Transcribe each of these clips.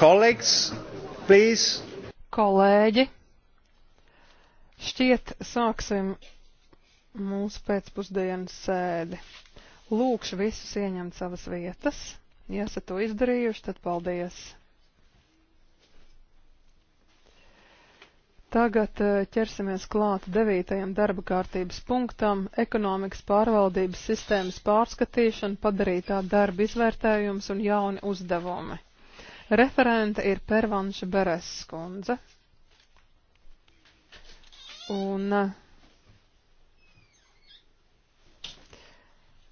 Colleagues, please. Kolēģi, šķiet sāksim mūsu pēcpusdienas sēdi. Lūkšu visus ieņemt savas vietas. Ja esat to izdarījuši, tad paldies. Tagad eh, ķersimies klāt devītajam darba kārtības punktam - ekonomikas pārvaldības sistēmas pārskatīšana, padarītā darba izvērtējums un jauni uzdevumi. Referente ir Pervanša Bereskundze. Un uh,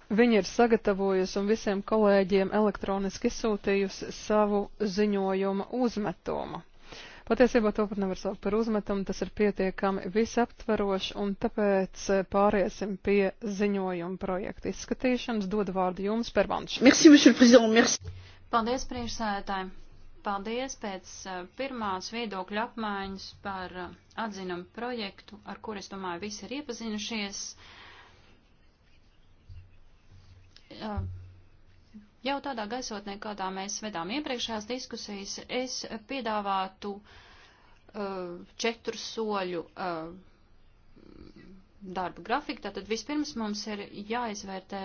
viņa ir sagatavojusi un visiem kolēģiem elektroniski izsūtījusi savu ziņojumu uzmetumu. Patiesībā to pat nevar saukt par uzmetumu, tas ir pietiekami visaptveroši, un tāpēc uh, pāriesim pie ziņojuma projekta izskatīšanas. Dodu vārdu jums, Pervanš. Merci, monsieur le président, merci. Paldies, priekšsēdētāji. Paldies pēc pirmās viedokļa apmaiņas par atzinumu projektu, ar kur es domāju visi ir iepazinušies. Jau tādā gaisotnē, kādā mēs vedām iepriekšējās diskusijas, es piedāvātu četru soļu darba grafiku. Tātad vispirms mums ir jāizvērtē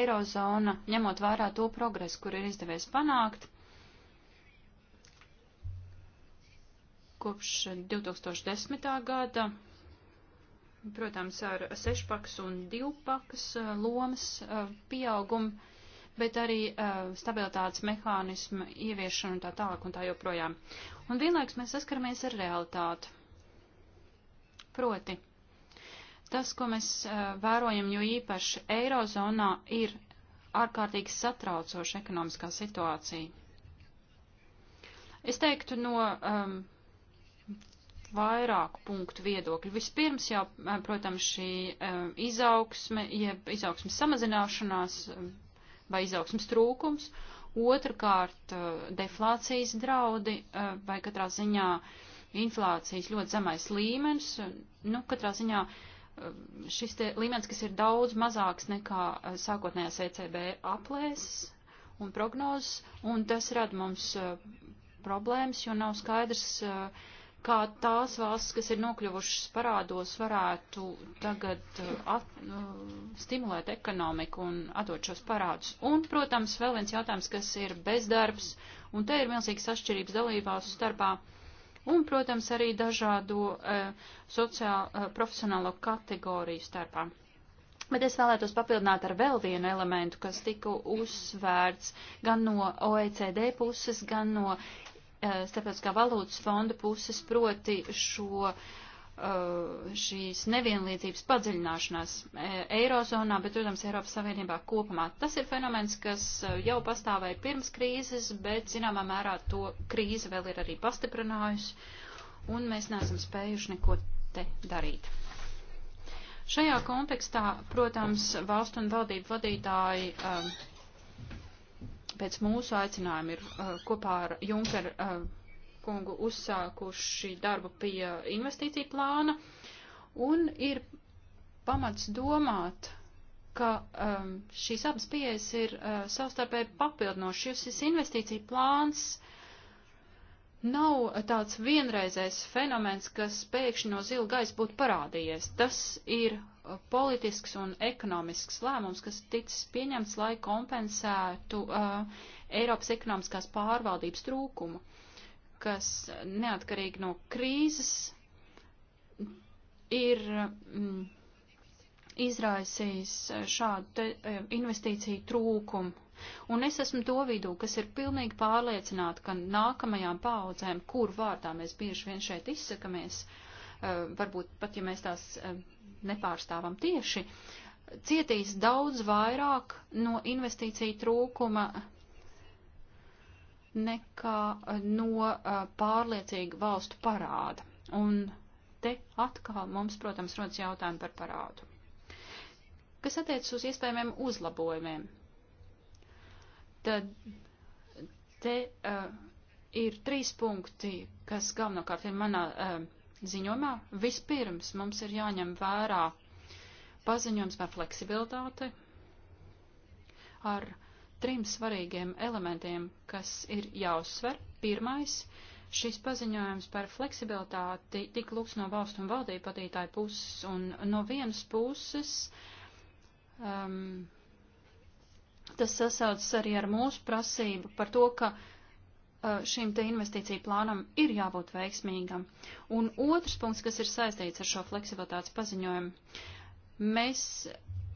Eirozona, ņemot vērā to progresu, kur ir izdevies panākt kopš 2010. gada, protams, ar sešpaks un divpaks eh, lomas eh, pieaugumu, bet arī eh, stabilitātes mehānismu ieviešanu un tā tālāk un tā joprojām. Un vienlaiks mēs saskaramies ar realitāti. Proti, tas, ko mēs vērojam, jo īpaši Eirozonā ir ārkārtīgi satraucoša ekonomiskā situācija. Es teiktu, no um, vairāku punktu viedokļu. Vispirms jau, eh, protams, šī eh, izaugsme, jeb izaugsmes samazināšanās eh, vai izaugsmes trūkums, otrkārt deflācijas draudi vai katrā ziņā inflācijas ļoti zemais līmenis, nu, katrā ziņā šis te līmenis, kas ir daudz mazāks nekā sākotnējās ECB aplēses un prognozes, un tas rada mums problēmas, jo nav skaidrs, uh, kā tās valsts, kas ir nokļuvušas parādos, varētu tagad uh, at, uh, stimulēt ekonomiku un atdot šos parādus. Un, protams, vēl viens jautājums, kas ir bezdarbs, un te ir milzīgas atšķirības dalībās starpā, un, protams, arī dažādo eh, uh, sociālo eh, profesionālo kategoriju starpā. Bet es vēlētos papildināt ar vēl vienu elementu, kas tika uzsvērts gan no OECD puses, gan no Uh, starptautiskā valūtas fonda puses, proti šo uh, šīs nevienlīdzības padziļināšanās uh, Eirozonā, bet, protams, Eiropas Savienībā kopumā. Tas ir fenomens, kas jau pastāvēja pirms krīzes, bet, zināmā mērā, to krīze vēl ir arī pastiprinājusi, un mēs neesam spējuši neko te darīt. Šajā kontekstā, protams, valstu un valdību vadītāji uh, pēc mūsu aicinājuma ir uh, kopā ar Junkeru uh, kungu uzsākuši darbu pie investīciju plāna un ir pamats domāt, ka um, šīs abas pieejas ir uh, savstarpēji papildinošas. Šis investīcija plāns nav tāds vienreizējs fenomens, kas pēkšņi no zila gaisa būtu parādījies. Tas ir politisks un ekonomisks lēmums, kas ticis pieņemts, lai kompensētu uh, Eiropas ekonomiskās pārvaldības trūkumu, kas neatkarīgi no krīzes ir mm, izraisījis šādu te, eh, investīciju trūkumu. Un es esmu to vidū, kas ir pilnīgi pārliecināta, ka nākamajām paudzēm, kur vārdā mēs bieži vien šeit izsakamies, uh, varbūt pat ja mēs tās uh, nepārstāvam tieši, cietīs daudz vairāk no investīciju trūkuma nekā no pārliecīga valstu parāda. Un te atkal mums, protams, rodas jautājumi par parādu. Kas attiecas uz iespējamiem uzlabojumiem, tad te uh, ir trīs punkti, kas galvenokārt ir manā uh, ziņojumā vispirms mums ir jāņem vērā paziņojums par fleksibilitāti ar trim svarīgiem elementiem, kas ir jāuzsver. Pirmais, šis paziņojums par fleksibilitāti tika lūgts no valstu un valdību patītāju puses, un no vienas puses um, tas sasaucas arī ar mūsu prasību par to, ka uh, šim te investīciju plānam ir jābūt veiksmīgam. Un otrs punkts, kas ir saistīts ar šo fleksibilitātes paziņojumu, mēs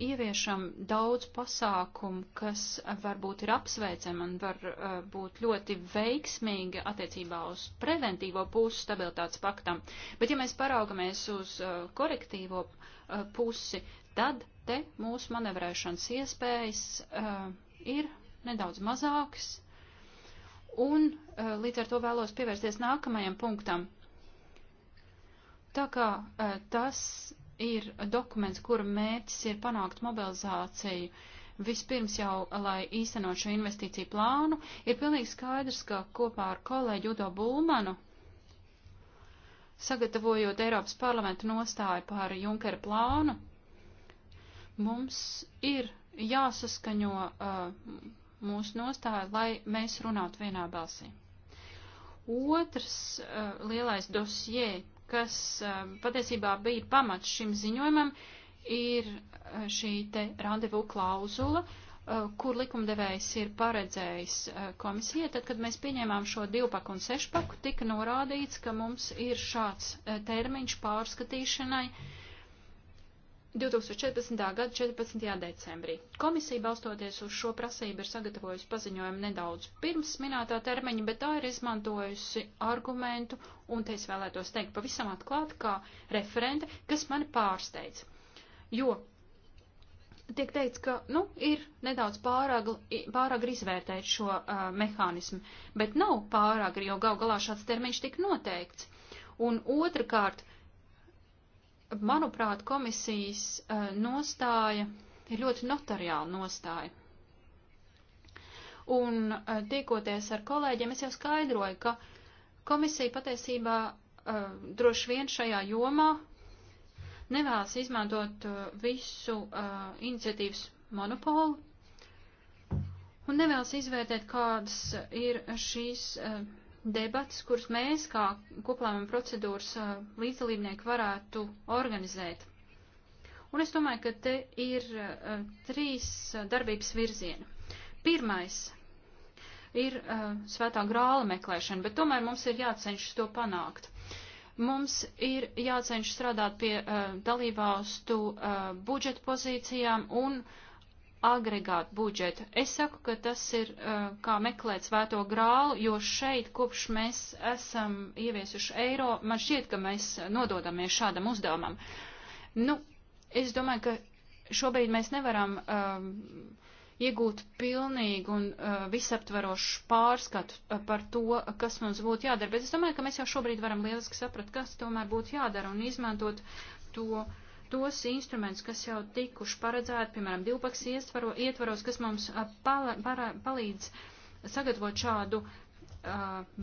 ieviešam daudz pasākumu, kas varbūt ir apsveicami un var uh, būt ļoti veiksmīgi attiecībā uz preventīvo pusi stabilitātes paktam. Bet ja mēs paraugamies uz uh, korektīvo uh, pusi, tad te mūsu manevrēšanas iespējas uh, ir nedaudz mazākas, Un eh, līdz ar to vēlos pievērsties nākamajam punktam. Tā kā eh, tas ir dokuments, kura mērķis ir panākt mobilizāciju, vispirms jau, eh, lai īstenot šo investīciju plānu, ir pilnīgi skaidrs, ka kopā ar kolēģi Udo Bulmanu, sagatavojot Eiropas parlamentu nostāju par Junkera plānu, mums ir jāsaskaņo uh, mūsu nostāju, lai mēs runātu vienā balsī. Otrs uh, lielais dosie, kas uh, patiesībā bija pamats šim ziņojumam, ir uh, šī te randevu klauzula, uh, kur likumdevējs ir paredzējis uh, komisija. Tad, kad mēs pieņēmām šo divpaku un sešpaku, tika norādīts, ka mums ir šāds uh, termiņš pārskatīšanai. Uh, 2014. gada 14. decembrī. Komisija balstoties uz šo prasību ir sagatavojusi paziņojumu nedaudz pirms minētā termiņa, bet tā ir izmantojusi argumentu, un te es vēlētos teikt pavisam atklāti, kā referente, kas mani pārsteidz. Jo tiek teikts, ka, nu, ir nedaudz pārāk, pārāk izvērtēt šo uh, mehānismu, bet nav pārāk, jo gal galā šāds termiņš tik noteikts. Un otrkārt, uh, manuprāt, komisijas eh, nostāja ir ļoti notariāla nostāja. Un eh, tiekoties ar kolēģiem, es jau skaidroju, ka komisija patiesībā eh, droši vien šajā jomā nevēlas izmantot visu iniciatīvas monopolu un nevēlas izvērtēt, kādas ir šīs debatas, kuras mēs kā koplēmuma procedūras līdzdalībnieki varētu organizēt. Un es domāju, ka te ir uh, trīs darbības virzieni. Pirmais ir uh, svētā grāla meklēšana, bet tomēr mums ir jācenšas to panākt. Mums ir jācenšas strādāt pie uh, dalībvalstu uh, budžeta pozīcijām un uh, agregātu budžetu. Es saku, ka tas ir uh, kā meklēt svēto grālu, jo šeit, kopš mēs esam ieviesuši eiro, man šķiet, ka mēs nododamies šādam uzdevumam. Nu, es domāju, ka šobrīd mēs nevaram um, iegūt pilnīgu un uh, visaptverošu pārskatu uh, par to, kas mums būtu jādara, bet es domāju, ka mēs jau šobrīd varam lieliski saprast, kas tomēr būtu jādara un izmantot to uh, tos instrumentus, kas jau tikuši paredzēti, piemēram, divpaks iestvaro, ietvaros, kas mums pala, para, palīdz sagatavot šādu uh,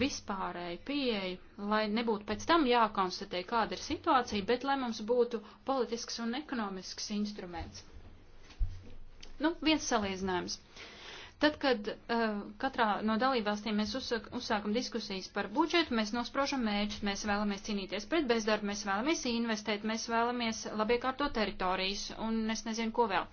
vispārēju pieeju, lai nebūtu pēc tam jākonstatē, kāda ir situācija, bet lai mums būtu politisks un ekonomisks instruments. Nu, viens salīdzinājums. Uh, Tad, kad uh, katrā no dalībvalstīm mēs uzsāk, uzsākam diskusijas par budžetu, mēs nosprožam mērķus, mēs vēlamies cīnīties pret bezdarbu, mēs vēlamies investēt, mēs vēlamies labiekārtot teritorijas un es nezinu, ko vēl.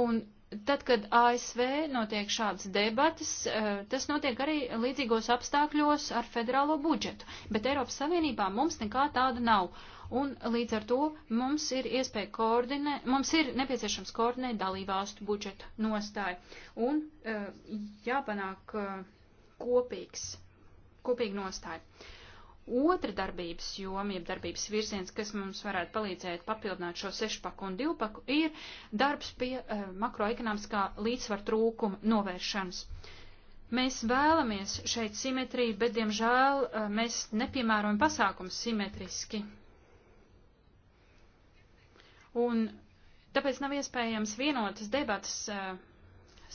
Un tad, kad ASV notiek šādas debatas, uh, tas notiek arī līdzīgos apstākļos ar federālo budžetu, bet Eiropas Savienībā mums nekā tāda nav un līdz ar to mums ir iespēja koordinēt, mums ir nepieciešams koordinēt dalībvalstu budžetu nostāju un uh, jāpanāk uh, kopīgs, kopīga nostāja. Otra darbības joma, jeb darbības virziens, kas mums varētu palīdzēt papildināt šo sešpaku un divpaku, ir darbs pie uh, makroekonomiskā līdzsvar trūkuma novēršanas. Uh, Mēs vēlamies šeit simetriju, bet, diemžēl, mēs nepiemērojam pasākums simetriski. Un tāpēc nav iespējams vienotas debatas eh,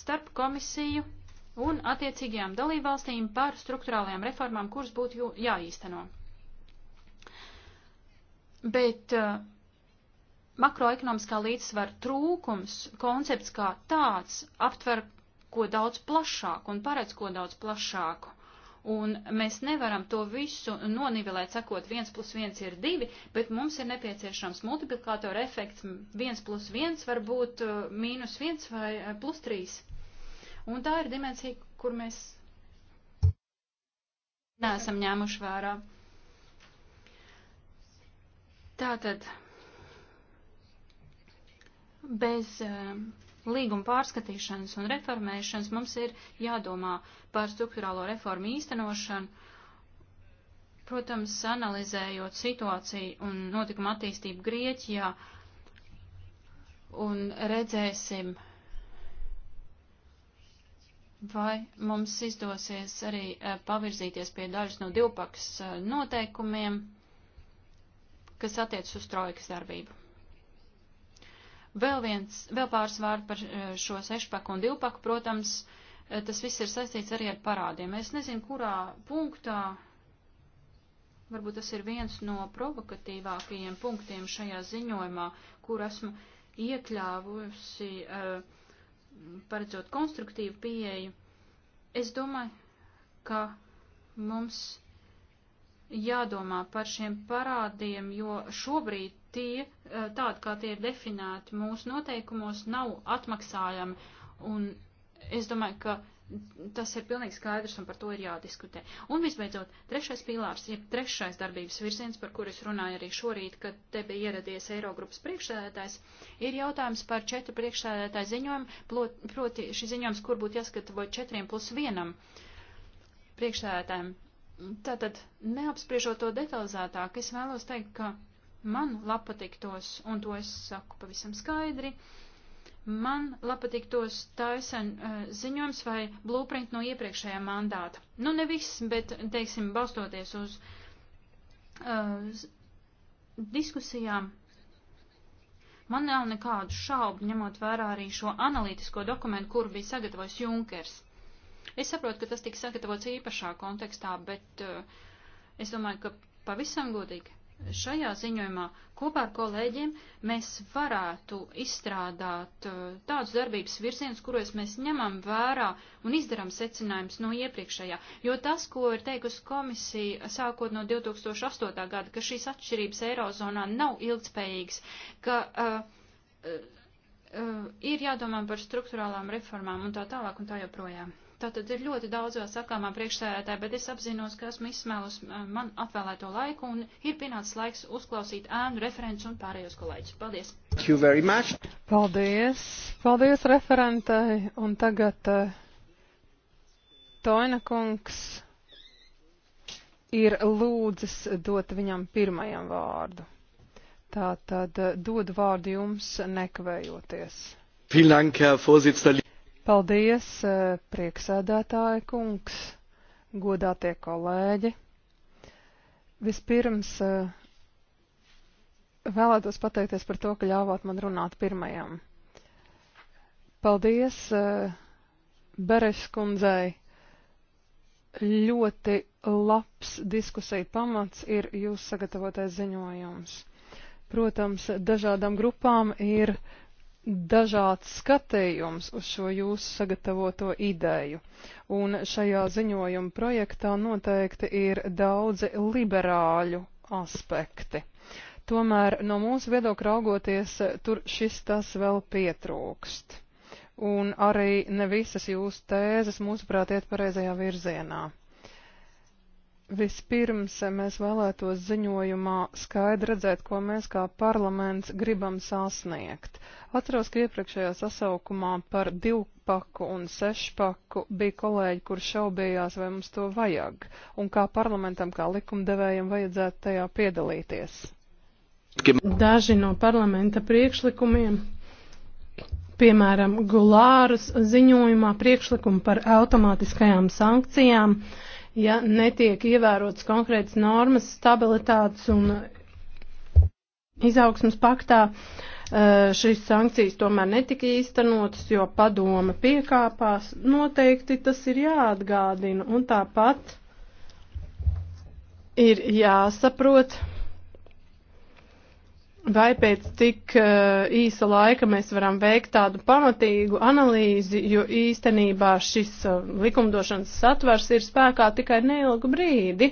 starp komisiju un attiecīgajām dalībvalstīm par struktūrālajām reformām, kuras būtu jāīsteno. Bet uh, makroekonomiskā līdzsvara trūkums, koncepts kā tāds, aptver ko daudz plašāku un paredz ko daudz plašāku un mēs nevaram to visu nonivelēt, sakot, 1 plus 1 ir 2, bet mums ir nepieciešams multiplikātora efekts 1 plus 1 var būt uh, mīnus 1 vai uh, plus 3. Un tā ir dimensija, kur mēs neesam ņēmuši vērā. Tātad, bez uh, līguma pārskatīšanas un reformēšanas mums ir jādomā par struktūrālo reformu īstenošanu, protams, analizējot situāciju un notikuma attīstību Grieķijā, un redzēsim, vai mums izdosies arī e, pavirzīties pie dažas no divpakas e, noteikumiem, kas attiec uz trojkas darbību. Vēl, viens, vēl pāris vārdi par eh, šo sešpaku un divpaku, protams, eh, tas viss ir saistīts arī ar parādiem. Es nezinu, kurā punktā, varbūt tas ir viens no provokatīvākajiem punktiem šajā ziņojumā, kur esmu iekļāvusi, eh, paredzot konstruktīvu pieeju. Es domāju, ka mums jādomā par šiem parādiem, jo šobrīd tie, eh, tādi kā tie ir definēti mūsu noteikumos, nav atmaksājami. Un es domāju, ka tas ir pilnīgi skaidrs un par to ir jādiskutē. Un visbeidzot, trešais pīlārs, jeb trešais darbības virziens, par kur es runāju arī šorīt, kad te bija ieradies Eirogrupas priekšsēdētājs, ir jautājums par četru priekšsēdētāju ziņojumu, proti šis ziņojums, kur būtu jāskatavo četriem plus vienam priekšsēdētājiem. Tātad, neapspriežot to detalizētāk, es vēlos teikt, ka man patiktos, un to es saku pavisam skaidri, man patiktos taisen uh, ziņojums vai blueprint no iepriekšējā mandāta. Nu, ne viss, bet, teiksim, balstoties uz uh, diskusijām, man nav nekādu šaubu, ņemot vērā arī šo analītisko dokumentu, kuru bija sagatavojis Junkers. Es saprotu, ka tas tika sagatavots īpašā kontekstā, bet uh, es domāju, ka pavisam godīgi šajā ziņojumā kopā ar kolēģiem mēs varētu izstrādāt uh, tādus darbības virzienus, kuros mēs ņemam vērā un izdarām secinājumus no iepriekšējā. Jo tas, ko ir teikusi komisija sākot no 2008. gada, ka šīs atšķirības Eirozonā nav ilgspējīgas, ka uh, uh, uh, ir jādomā par struktūrālām reformām un tā tālāk un tā joprojām. Tātad ir ļoti daudz vēl sakāmā priekšsēdētāja, bet es apzinos, ka esmu izsmēlus man atvēlēto laiku un ir pienācis laiks uzklausīt ēnu referents un pārējos kolēģus. Paldies! Paldies! Paldies referentai! Un tagad uh, Toina kungs ir lūdzis dot viņam pirmajam vārdu. Tātad uh, eh, dod vārdu jums nekavējoties. Vielen Dank, Herr Vorsitzender. Paldies, eh, prieksēdētāja kungs, godātie kolēģi. Vispirms eh, vēlētos pateikties par to, ka ļāvāt man runāt pirmajam. Paldies eh, Bereša kundzei. Ļoti labs diskusija pamats ir jūs sagatavotais ziņojums. Protams, dažādām grupām ir uh, dažāds skatījums uz šo jūsu sagatavoto ideju. Un šajā ziņojuma projektā noteikti ir daudzi liberāļu aspekti. Tomēr no mūsu viedokļa raugoties, tur šis tas vēl pietrūkst. Un arī ne visas jūsu tēzes, mūsuprāt, iet pareizajā virzienā. Vispirms eh, mēs vēlētos ziņojumā skaidri redzēt, ko mēs kā parlaments gribam sasniegt. Atceros, ka iepriekšējā sasaukumā par divpaku un sešpaku bija kolēģi, kur šaubījās, vai mums to vajag, un kā parlamentam, kā likumdevējiem vajadzētu tajā piedalīties. Daži no parlamenta priekšlikumiem Piemēram, Gulāras ziņojumā priekšlikumu par automātiskajām sankcijām ja netiek ievērotas konkrētas normas stabilitātes un izaugsmas paktā. Eh, šīs sankcijas tomēr netika īstenotas, jo padoma piekāpās. Noteikti tas ir jāatgādina un tāpat ir jāsaprot Vai pēc tik uh, īsa laika mēs varam veikt tādu pamatīgu analīzi, jo īstenībā šis uh, likumdošanas satvers ir spēkā tikai neilgu brīdi?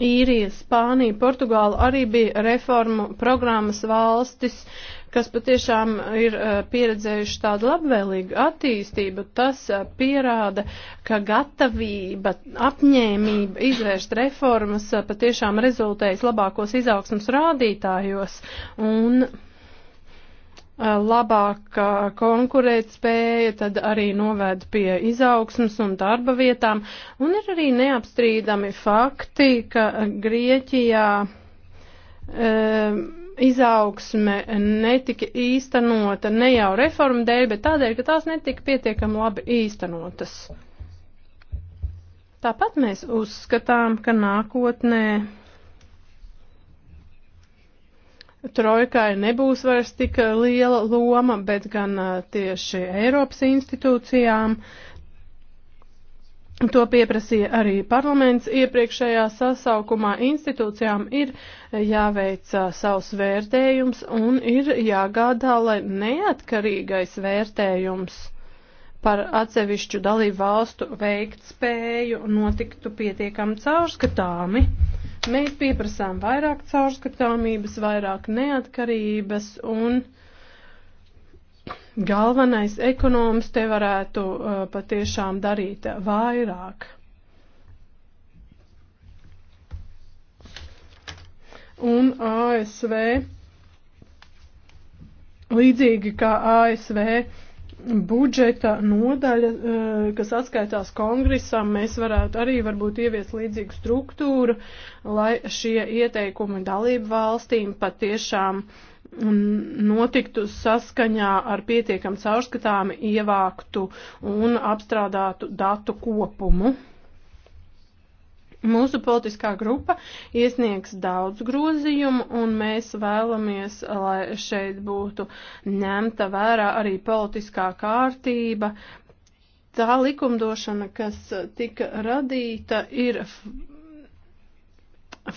Īrija, Spānija, Portugāla arī bija reformu programmas valstis, uh, kas patiešām ir eh, pieredzējuši tādu labvēlīgu attīstību, tas eh, pierāda, ka gatavība, apņēmība izvērst reformas eh, patiešām rezultējas labākos izaugsmas rādītājos. Un, labāka konkurētspēja, tad arī noved pie izaugsmas un darba vietām. Un ir arī neapstrīdami fakti, ka Grieķijā um, izaugsme netika īstenota ne jau reformu dēļ, bet tādēļ, ka tās netika pietiekami labi īstenotas. Tāpat mēs uzskatām, ka nākotnē trojkai nebūs vairs tik liela loma, bet gan tieši Eiropas institūcijām uh, To pieprasīja arī parlaments iepriekšējā sasaukumā. Institūcijām ir jāveic savs vērtējums un ir jāgādā, lai neatkarīgais vērtējums par atsevišķu dalību valstu veikt spēju notiktu pietiekami caurskatāmi. Mēs pieprasām vairāk caurskatāmības, vairāk neatkarības un galvenais ekonoms te varētu uh, patiešām darīt vairāk. Un ASV, līdzīgi kā ASV budžeta nodaļa, uh, kas atskaitās kongresam, mēs varētu arī varbūt ieviest līdzīgu struktūru, lai šie ieteikumi dalību valstīm patiešām uh, notiktu saskaņā ar pietiekam caurskatāmi ievāktu un apstrādātu datu kopumu. Mūsu politiskā grupa iesniegs daudz grozījumu, un mēs vēlamies, lai šeit būtu ņemta vērā arī politiskā kārtība. Tā likumdošana, kas tika radīta, ir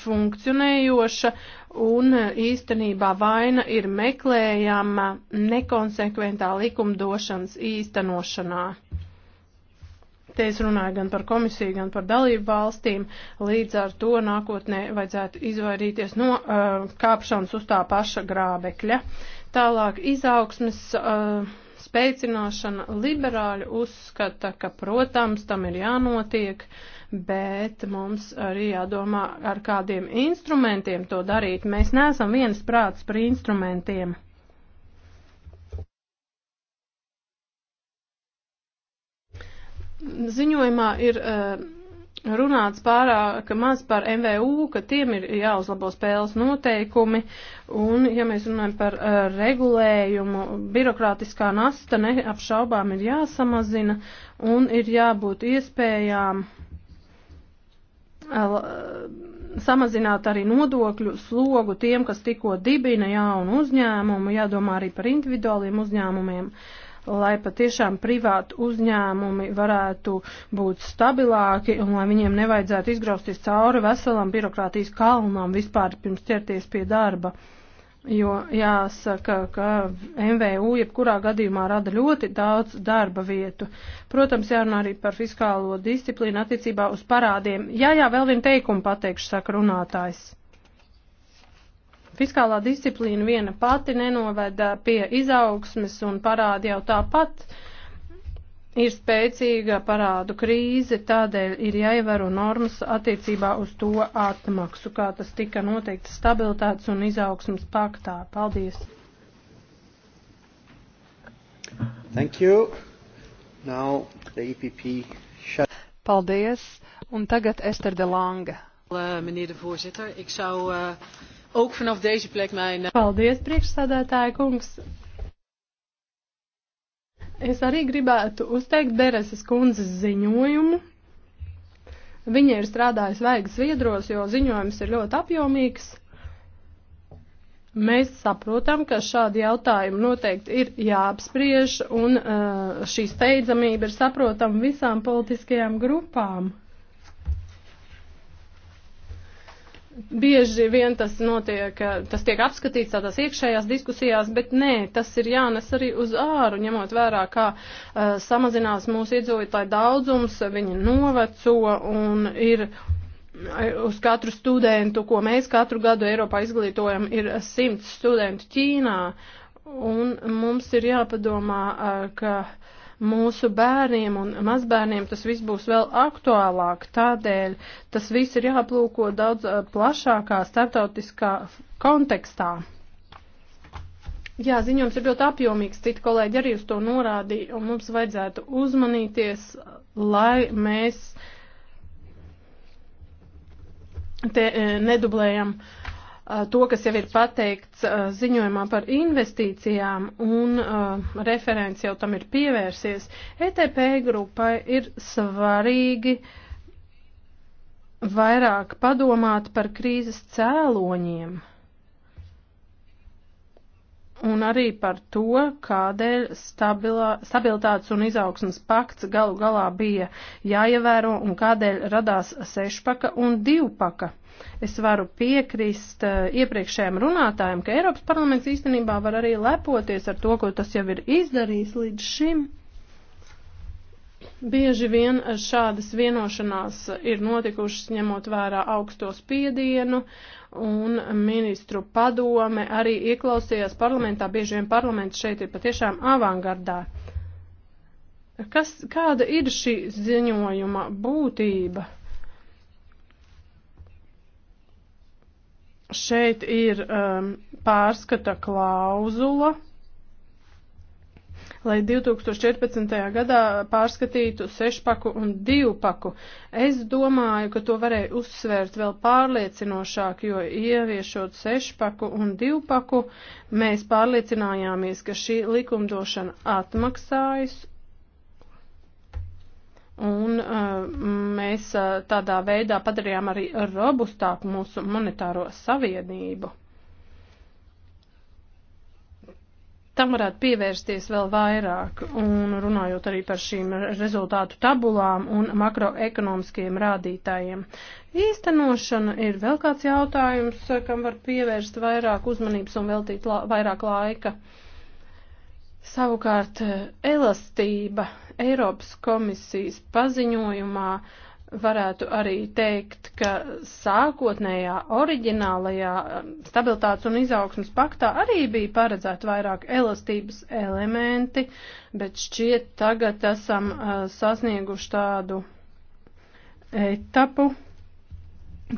funkcionējoša, uh, un e, īstenībā vaina ir meklējama nekonsekventā likumdošanas īstenošanā. Te es runāju gan par komisiju, gan par dalību valstīm, līdz ar to nākotnē vajadzētu izvairīties no uh, kāpšanas uz tā paša grābekļa. Tālāk izaugsmes. Uh, spēcināšana liberāļi uzskata, ka, protams, tam ir jānotiek, uh, bet mums arī jādomā, ar kādiem instrumentiem to darīt. Mēs neesam viens prāts par instrumentiem. Ziņojumā ir uh, runāts pārāk maz par MVU, ka tiem ir jāuzlabo spēles noteikumi, un, ja mēs runājam par uh, regulējumu, birokrātiskā nasta neapšaubām ir jāsamazina, un ir jābūt iespējām uh, samazināt arī nodokļu slogu tiem, kas tikko dibina jaunu uzņēmumu, jādomā arī par individuāliem uzņēmumiem, lai patiešām privāti uzņēmumi varētu būt stabilāki un lai viņiem nevajadzētu izgrausties cauri veselam birokrātijas kalnām vispār pirms ķerties pie darba. Uh, jo jāsaka, ka MVU jebkurā gadījumā rada ļoti daudz darba vietu. Protams, jārunā arī par fiskālo disciplīnu attiecībā uz parādiem. Jā, jā, vēl vien teikumu pateikšu, saka runātājs. Fiskālā disciplīna viena pati nenoveda pie izaugsmes un parādi jau tāpat. Uh, ir spēcīga parādu krīze, tādēļ ir jāievēro normas attiecībā uz to atmaksu, kā tas tika noteikts stabilitātes un izaugsmas paktā. Paldies! Thank you. Now the EPP shut. Paldies. Un tagad Ester de Lange. Uh, meneer de voorzitter, ik zou uh, ook vanaf deze plek mijn... Paldies, priekšsādātāja kungs. Es arī gribētu uzteikt Bereses kundzes ziņojumu. Viņa ir strādājusi vaigas viedros, jo ziņojums ir ļoti apjomīgs. Mēs saprotam, ka šādi jautājumi noteikti ir jāapspriež, un uh, šī steidzamība ir saprotama visām politiskajām grupām. Bieži vien tas notiek, tas tiek apskatīts tādās iekšējās diskusijās, bet nē, tas ir jānes arī uz āru, ņemot vērā, kā uh, samazinās mūsu iedzīvotāju daudzums, viņi noveco un ir uh, uz katru studentu, ko mēs katru gadu Eiropā izglītojam, ir simts studentu Ķīnā. Un mums ir jāpadomā, uh, ka mūsu bērniem un mazbērniem tas viss būs vēl aktuālāk. Tādēļ tas viss ir jāplūko daudz eh, plašākā starptautiskā kontekstā. Jā, ziņojums ir ļoti apjomīgs, citi kolēģi arī uz to norādīja, un mums vajadzētu uzmanīties, lai mēs te eh, nedublējam uh, Eh, to, kas jau ir pateikts eh, ziņojumā par investīcijām, un eh, referents jau tam ir pievērsies. ETP grupai ir svarīgi vairāk padomāt par krīzes cēloņiem un arī par to, kādēļ stabilā, stabilitātes un izaugsmas pakts galu galā bija jāievēro un kādēļ radās sešpaka un divpaka. Es varu piekrist eh, iepriekšējiem runātājiem, ka Eiropas parlaments īstenībā var arī lepoties ar to, ko tas jau ir izdarījis līdz šim. Bieži vien eh, šādas vienošanās ir notikušas ņemot vērā augsto spiedienu, un ministru padome arī ieklausījās parlamentā. Bieži vien parlaments šeit ir patiešām avangardā. Kas, kāda ir šī ziņojuma būtība? šeit ir um, pārskata klauzula, lai 2014. gadā pārskatītu sešpaku un divpaku. Es domāju, ka to varēja uzsvērt vēl pārliecinošāk, jo ieviešot sešpaku un divpaku, mēs pārliecinājāmies, ka šī likumdošana atmaksājas un uh, mēs tādā veidā padarījām arī robustāku mūsu monetāro savienību. Tam varētu pievērsties vēl vairāk, un runājot arī par šīm rezultātu tabulām un makroekonomiskiem rādītājiem. Īstenošana ir vēl kāds jautājums, kam var pievērst vairāk uzmanības un veltīt la vairāk laika. Savukārt elastība Eiropas komisijas paziņojumā uh, varētu arī teikt, ka sākotnējā, oriģinālajā um, stabilitātes un izaugsmas paktā arī bija paredzēti vairāk elastības elementi, bet šķiet tagad esam uh, sasnieguši tādu etapu,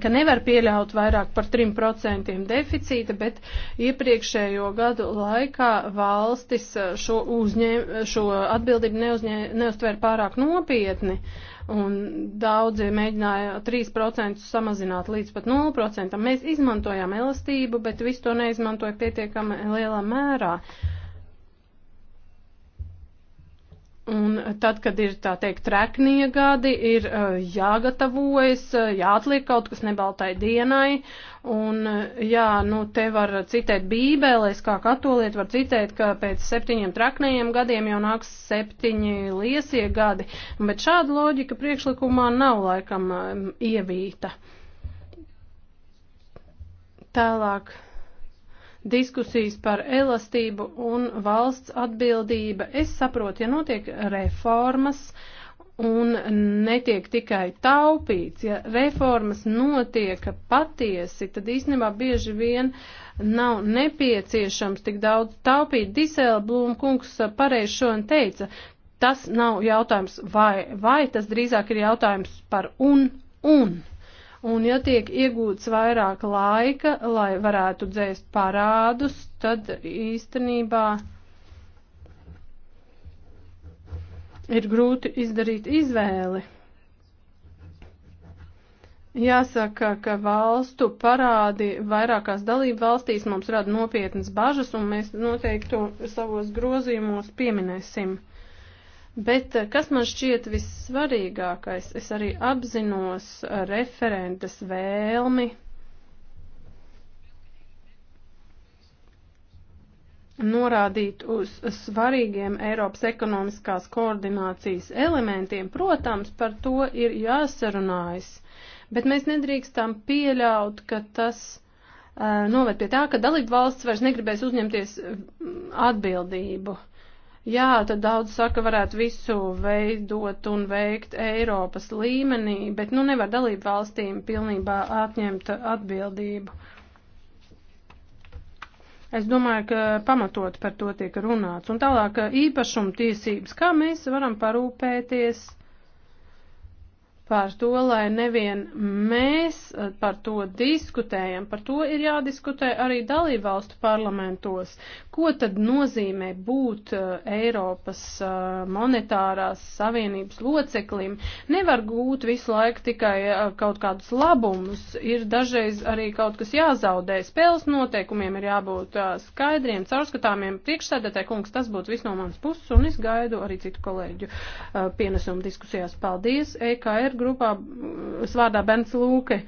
ka nevar pieļaut vairāk par 3% deficīta, bet iepriekšējo gadu laikā valstis uh, šo, uzņēm, šo atbildību neuzņē, neuztver pārāk nopietni. Uh, un daudzi mēģināja 3% samazināt līdz pat 0%. Mēs izmantojām elastību, bet visu to neizmantoja pietiekami lielā mērā. Uh, Un tad, kad ir tā teikt treknie gadi, ir eh, jāgatavojas, eh, jāatliek kaut kas nebaltai dienai. Un eh, jā, nu te var citēt bībēlēs, kā katoliet var citēt, ka pēc septiņiem traknējiem gadiem jau nāks septiņi liesie gadi. Bet šāda loģika priekšlikumā nav laikam ievīta. Tālāk diskusijas par elastību un valsts atbildība. Es saprotu, ja notiek reformas un netiek tikai taupīts, ja reformas notiek patiesi, tad īstenībā bieži vien nav nepieciešams tik daudz taupīt. Diselblūma kungs pareizi šodien teica, tas nav jautājums vai, vai tas drīzāk ir jautājums par un, un. Un ja tiek iegūts vairāk laika, lai varētu dzēst parādus, tad īstenībā ir grūti izdarīt izvēli. Jāsaka, ka valstu parādi vairākās dalību valstīs mums rada nopietnas bažas, un mēs noteikti to savos grozījumos pieminēsim. Bet eh, kas man šķiet vissvarīgākais, es arī apzinos eh, referentes vēlmi norādīt uz svarīgiem Eiropas ekonomiskās koordinācijas elementiem. Protams, par to ir jāsarunājas, bet mēs nedrīkstam pieļaut, ka tas uh, noved pie tā, ka dalību valsts vairs negribēs uzņemties atbildību. Uh, Jā, tad daudz saka, varētu visu veidot un veikt Eiropas līmenī, bet nu nevar dalību valstīm pilnībā atņemt atbildību. Es domāju, ka pamatot par to tiek runāts. Un tālāk īpašuma tiesības, kā mēs varam parūpēties par to, lai nevien mēs eh, par to diskutējam, par to ir jādiskutē arī dalībvalstu parlamentos. Ko tad nozīmē būt eh, Eiropas eh, monetārās savienības loceklim? Nevar gūt visu laiku tikai kaut kādus labumus, ir dažreiz arī kaut kas jāzaudē. Spēles noteikumiem ir jābūt skaidriem, caurskatāmiem. Priekšsēdētāji kungs, tas būtu viss no manas puses, un es gaidu arī citu kolēģu pienesumu diskusijās. Paldies, EKR EKR grupā svārdā Bens Lūke.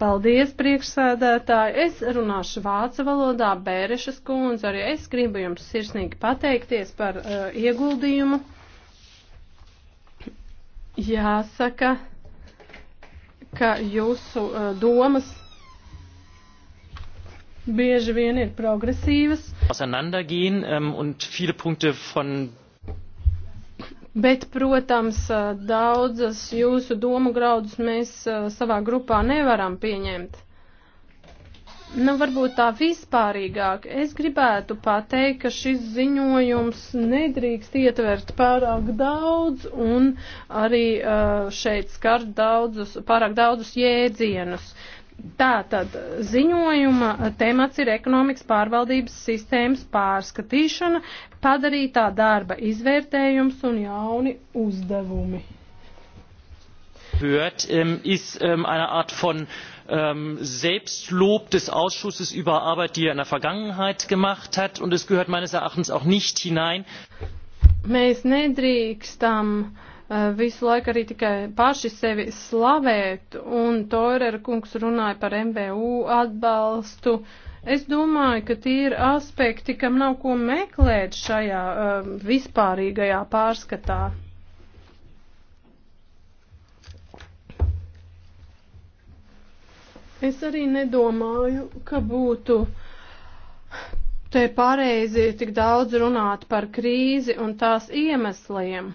Paldies, priekšsēdētāji. Es runāšu vācu valodā, Bērešas kundze. Arī es gribu jums sirsnīgi pateikties par uh, ieguldījumu. Jāsaka, ka jūsu uh, domas bieži vien ir progresīvas. Auseinandergehen um, und viele Punkte von Bet, protams, daudzas jūsu domu graudus mēs savā grupā nevaram pieņemt. Nu, varbūt tā vispārīgāk. Es gribētu pateikt, ka šis ziņojums nedrīkst ietvert pārāk daudz un arī šeit skar daudzus, pārāk daudzus jēdzienus. Tā tad ziņojuma temats ir ekonomikas pārvaldības sistēmas pārskatīšana, padarītā darba izvērtējums un jauni uzdevumi. Hört, ähm, ist ähm, eine Art von ähm, Selbstlob des Ausschusses über Arbeit, die er in der Vergangenheit gemacht hat. Und es gehört meines Erachtens auch nicht hinein. Mēs nedrīkstam uh, Eh, visu laiku arī tikai paši sevi slavēt, un Toirera kungs runāja par MBU atbalstu. Es domāju, ka tie ir aspekti, kam nav ko meklēt šajā uh, vispārīgajā pārskatā. Es arī nedomāju, ka būtu te pareizi tik daudz runāt par krīzi un tās iemesliem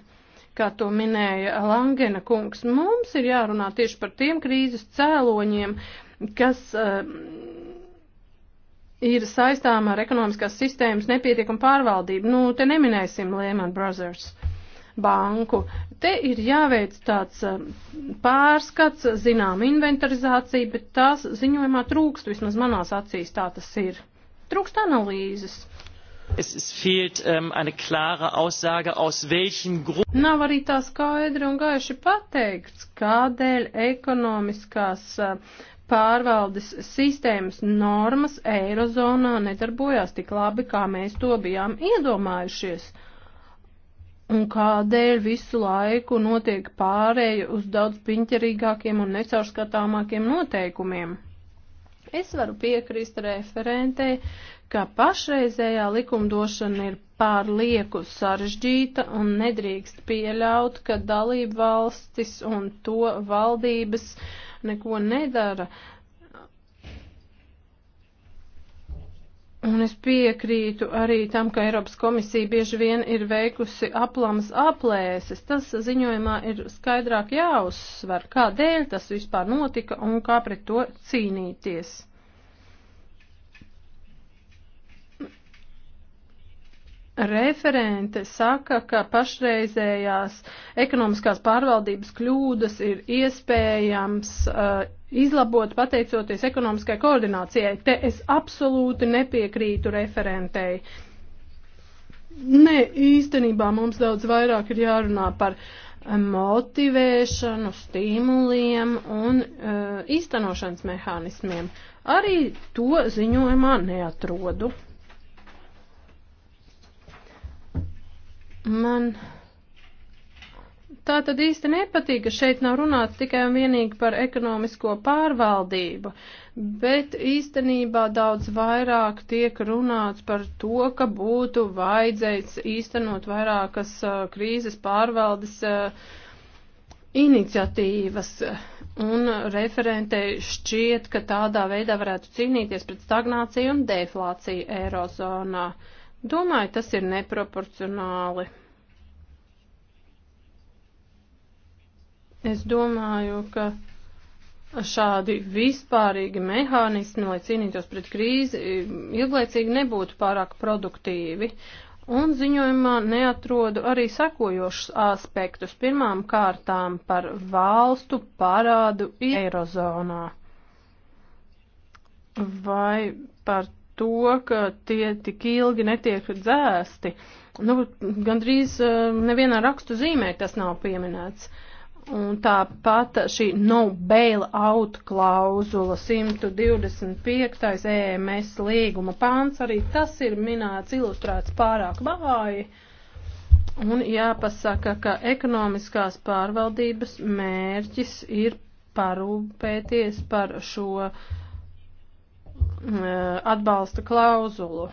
kā to minēja Langena kungs, mums ir jārunā tieši par tiem krīzes cēloņiem, kas uh, ir saistām ar ekonomiskās sistēmas nepietiekumu pārvaldību. Nu, te neminēsim Lehman Brothers banku. Te ir jāveic tāds eh, pārskats, zinām, inventarizācija, bet tās ziņojumā trūkst, vismaz manās acīs tā tas ir. Trūkst analīzes. Es, es fehlt um, eine klare Aussage, aus welchen Gründen. Nav arī tā skaidri un gaiši pateikts, kādēļ ekonomiskās pārvaldes sistēmas normas Eirozonā nedarbojās tik labi, kā mēs to bijām iedomājušies. Un kādēļ visu laiku notiek pārēja uz daudz piņķerīgākiem un necaurskatāmākiem noteikumiem? Es varu piekrist referentei, ka pašreizējā likumdošana ir pārlieku sarežģīta un nedrīkst pieļaut, ka dalību valstis un to valdības neko nedara. Un es piekrītu arī tam, ka Eiropas komisija bieži vien ir veikusi aplams aplēses. Tas ziņojumā ir skaidrāk jāuzsver, kādēļ tas vispār notika un kā pret to cīnīties. Referente saka, ka pašreizējās ekonomiskās pārvaldības kļūdas ir iespējams uh, izlabot pateicoties ekonomiskai koordinācijai. Te es absolūti nepiekrītu referentei. Nē, īstenībā mums daudz vairāk ir jārunā par motivēšanu, stimuliem un uh, īstenošanas mehānismiem. Arī to ziņojumā neatrodu. Man tā tad īsti nepatīk, ka šeit nav runāts tikai un vienīgi par ekonomisko pārvaldību, bet īstenībā daudz vairāk tiek runāts par to, ka būtu vajadzējis īstenot vairākas krīzes pārvaldes iniciatīvas. Un referentei šķiet, ka tādā veidā varētu cīnīties pret stagnāciju un deflāciju Eirozonā. Uh, Domāju, tas ir neproporcionāli. Es domāju, ka šādi vispārīgi mehānismi, lai cīnītos pret krīzi, ilglaicīgi nebūtu pārāk produktīvi. Un ziņojumā neatrodu arī sekojošus aspektus. Pirmām kārtām par valstu parādu Eirozonā. Vai par to, ka tie tik ilgi netiek dzēsti. Nu, gandrīz eh, nevienā rakstu zīmē tas nav pieminēts. Un tāpat šī no bail out klauzula 125. EMS līguma pāns arī tas ir minēts, ilustrēts pārāk vāji. Un jāpasaka, ka ekonomiskās pārvaldības mērķis ir parūpēties par šo uh, Eh, atbalsta klauzulu.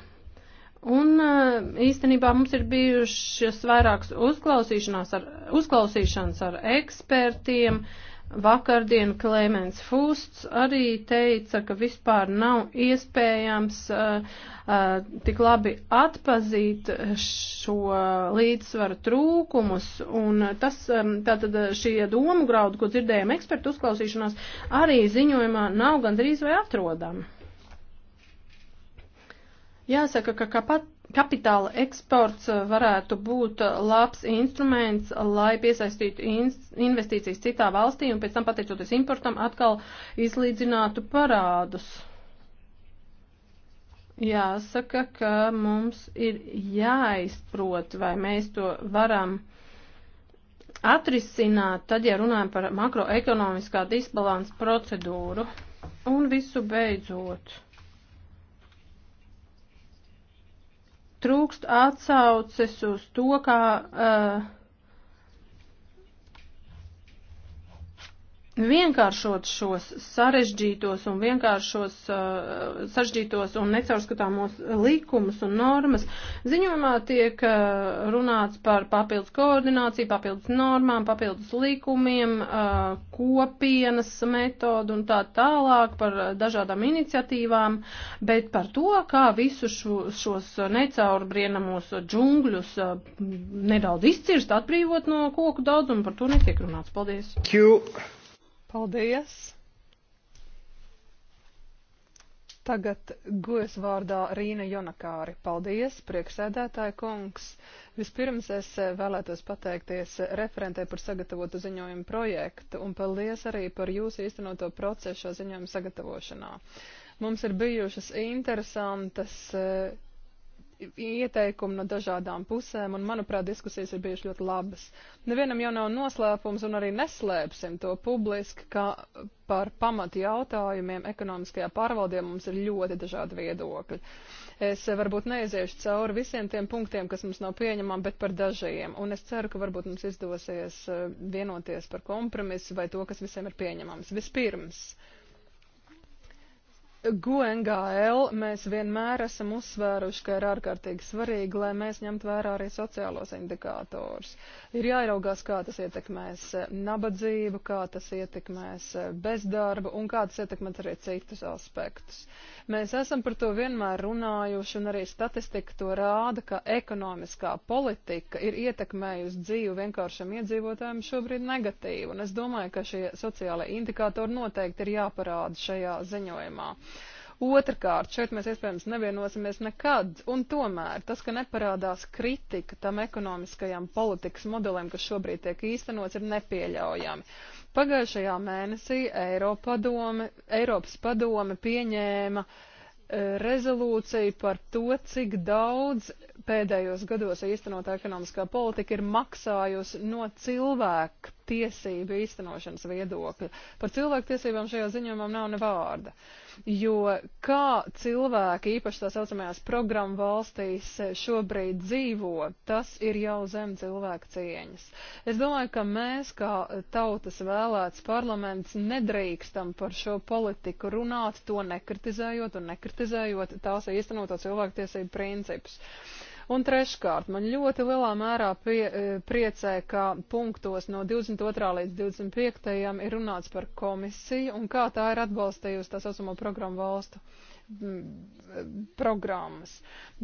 Un eh, īstenībā mums ir bijušas vairākas uzklausīšanās ar, uzklausīšanas ar ekspertiem. Vakardien Klemens Fusts arī teica, ka vispār nav iespējams uh, uh, tik labi atpazīt šo līdzsvaru trūkumus. Un tas, um, tātad šie domu graudu, ko dzirdējām ekspertu uzklausīšanās, arī ziņojumā nav gandrīz vai atrodami. Jāsaka, ka kapat, kapitāla eksports uh, varētu būt uh, labs instruments, lai piesaistītu investīcijas citā valstī un pēc tam, pateicoties importam, atkal izlīdzinātu parādus. Jāsaka, ka mums ir jāizprot, vai mēs to varam atrisināt, tad, ja runājam par makroekonomiskā disbalansa procedūru. Un visu beidzot. trūkst atsauces uz to, kā uh, vienkāršot šos sarežģītos un vienkāršos uh, sarežģītos un necaurskatāmos likumus un normas. Ziņojumā tiek uh, runāts par papildus koordināciju, papildus normām, papildus likumiem, uh, kopienas metodu un tā tālāk par dažādām iniciatīvām, bet par to, kā visu šo, šos necaurbrienamos džungļus uh, nedaudz izcirst, atbrīvot no koku daudzumu, par to netiek runāts. Paldies! Q. Paldies! Tagad gojas vārdā Rīna Jonakāri. Paldies, prieksēdētāja kungs. Vispirms es vēlētos pateikties referentē par sagatavotu ziņojumu projektu un paldies arī par jūsu īstenoto procesu šo ziņojumu sagatavošanā. Mums ir bijušas interesantas ieteikumi no dažādām pusēm, un, manuprāt, diskusijas ir bijušas ļoti labas. Nevienam jau nav noslēpums, un arī neslēpsim to publiski, ka par pamatu jautājumiem ekonomiskajā pārvaldē mums ir ļoti dažādi viedokļi. Es varbūt neiziešu cauri visiem tiem punktiem, kas mums nav pieņemami, bet par dažiem, un es ceru, ka varbūt mums izdosies eh, vienoties par kompromisu vai to, kas visiem ir pieņemams. Vispirms. Uh, GONGL mēs vienmēr esam uzsvēruši, ka ir ārkārtīgi svarīgi, lai mēs ņemtu vērā arī sociālos indikātors. Ir jāieraugās, kā tas ietekmēs eh, nabadzību, kā tas ietekmēs eh, bezdarbu un kā tas ietekmēs arī citus aspektus. Mēs esam par to vienmēr runājuši un arī statistika to rāda, ka ekonomiskā politika ir ietekmējusi dzīvi vienkāršam iedzīvotājiem šobrīd negatīvi. Un es domāju, ka šie sociālai indikātori noteikti ir jāparāda šajā ziņojumā. Otrakārt, šeit mēs iespējams nevienosimies nekad, un tomēr tas, ka neparādās kritika tam ekonomiskajam politikas modelim, kas šobrīd tiek īstenots, ir nepieļaujami. Pagājušajā mēnesī Eiropadome, Eiropas padome pieņēma e, rezolūciju par to, cik daudz pēdējos gados īstenotā ekonomiskā politika ir maksājusi no cilvēku tiesību īstenošanas viedokļa. Par cilvēktiesībām šajā ziņojumā nav ne vārda. Jo kā cilvēki, īpaši tā saucamajās programmu valstīs, šobrīd dzīvo, tas ir jau zem cilvēka cieņas. Es domāju, ka mēs, kā tautas vēlēts parlaments, nedrīkstam par šo politiku runāt, to nekritizējot un nekritizējot tās īstenoto cilvēktiesību principus. Uh, Un treškārt, man ļoti lielā mērā pie, e, priecē, ka punktos no 22. līdz 25. ir runāts par komisiju un kā tā ir atbalstījusi tā saucamo programmu valstu programmas.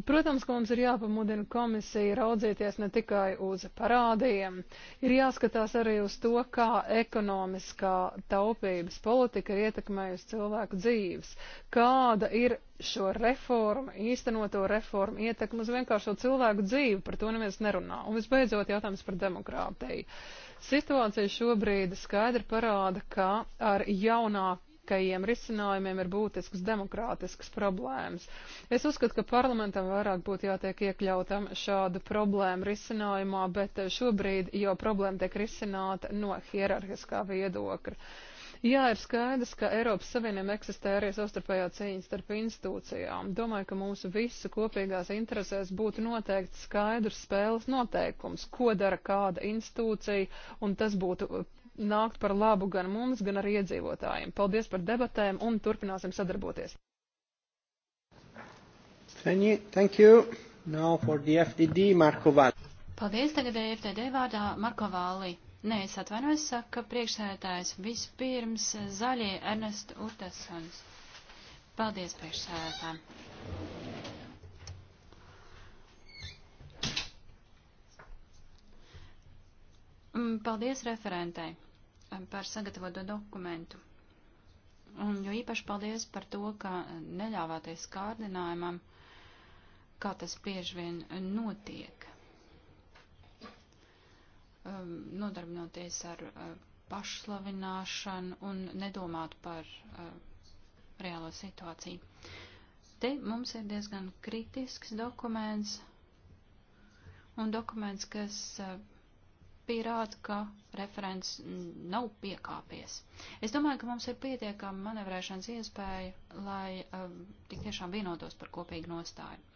Protams, ka mums ir jāpamudina komisija raudzīties ne tikai uz parādiem, ir jāskatās arī uz to, kā ekonomiskā taupības politika ir ietekmējusi cilvēku dzīves, kāda ir šo reformu, īstenoto reformu ietekmu uz vienkāršo cilvēku dzīvi, par to neviens nerunā. Un visbeidzot jautājums par demokrātiju. Situācija šobrīd skaidri parāda, ka ar jaunāku tehniskajiem risinājumiem ir būtisks demokrātisks problēmas. Es uzskatu, ka parlamentam vairāk būtu jātiek iekļautam šādu problēmu risinājumā, bet šobrīd jau problēma tiek risināta no hierarhiskā viedokļa. Jā, ir skaidrs, ka Eiropas Savieniem eksistē arī savstarpējā cīņa starp institūcijām. Domāju, ka mūsu visu kopīgās interesēs būtu noteikti skaidrs spēles noteikums, ko dara kāda institūcija, un tas būtu nākt par labu gan mums, gan arī iedzīvotājiem. Paldies par debatēm un turpināsim sadarboties. Thank you. Now for the FDD, Marko Vali. Paldies, tagad e FDD vārdā Marko Vali. Nē, es atvainojos, saka priekšsēdētājs. Vispirms zaļie Ernest Urtasons. Paldies, priekšsēdētājiem. Mm, paldies referentai um, par sagatavoto dokumentu. Un jo īpaši paldies par to, ka neļāvāties kārdinājumam, kā tas bieži vien notiek. Um, nodarbinoties ar uh, pašslavināšanu un nedomāt par uh, reālo situāciju. Te mums ir diezgan kritisks dokuments un dokuments, kas uh, pierāda, ka referents nav piekāpies. Es domāju, ka mums ir pietiekama manevrēšanas iespēja, lai um, tik tiešām vienotos par kopīgu nostāju.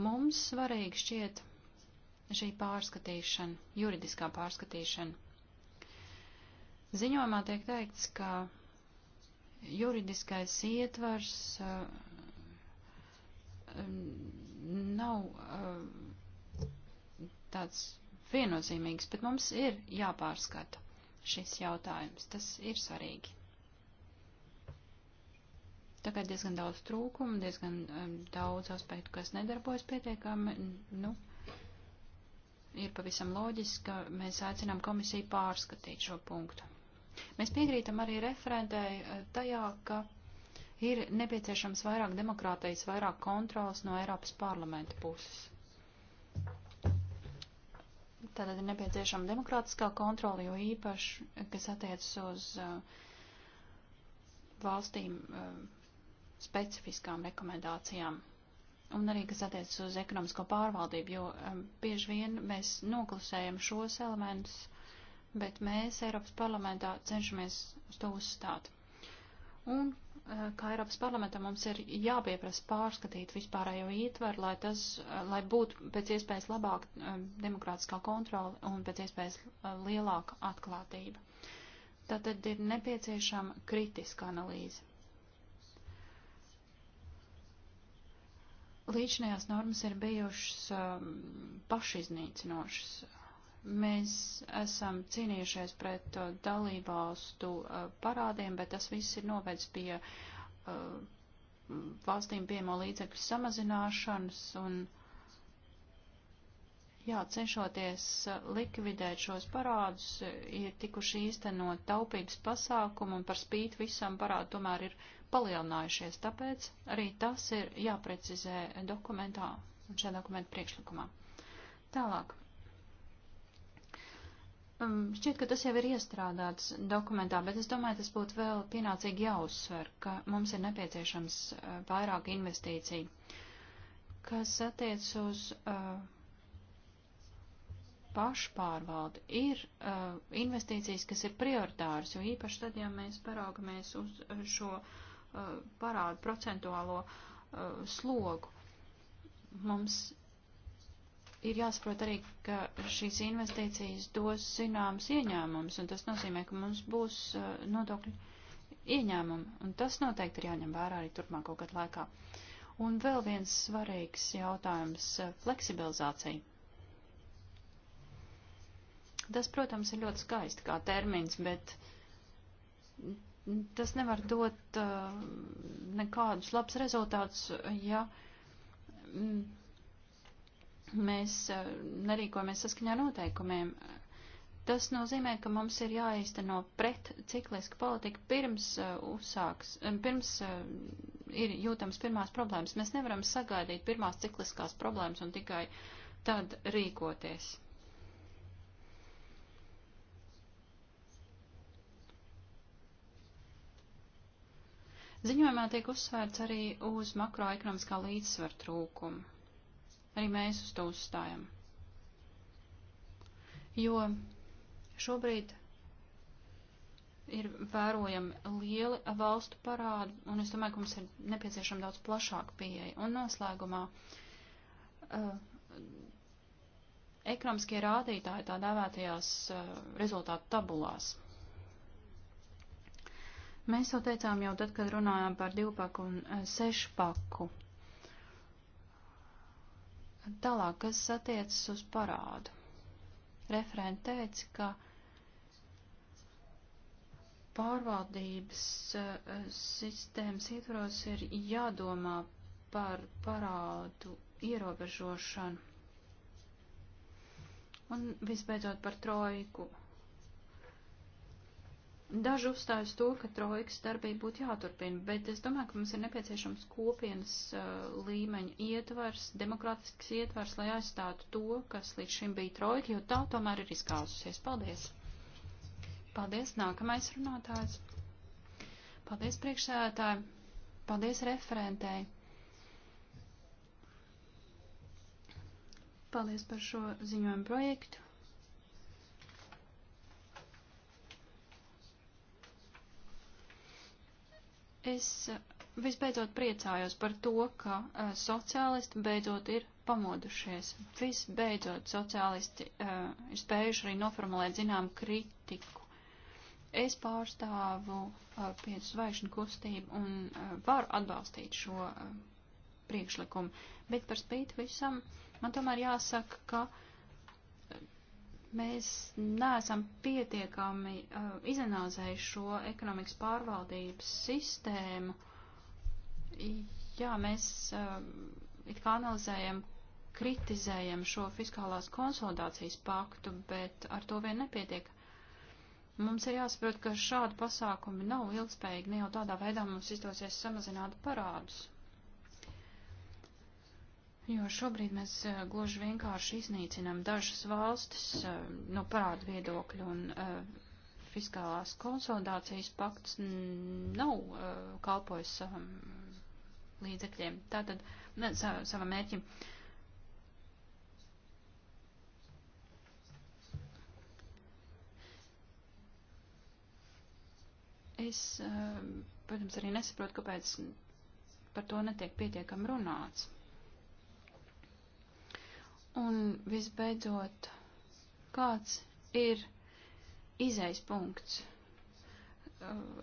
Mums svarīgi šķiet šī pārskatīšana, juridiskā pārskatīšana. Ziņojumā tiek teikts, ka juridiskais ietvars uh, um, nav uh, tāds viennozīmīgs, bet mums ir jāpārskata šis jautājums. Tas ir svarīgi. Tagad diezgan daudz trūkumu, diezgan um, daudz aspektu, kas nedarbojas pietiekami. Nu, ir pavisam loģiski, ka mēs aicinām komisiju pārskatīt šo punktu. Mēs piekrītam arī referentēji uh, tajā, ka ir nepieciešams vairāk demokrātijas, vairāk kontrols no Eiropas parlamenta puses. Tātad ir nepieciešama demokrātiskā kontrola, jo īpaši, kas attiecas uz uh, valstīm uh, specifiskām rekomendācijām. Un arī, kas attiecas uz ekonomisko pārvaldību, jo um, bieži vien mēs noklusējam šos elementus, bet mēs Eiropas parlamentā cenšamies uz to uzstāt. Un Eh, kā Eiropas parlamentam mums ir jāpieprasa pārskatīt vispārējo ietvaru, lai tas, eh, lai būtu pēc iespējas labāk eh, demokrātiskā kontrola un pēc iespējas lielāka atklātība. Tātad ir nepieciešama kritiska analīze. Līdzinājās normas ir bijušas um, pašiznīcinošas Mēs esam cīnījušies pret uh, dalībvalstu uh, parādiem, bet tas viss ir novedis pie uh, valstīm piemo līdzekļu samazināšanas un, jā, cenšoties uh, likvidēt šos parādus, ir tikuši īstenot taupības pasākumu un par spīti visam parādu tomēr ir palielinājušies, tāpēc arī tas ir jāprecizē dokumentā un šajā dokumentu priekšlikumā. Tālāk. Um, šķiet, ka tas jau ir iestrādāts dokumentā, bet es domāju, tas būtu vēl pienācīgi jāuzsver, ka mums ir nepieciešams uh, vairāk investīciju. Kas attiec uz uh, pašpārvaldi, ir uh, investīcijas, kas ir prioritāras, jo īpaši tad, ja mēs paraugamies uz uh, šo uh, parādu procentuālo uh, slogu, mums ir jāsaprot arī, ka šīs investīcijas dos zināmas ieņēmumus, un tas nozīmē, ka mums būs uh, nodokļu ieņēmumi, un tas noteikti ir jāņem vērā arī turpmāko gadu laikā. Un vēl viens svarīgs jautājums - uh, fleksibilizācija. Tas, protams, ir ļoti skaisti kā termins, bet tas nevar dot uh, nekādus labs rezultātus, ja mm, mēs eh, nerīkojamies saskaņā noteikumiem. Tas nozīmē, ka mums ir jāīsteno pretcikliska politika pirms uh, uzsāks, eh, pirms uh, ir jūtams pirmās problēmas. Mēs nevaram sagaidīt pirmās cikliskās problēmas un tikai tad rīkoties. Ziņojumā tiek uzsvērts arī uz makroekonomiskā līdzsvara trūkumu. Arī mēs uz to uzstājam. Jo šobrīd ir vērojami lieli valstu parādi, un es domāju, ka mums ir nepieciešama daudz plašāka pieeja. Un noslēgumā uh, ekonomiskie rādītāji tā dēvētajās uh, rezultātu tabulās. Mēs jau teicām jau tad, kad runājām par divpaku un eh, sešpaku Tālāk, kas attiecas uz parādu. Referenti teica, ka pārvaldības eh, sistēmas ietvaros ir jādomā par parādu ierobežošanu. Un visbeidzot par trojku Daži uzstājas to, ka trojkas darbība būtu jāturpina, bet es domāju, ka mums ir nepieciešams kopienas uh, līmeņa ietvars, demokrātisks ietvars, lai aizstātu to, kas līdz šim bija trojka, jo tā tomēr ir izkāzusies. Paldies! Paldies, nākamais runātājs! Paldies, priekšsēdētāji! Paldies referentei! Paldies par šo ziņojumu projektu. Es eh, visbeidzot priecājos par to, ka uh, sociālisti beidzot ir pamodušies. Visbeidzot, sociālisti uh, ir spējuši arī noformulēt zinām kritiku. Es pārstāvu uh, piecu zvaigžņu kustību un uh, varu atbalstīt šo uh, priekšlikumu, bet par spīti visam man tomēr jāsaka, ka uh, mēs neesam pietiekami uh, izanalizējuši šo ekonomikas pārvaldības sistēmu. Jā, mēs uh, it kā analizējam, kritizējam šo fiskālās konsolidācijas paktu, bet ar to vien nepietiek. Mums ir jāsaprot, ka šādi pasākumi nav ilgspējīgi, ne jau tādā veidā mums izdosies samazināt parādus. Jo šobrīd mēs eh, gluži vienkārši iznīcinām dažas valstis eh, no parādu viedokļu un eh, fiskālās konsolidācijas pakts nav kalpojis savam līdzekļiem, tātad ne, savam mērķim. Es, protams, arī nesaprotu, kāpēc par to netiek pietiekam runāts. Un visbeidzot, kāds ir izējas punkts?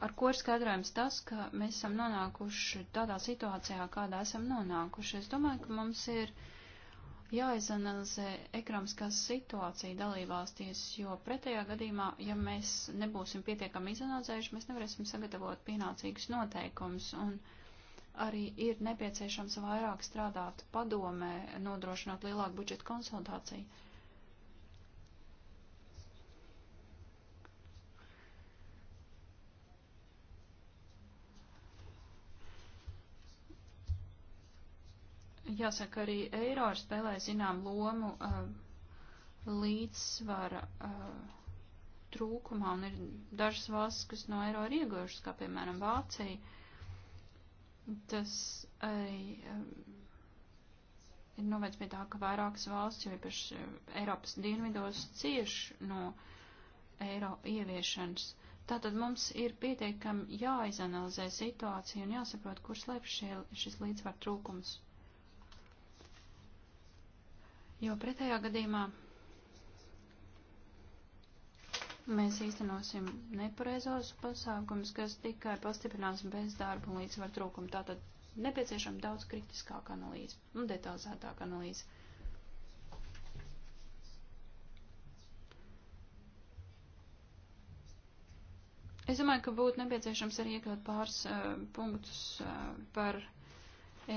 ar ko ir skaidrojams tas, ka mēs esam nonākuši tādā situācijā, kādā esam nonākuši. Es domāju, ka mums ir jāizanalizē ekonomiskā situācija dalībvalstīs, jo pretējā gadījumā, ja mēs nebūsim pietiekami izanalizējuši, mēs nevarēsim sagatavot pienācīgus noteikumus. Un arī ir nepieciešams vairāk strādāt padomē, nodrošināt lielāku budžetu konsultāciju. Jāsaka, arī eiro ir spēlējis zinām lomu uh, līdzsvara uh, trūkumā, un ir dažas valstis, kas no eiro ir ieguvušas, kā piemēram Vācija. Uh, Tas arī um, ir novēc pie tā, ka vairākas valsts, jo īpaši uh, Eiropas dienvidos, cieš no eiro ieviešanas. Tātad mums ir pietiekami jāizanalizē situācija un jāsaprot, kur slēpjas šis līdzsvar trūkums. Jo pretējā gadījumā Mēs īstenosim nepareizos pasākumus, kas tikai pastiprinās bezdarbu un līdzsvaru trūkumu. Tātad nepieciešama daudz kritiskāka analīze un detalizētāka analīze. Es domāju, ka būtu nepieciešams arī iekļaut pāris uh, punktus uh, par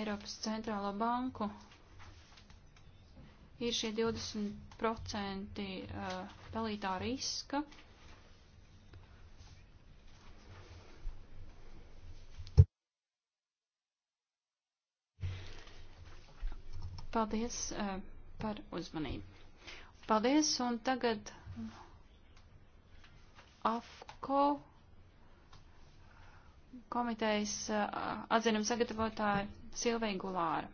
Eiropas centrālo banku ir šie 20% eh, dalītā riska. Paldies eh, par uzmanību. Paldies, un tagad AFCO komitejas eh, atzinuma sagatavotāja Silvija Gulāra.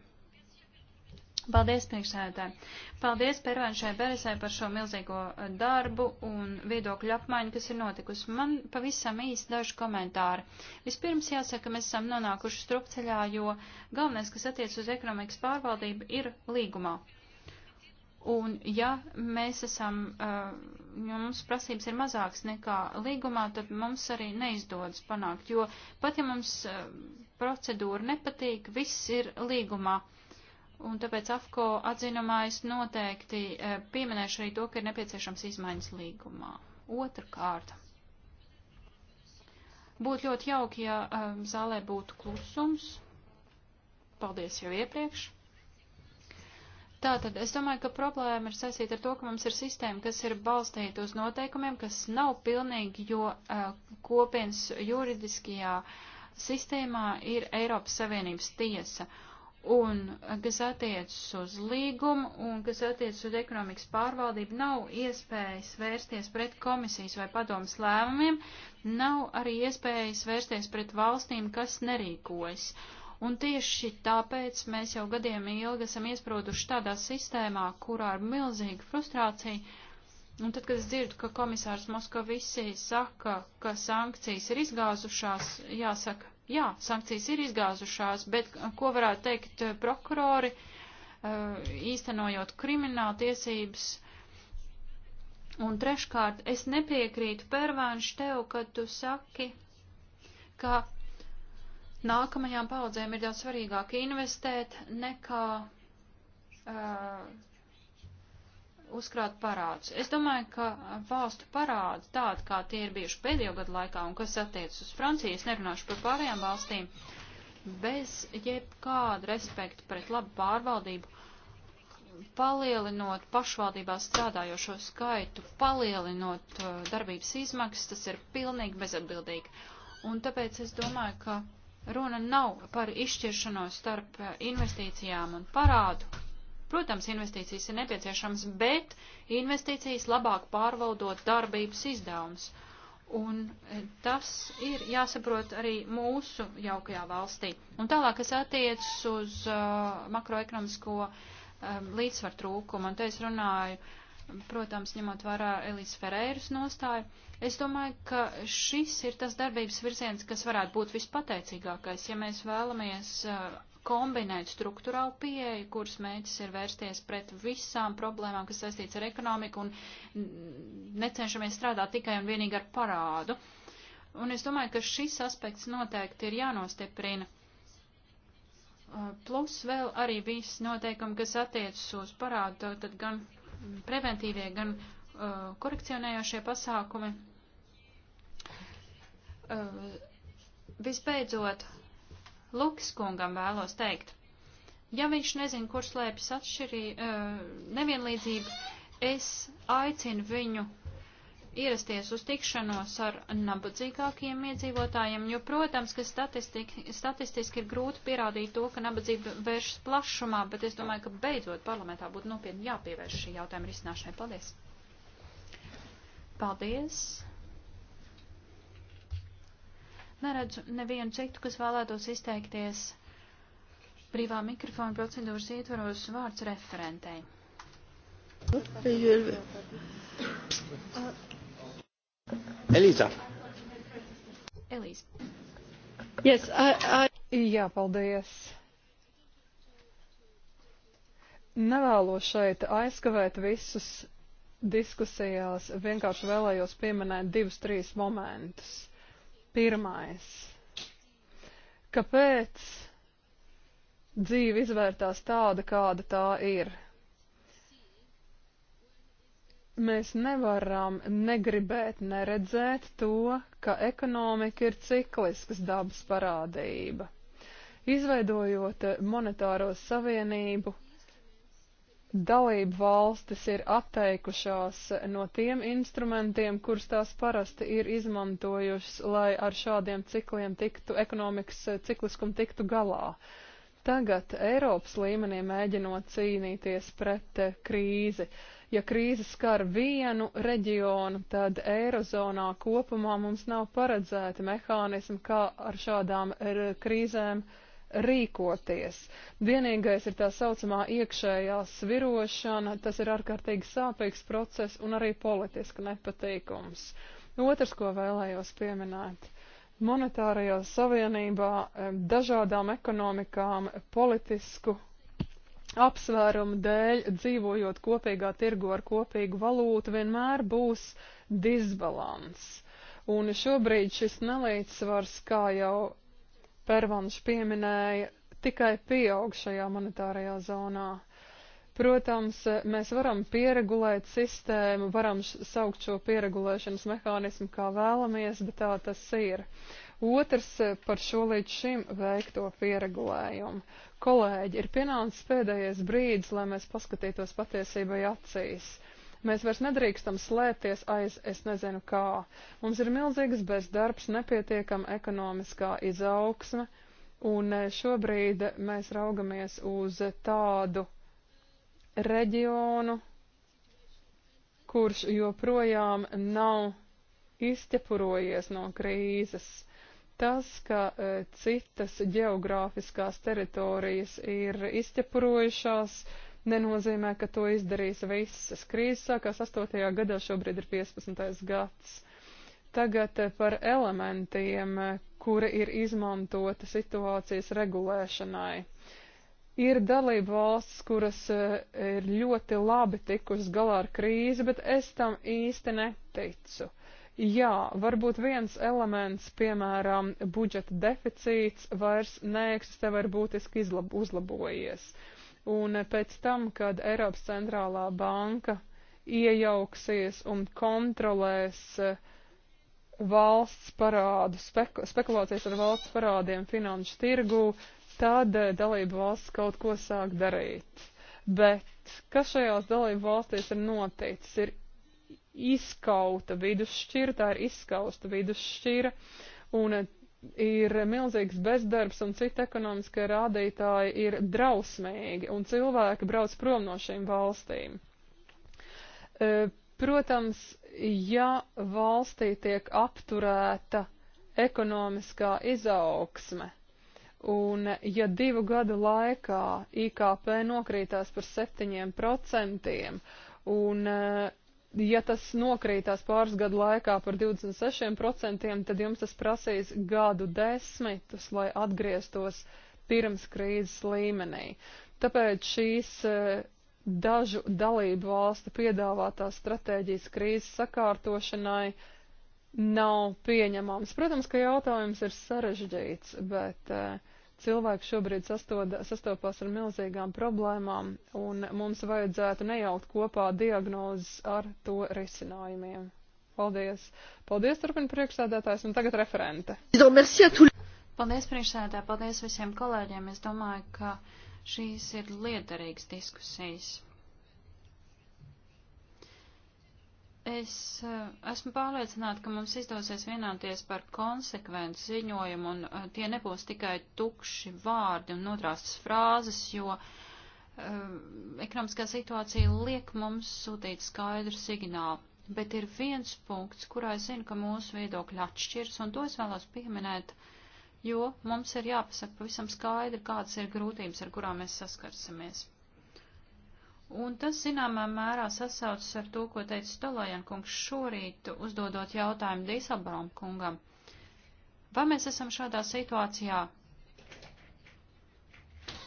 Paldies, priekšsēdētāji. Paldies Pervanšai Beresai par šo milzīgo eh, darbu un viedokļu apmaiņu, kas ir notikusi. Man pavisam īsti daži komentāri. Vispirms jāsaka, mēs esam nonākuši strupceļā, jo galvenais, kas attiec uz ekonomikas pārvaldību, ir līgumā. Un ja mēs esam, eh, ja mums prasības ir mazāks nekā līgumā, tad mums arī neizdodas panākt, jo pat ja mums eh, procedūra nepatīk, viss ir līgumā. Uh, Un tāpēc AFCO atzinumā es noteikti e, pieminēšu arī to, ka ir nepieciešams izmaiņas līgumā. Otra kārta. Būtu ļoti jauki, ja um, zālē būtu klusums. Paldies jau iepriekš. Tātad es domāju, ka problēma ir saistīta ar to, ka mums ir sistēma, kas ir balstīta uz noteikumiem, kas nav pilnīgi, jo uh, kopienas juridiskajā sistēmā ir Eiropas Savienības tiesa. Uh, un eh, kas attiecas uz līgumu un kas attiecas uz ekonomikas pārvaldību, nav iespējas vērsties pret komisijas vai padomas lēmumiem, nav arī iespējas vērsties pret valstīm, kas nerīkojas. Un tieši tāpēc mēs jau gadiem ilgi esam iesprūduši tādā sistēmā, kurā ir milzīga frustrācija. Un tad, kad es dzirdu, ka komisārs Moskavisī saka, ka sankcijas ir izgāzušās, jāsaka, jā, sankcijas ir izgāzušās, bet uh, ko varētu teikt uh, prokurori, uh, īstenojot krimināla tiesības? Un treškārt, es nepiekrītu pervērš tev, kad tu saki, ka nākamajām paudzēm ir daudz svarīgāk investēt nekā uh, uzkrāt parādus. Es domāju, ka valstu parādi tādi, kā tie ir bijuši pēdējo gadu laikā un kas attiecas uz Franciju, es nerunāšu par pārējām valstīm, bez jebkāda respekta pret labu pārvaldību, palielinot pašvaldībās strādājošo skaitu, palielinot uh, darbības izmaksas, tas ir pilnīgi bezatbildīgi. Un tāpēc es domāju, ka runa nav par izšķiršanos starp uh, investīcijām un parādu Protams, investīcijas ir nepieciešamas, bet investīcijas labāk pārvaldot darbības izdevumus. Un e, tas ir jāsaprot arī mūsu jaukajā valstī. Un tālāk, kas attiecas uz uh, makroekonomisko uh, līdzsvaru trūkumu, un te es runāju, protams, ņemot vērā Elīzes Ferēras nostāju, es domāju, ka šis ir tas darbības virziens, kas varētu būt vispateicīgākais, ja mēs vēlamies uh, kombinēt struktūrālu pieeju, kuras mēģis ir vērsties pret visām problēmām, kas saistīts ar ekonomiku, un necenšamies strādāt tikai un vienīgi ar parādu. Un es domāju, ka šis aspekts noteikti ir jānostiprina. Uh, plus vēl arī visi noteikumi, kas attiecas uz parādu, tad gan preventīvie, gan uh, korekcionējošie pasākumi. Uh, visbeidzot, Lukas kungam vēlos teikt, ja viņš nezin, kur slēpjas atšķirī, uh, nevienlīdzība, es aicinu viņu ierasties uz tikšanos ar nabadzīgākiem iedzīvotājiem, jo, protams, ka statistiski ir grūti pierādīt to, ka nabadzība vēršas plašumā, bet es domāju, ka beidzot parlamentā būtu nopietni jāpievērš šī jautājuma risināšanai. Paldies! Paldies! neredzu nevienu citu, kas vēlētos izteikties brīvā mikrofona procedūras ietvaros vārds referentei. Elīza. Elīza. Yes, I, I... Jā, paldies. Nevēlos šeit aizkavēt visus diskusijās, vienkārši vēlējos pieminēt divus, trīs momentus. Pirmais. Kāpēc dzīve izvērtās tāda, kāda tā ir? Mēs nevaram negribēt, neredzēt to, ka ekonomika ir cikliskas dabas parādība. Izveidojot monetāro savienību, dalību valstis ir atteikušās no tiem instrumentiem, kurus tās parasti ir izmantojušas, lai ar šādiem cikliem tiktu, ekonomikas cikliskumu tiktu galā. Tagad Eiropas līmenī mēģinot cīnīties pret krīzi. Ja krīze skar vienu reģionu, tad Eirozonā kopumā mums nav paredzēti mehānismi, kā ar šādām krīzēm uh, rīkoties. Vienīgais ir tā saucamā iekšējā svirošana, tas ir ārkārtīgi sāpīgs process un arī politiski nepatīkums. Otrs, ko vēlējos pieminēt. Monetārajā savienībā dažādām ekonomikām politisku apsvērumu dēļ, dzīvojot kopīgā tirgu ar kopīgu valūtu, vienmēr būs disbalans. Un šobrīd šis nelīdzsvars, kā jau Pervanš pieminēja, tikai pieaug šajā monetārajā zonā. Protams, mēs varam pieregulēt sistēmu, varam saukt šo pieregulēšanas mehānismu kā vēlamies, bet tā tas ir. Otrs par šo līdz šim veikto pieregulējumu. Kolēģi, ir pienācis pēdējais brīdis, lai mēs paskatītos patiesībai acīs. Uh, Mēs vairs nedrīkstam slēpties aiz es nezinu kā. Mums ir milzīgs bezdarbs, nepietiekama ekonomiskā izaugsme, un e, šobrīd mēs raugamies uz tādu reģionu, kurš joprojām nav izķepurojies no krīzes. Tas, ka e, citas geogrāfiskās teritorijas ir izķepurojušās, e, nenozīmē, ka to izdarīs visas. Krīze sākās 8. gadā, šobrīd ir 15. gads. Tagad eh, par elementiem, eh, kuri ir izmantota situācijas regulēšanai. Ir dalība valsts, kuras eh, ir ļoti labi tikusi galā ar krīzi, bet es tam īsti neticu. Jā, varbūt viens elements, piemēram, budžeta deficīts vairs neeksistē vai ir būtiski uzlabojies. Uh, Un pēc tam, kad Eiropas centrālā banka iejauksies un kontrolēs eh, valsts parādu, speku, spekulācijas ar valsts parādiem finanšu tirgū, tad eh, dalību valsts kaut ko sāk darīt. Bet kas šajās dalību valstīs ir noticis? Ir izskauta vidusšķira, tā ir izskausta vidusšķira, un eh, ir milzīgs bezdarbs un citi ekonomiskie rādītāji ir drausmīgi, un cilvēki brauc prom no šīm valstīm. E, protams, ja valstī tiek apturēta ekonomiskā izaugsme, un ja divu gadu laikā IKP nokrītās par septiņiem procentiem, un uh, ja tas nokrītās pāris gadu laikā par 26%, tad jums tas prasīs gadu desmitus, lai atgrieztos pirms krīzes līmenī. Tāpēc šīs eh, dažu dalību valstu piedāvātās stratēģijas krīzes sakārtošanai nav pieņemams. Protams, ka jautājums ir sarežģīts, bet uh, Cilvēki šobrīd sastoda, sastopās ar milzīgām problēmām, un mums vajadzētu nejaukt kopā diagnozes ar to risinājumiem. Paldies! Paldies, turpina priekšsēdētājs, un tagad referente. Paldies, priekšsēdētāji, paldies visiem kolēģiem. Es domāju, ka šīs ir liederīgas diskusijas. Es eh, esmu pārliecināta, ka mums izdosies vienoties par konsekventu ziņojumu, un eh, tie nebūs tikai tukši vārdi un notrāstas frāzes, jo uh, ekonomiskā situācija liek mums sūtīt skaidru signālu. Bet ir viens punkts, kurā es zinu, ka mūsu viedokļi atšķiras, un to es vēlos pieminēt, jo mums ir jāpasaka pavisam skaidri, kādas ir grūtības, ar kurām mēs saskarsimies. Un tas, zināmā mērā, sasaucas ar to, ko teica Stolojan kungs šorīt, uzdodot jautājumu Dīsabrom kungam. Vai mēs esam šādā situācijā?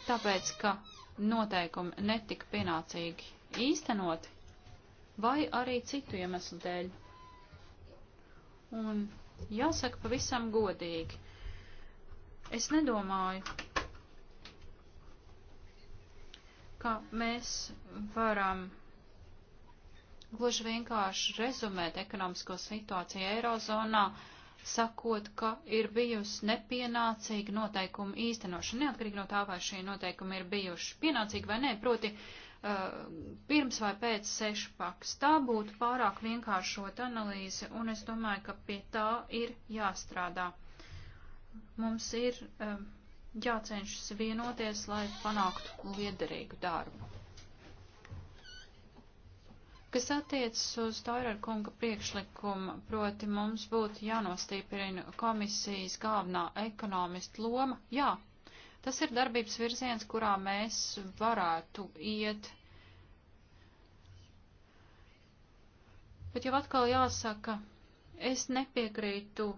Tāpēc, ka noteikumi netika pienācīgi īstenoti, vai arī citu iemeslu dēļ. Un jāsaka pavisam godīgi, es nedomāju, ka mēs varam gluži vienkārši rezumēt ekonomisko situāciju Eirozonā, sakot, ka ir bijusi nepienācīga noteikuma īstenošana, neatkarīgi no tā, vai šie noteikumi ir bijuši pienācīgi vai nē, proti uh, pirms vai pēc sešu paks. Tā būtu pārāk vienkāršot analīze, un es domāju, ka pie tā ir jāstrādā. Mums ir. Uh, jācenšas vienoties, lai panāktu liederīgu darbu. Kas attiecas uz Taurēra kunga priekšlikumu, proti mums būtu jānostiprina komisijas galvenā ekonomista loma, jā, tas ir darbības virziens, kurā mēs varētu iet. Bet jau atkal jāsaka, es nepiekrītu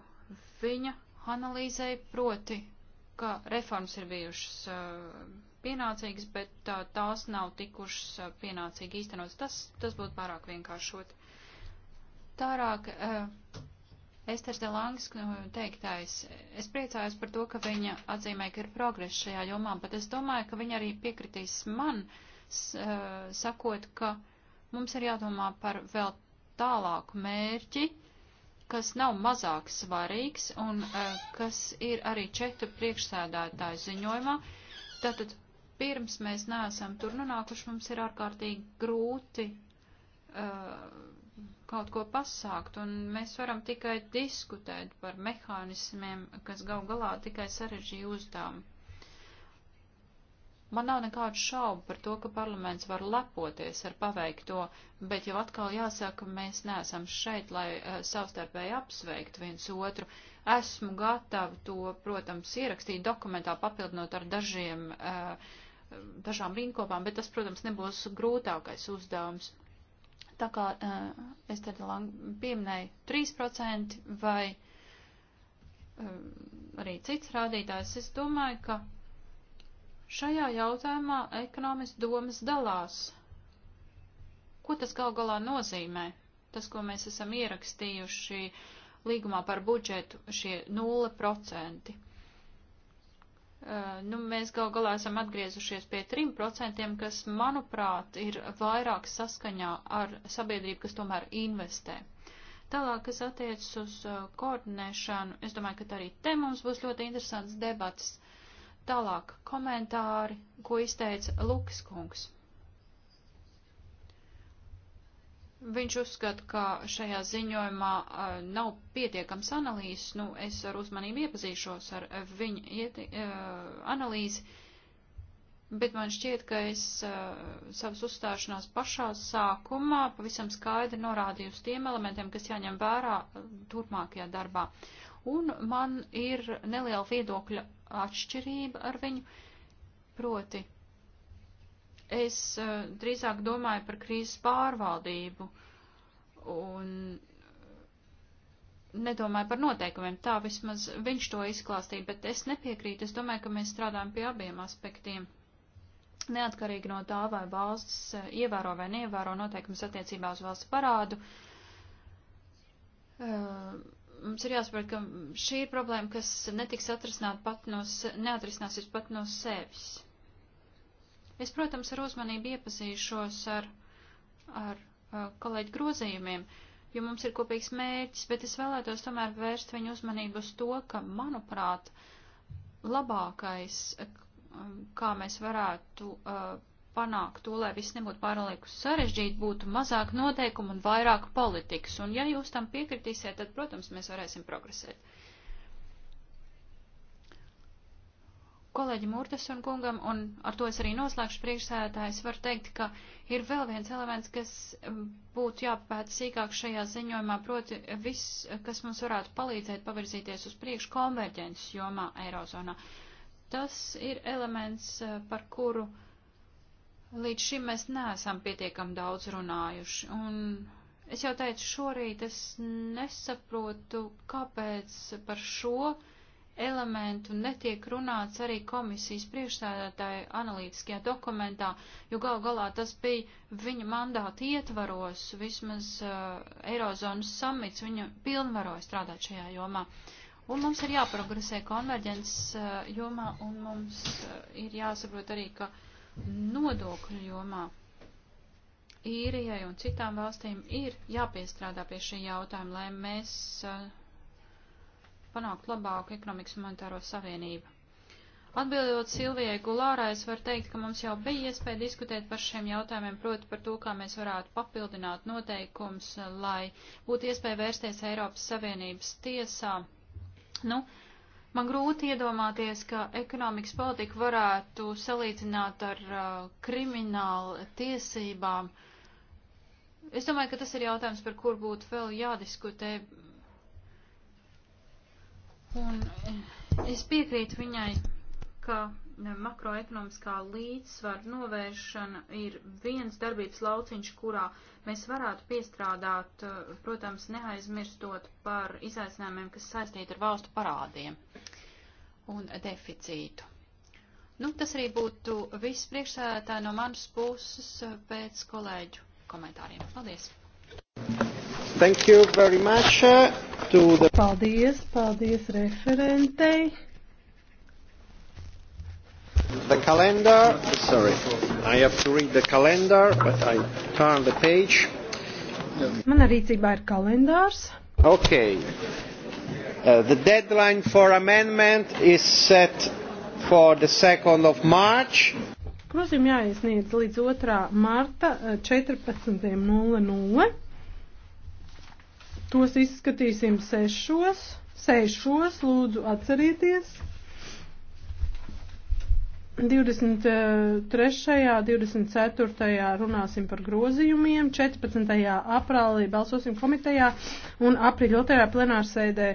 viņa analīzei, proti ka reformas ir bijušas eh, pienācīgas, bet eh, tās nav tikušas eh, pienācīgi īstenotas. Tas, tas būtu pārāk vienkāršot. Tārāk, Esters Delangs teiktais, es priecājos par to, ka viņa atzīmē, ka ir progress šajā jomā, bet es domāju, ka viņa arī piekritīs man, sakot, ka mums ir jādomā par vēl tālāku mērķi, kas nav mazāk svarīgs un uh, kas ir arī četru priekšsēdētāju ziņojumā. Tātad pirms mēs neesam tur nonākuši, mums ir ārkārtīgi grūti uh, kaut ko pasākt, un mēs varam tikai diskutēt par mehānismiem, kas gal galā tikai sarežģīja uzdevumu. Man nav nekādu šaubu par to, ka parlaments var lepoties ar paveikto, bet jau atkal jāsaka, mēs neesam šeit, lai uh, savstarpēji apsveikt viens otru. Esmu gatava to, protams, ierakstīt dokumentā, papildinot ar dažiem, uh, dažām rinkopām, bet tas, protams, nebūs grūtākais uzdevums. Tā kā uh, es tad pieminēju 3% vai eh, arī cits rādītājs, es domāju, ka Šajā jautājumā ekonomisti domas dalās. Ko tas gal galā nozīmē? Tas, ko mēs esam ierakstījuši līgumā par budžetu, šie 0%. Uh, nu, mēs gal galā esam atgriezušies pie 3%, kas, manuprāt, ir vairāk saskaņā ar sabiedrību, kas tomēr investē. Tālāk, kas attiecas uz uh, koordinēšanu, es domāju, ka arī te mums būs ļoti interesants debats. Tālāk komentāri, ko izteica Lukas kungs. Viņš uzskata, ka šajā ziņojumā uh, nav pietiekams analīzes, nu es ar uzmanību iepazīšos ar viņa ieti, uh, analīzi, bet man šķiet, ka es uh, savas uzstāšanās pašā sākumā pavisam skaidri norādīju uz tiem elementiem, kas jāņem vērā turpmākajā darbā. Un man ir neliela viedokļa atšķirība ar viņu. Proti, es uh, drīzāk domāju par krīzes pārvaldību un nedomāju par noteikumiem. Tā vismaz viņš to izklāstīja, bet es nepiekrītu. Es domāju, ka mēs strādājam pie abiem aspektiem. Neatkarīgi no tā, vai valsts eh, ievēro vai neievēro noteikumus attiecībā uz valsts parādu. Uh, mums ir jāsaprot, ka šī ir problēma, kas netiks atrisināt pat no, neatrisināsies pat no sevis. Es, protams, ar uzmanību iepazīšos ar, ar, ar uh, kolēģi grozījumiem, jo mums ir kopīgs mērķis, bet es vēlētos tomēr vērst viņu uzmanību uz to, ka, manuprāt, labākais, uh, kā mēs varētu uh, panākt to, lai viss nebūtu pārlieku sarežģīti, būtu mazāk noteikumu un vairāk politikas. Un ja jūs tam piekritīsiet, tad, protams, mēs varēsim progresēt. Kolēģi Mūrtas un kungam, un ar to es arī noslēgšu priekšsēdētājs, var teikt, ka ir vēl viens elements, kas um, būtu jāpēta sīkāk šajā ziņojumā, proti viss, kas mums varētu palīdzēt pavirzīties uz priekšu konverģences jomā Eirozonā. Tas ir elements, uh, par kuru uh, Līdz šim mēs neesam pietiekam daudz runājuši, un es jau teicu, šorīt es nesaprotu, kāpēc par šo elementu netiek runāts arī komisijas priekšsēdētāja analītiskajā dokumentā, jo gal galā tas bija viņa mandāta ietvaros, vismaz uh, Eirozonas samits viņa pilnvaroja strādāt šajā jomā. Un mums ir jāprogresē konverģences uh, jomā, un mums uh, ir jāsaprot arī, ka. Uh, nodokļu jomā. Īrijai un citām valstīm ir jāpiestrādā pie šī jautājuma, lai mēs uh, panāktu labāku ekonomikas un monetāro savienību. Atbildot Silvijai Gulārai, es varu teikt, ka mums jau bija iespēja diskutēt par šiem jautājumiem, proti par to, kā mēs varētu papildināt noteikums, lai būtu iespēja vērsties Eiropas Savienības tiesā. Nu, uh, Man grūti iedomāties, ka ekonomikas politika varētu salīdzināt ar uh, kriminālu tiesībām. Es domāju, ka tas ir jautājums, par kur būtu vēl jādiskutē. Un es piekrītu viņai, ka makroekonomiskā līdzsvara novēršana ir viens darbības lauciņš, kurā mēs varētu piestrādāt, eh, protams, neaizmirstot par izaicinājumiem, kas saistīti ar valstu parādiem un deficītu. Nu, tas arī būtu viss priekšsēdētāji no manas puses eh, pēc kolēģu komentāriem. Paldies! Thank you very much eh, to the... Paldies, paldies referentei. The calendar, sorry, I have to read the calendar, but I turn the page. Manā rīcībā ir kalendārs. Okay. Uh, the deadline for amendment is set for the 2nd of March. Grozījumi jāiesniedz līdz 2. marta 14.00. Uh, Tos izskatīsim sešos. Sešos lūdzu atcerieties. 23. 24. runāsim par grozījumiem, 14. aprālī balsosim komitejā un aprīļa 2. plenārsēdē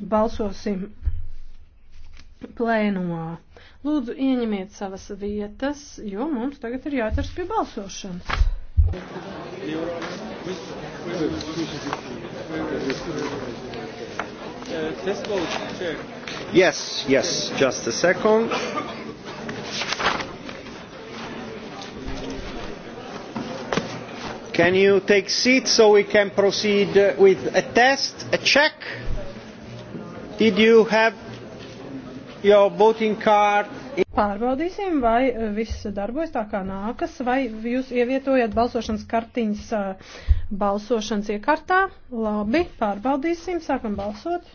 balsosim plēnumā. Lūdzu, ieņemiet savas vietas, jo mums tagad ir jāatars pie balsošanas. Yes, yes, just a second. Can you take seat so we can proceed with a test, a check? Did you have your voting card? Pārbaudīsim, vai eh, viss darbojas tā kā nākas, vai jūs ievietojat balsošanas kartiņas eh, balsošanas iekārtā. Labi, pārbaudīsim, sākam balsot.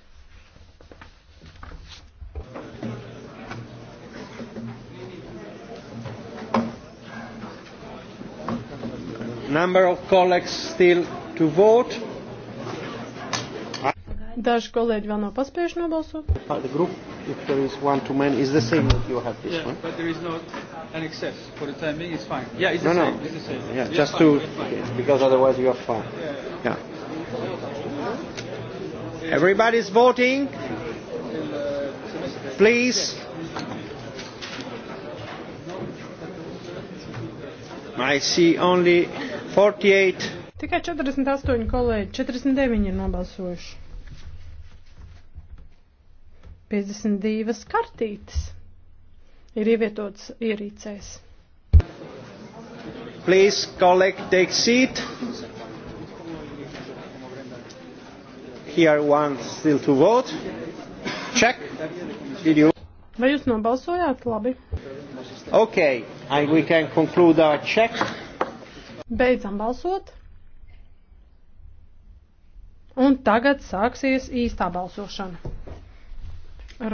Number of colleagues still to vote. Daži kolēģi vēl nav paspējuši nobalsot. The group, if there is one too many, is the same that you have this yeah, one. but there is no an excess for the time being. It's fine. Yeah, it's no, the no. same. It's the same. Yeah, it's just fine, to okay, because otherwise you are fine. Yeah. yeah. Everybody's voting. Please. I see only 48. Tikai 48 kolēģi, 49 ir nobalsojuši. 52 kartītes ir ievietotas ierīcēs. Please, colleague, take seat. Here one still to vote. Check. Did you? Vai jūs nobalsojāt? Labi. Okay, and we can conclude our check. Beidzam balsot. Un tagad sāksies īstā balsošana.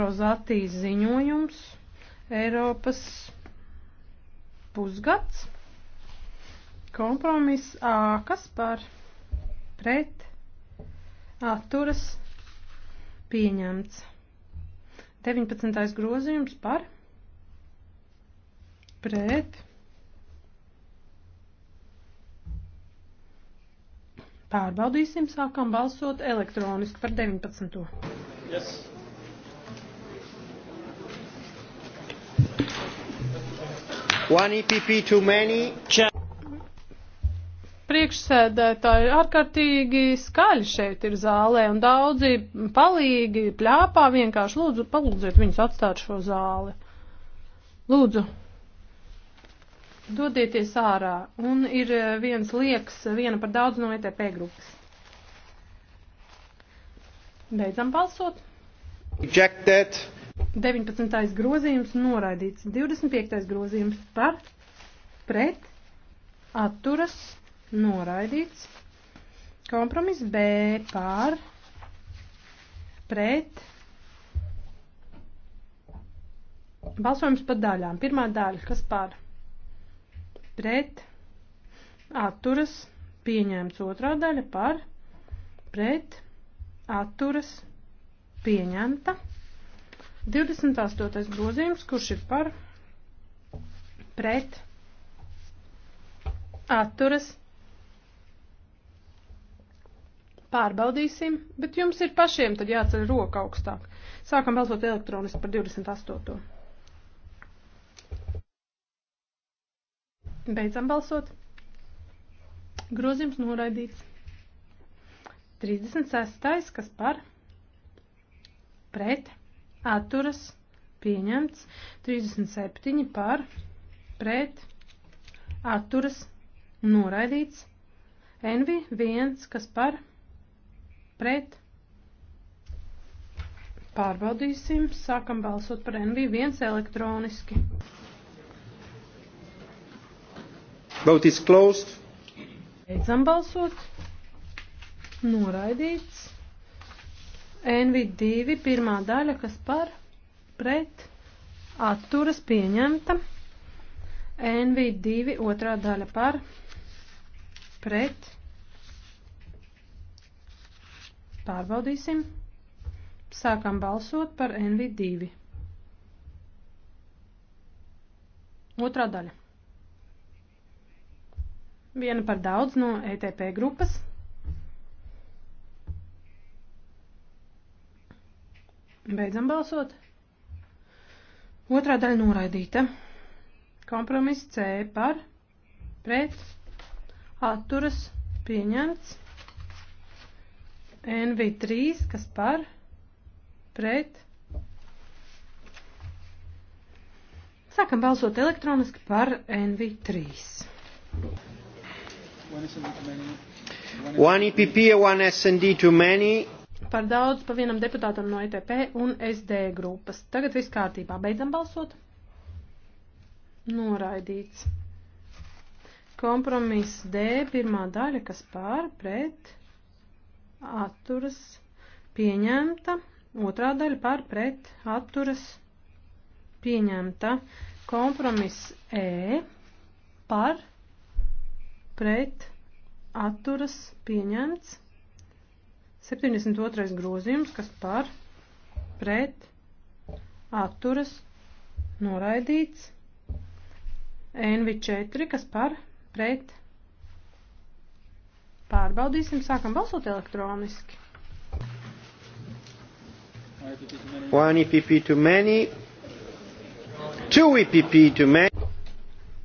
Rozatīs ziņojums Eiropas pusgads. Kompromiss A, kas par pret atturas pieņemts. 19. grozījums par pret Pārbaudīsim, sākam balsot elektroniski par 19. Yes. One EPP too many. Check. Priekšsēdētāji ārkārtīgi skaļi šeit ir zālē un daudzi palīgi pļāpā vienkārši lūdzu palūdziet viņus atstāt šo zāli. Lūdzu. Dodieties ārā. Un ir eh, viens liekas, viena par daudz no ETP grupas. Beidzam balsot. Rejected. 19. grozījums noraidīts. 25. grozījums par, pret, atturas, noraidīts. Kompromiss B par, pret. Balsojums par daļām. Pirmā daļa, kas par? pret, atturas, pieņemts otrā daļa par, pret, atturas, pieņemta. 28. grozījums, kurš ir par, pret, atturas, pārbaudīsim, bet jums ir pašiem tad jāceļ roka augstāk. Sākam balsot elektroniski par 28. Beidzam balsot. Grozījums noraidīts. 36. kas par pret atturas pieņemts. 37. par pret atturas noraidīts. Envi 1. kas par pret pārbaudīsim. Sākam balsot par Envi 1 elektroniski. Vote is closed. Beidzam balsot. Noraidīts. NV2 pirmā daļa, kas par pret atturas pieņemta. NV2 otrā daļa par pret. Pārbaudīsim. Sākam balsot par NV2. Otrā daļa. Viena par daudz no ETP grupas. Beidzam balsot. Otrā daļa noraidīta. Kompromiss C par pret atturas pieņemts. NV3, kas par pret. Sākam balsot elektroniski par NV3. One EPP, one SND too many. Par daudz pa vienam deputātam no ETP un SD grupas. Tagad viss kārtībā. Beidzam balsot. Noraidīts. Kompromiss D, pirmā daļa, kas pār, pret, atturas, pieņemta. Otrā daļa pār, pret, atturas, pieņemta. Kompromiss E, par, pret pret atturas pieņemts. 72. grozījums, kas par pret atturas noraidīts. NV4, kas par pret pārbaudīsim, sākam balsot elektroniski. One EPP too many. Two EPP too many.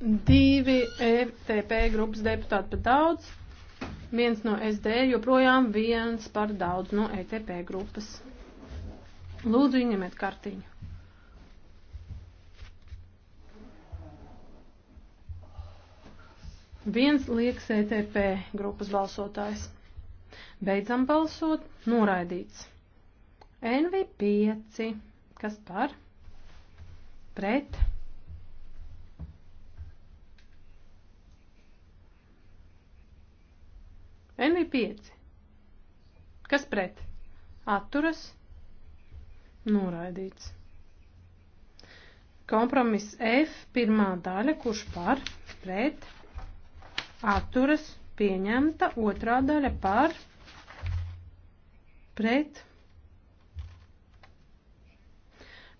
Divi FTP e grupas deputāti par daudz, viens no SD, joprojām viens par daudz no ETP grupas. Lūdzu, ņemiet kartiņu. Viens liekas ETP grupas balsotājs. Beidzam balsot, noraidīts. NV5, kas par? Pret NV5. Kas pret? Atturas. Noraidīts. Kompromiss F pirmā daļa, kurš par, pret, atturas, pieņemta, otrā daļa par, pret.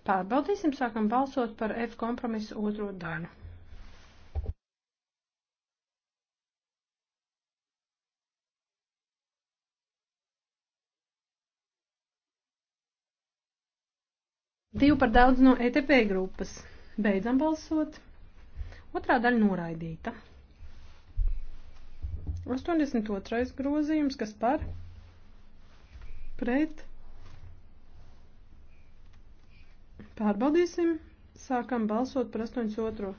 Pārbaudīsim, sākam balsot par F kompromisu otro daļu. Divi par daudz no ETP grupas. Beidzam balsot. Otrā daļa noraidīta. 82. grozījums, kas par pret pārbaudīsim. Sākam balsot par 82.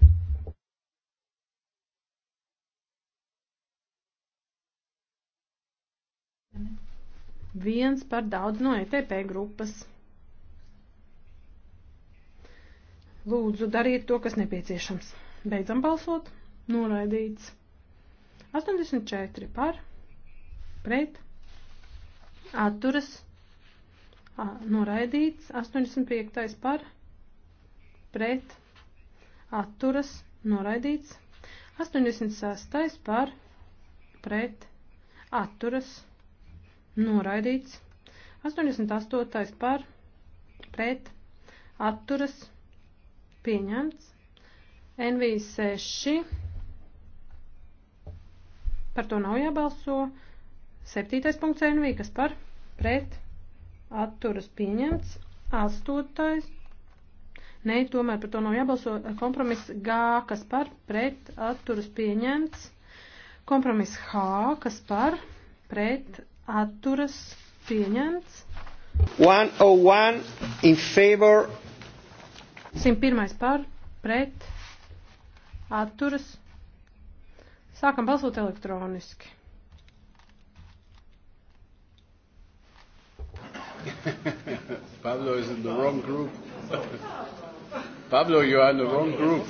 Viens par daudz no ETP grupas. Lūdzu, dariet to, kas nepieciešams. Beidzam balsot. Noraidīts. 84 par. Pret. Atturas. Noraidīts. 85 par. Pret. Atturas. Noraidīts. 86 par. Pret. Atturas. Noraidīts. 88 par. Pret. Atturas Pieņemts. NV6. Par to nav jābalso. Septītais punkts NV, kas par pret atturas pieņemts. Astotais. Nē, tomēr par to nav jābalso. Kompromiss G, kas par pret atturas pieņemts. Kompromiss H, kas par pret atturas pieņemts. 101 in favor 101. par, pret, atturas. Sākam balsot elektroniski. Pablo is in the wrong group. Pablo, you are in the wrong group.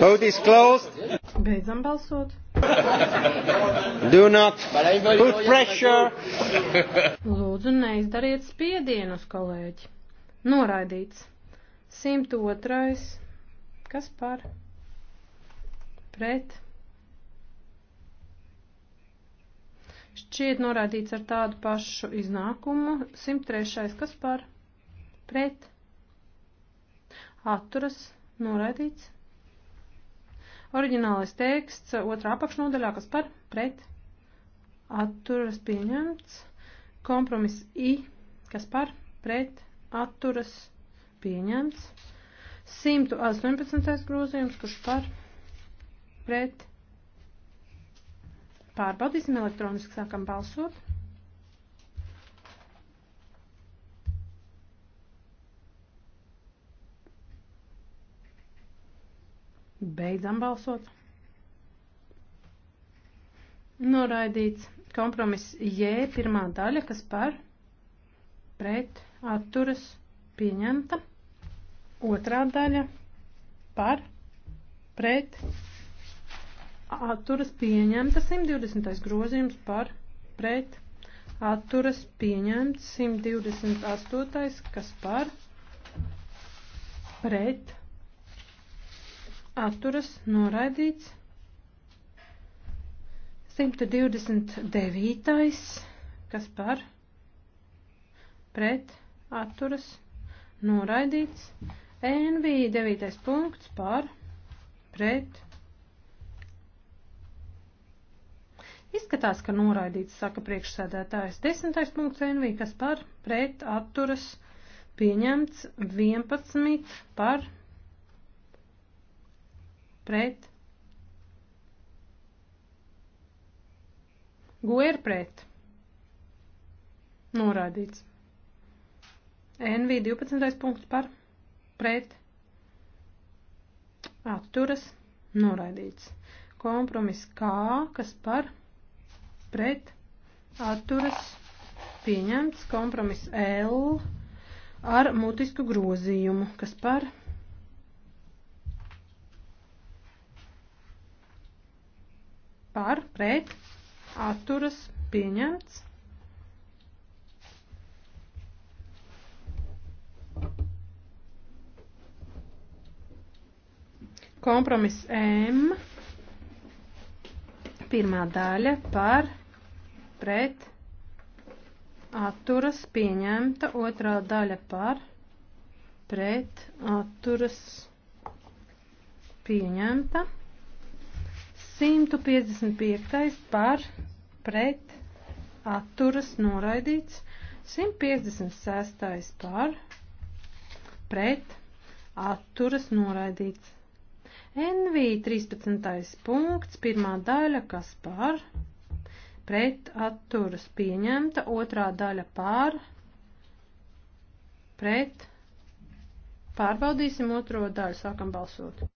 Vote is closed. Beidzam balsot. Do not put pressure. Lūdzu, neizdariet spiedienu uz kolēģi. Noraidīts. 102. Kas par? Pret. Šķiet noraidīts ar tādu pašu iznākumu. 103. Kas par? Pret. Atturas. Noraidīts. Oriģinālais teksts otrā apakšnodaļā. Kas par? Pret. Atturas pieņemts. Kompromiss I. Kas par? Pret atturas pieņemts. 118. grozījums, kurš par pret pārbaudīsim elektroniski, sākam balsot. Beidzam balsot. Noraidīts kompromiss J pirmā daļa, kas par pret pārbaudīsim atturas pieņemta. Otrā daļa par pret atturas pieņemta. 120. grozījums par pret atturas pieņemts. 128. kas par pret atturas noraidīts. 129. kas par pret atturas noraidīts. NV 9. punkts par pret. Izskatās, ka noraidīts, saka priekšsēdētājs. 10. punkts NV, kas par pret atturas pieņemts 11 par pret. Goer pret. Norādīts. NV 12. punkts par pret atturas noraidīts. Kompromiss K, kas par pret atturas pieņemts. Kompromiss L ar mutisku grozījumu, kas par par pret atturas pieņemts. Kompromiss M. Pirmā daļa par pret atturas pieņemta, otrā daļa par pret atturas pieņemta. 155. par pret atturas noraidīts. 156. par pret atturas noraidīts. NV 13. punkts, pirmā daļa, kas par, pret atturas pieņemta, otrā daļa par, pret, pārbaudīsim otro daļu, sākam balsot.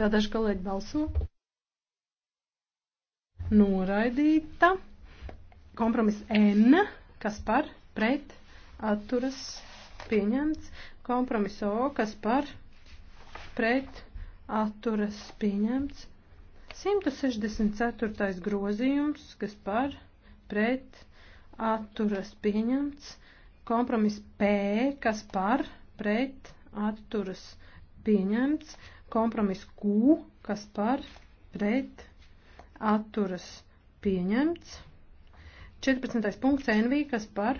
Vēl daži kolēģi balso. Noraidīta. Kompromiss N, kas par, pret, atturas, pieņemts. Kompromiss O, kas par, pret, atturas, pieņemts. 164. grozījums, kas par, pret, atturas, pieņemts. Kompromiss P, kas par, pret, atturas, pieņemts pieņemts. Kompromiss Q, kas par pret atturas pieņemts. 14. punkts NV, kas par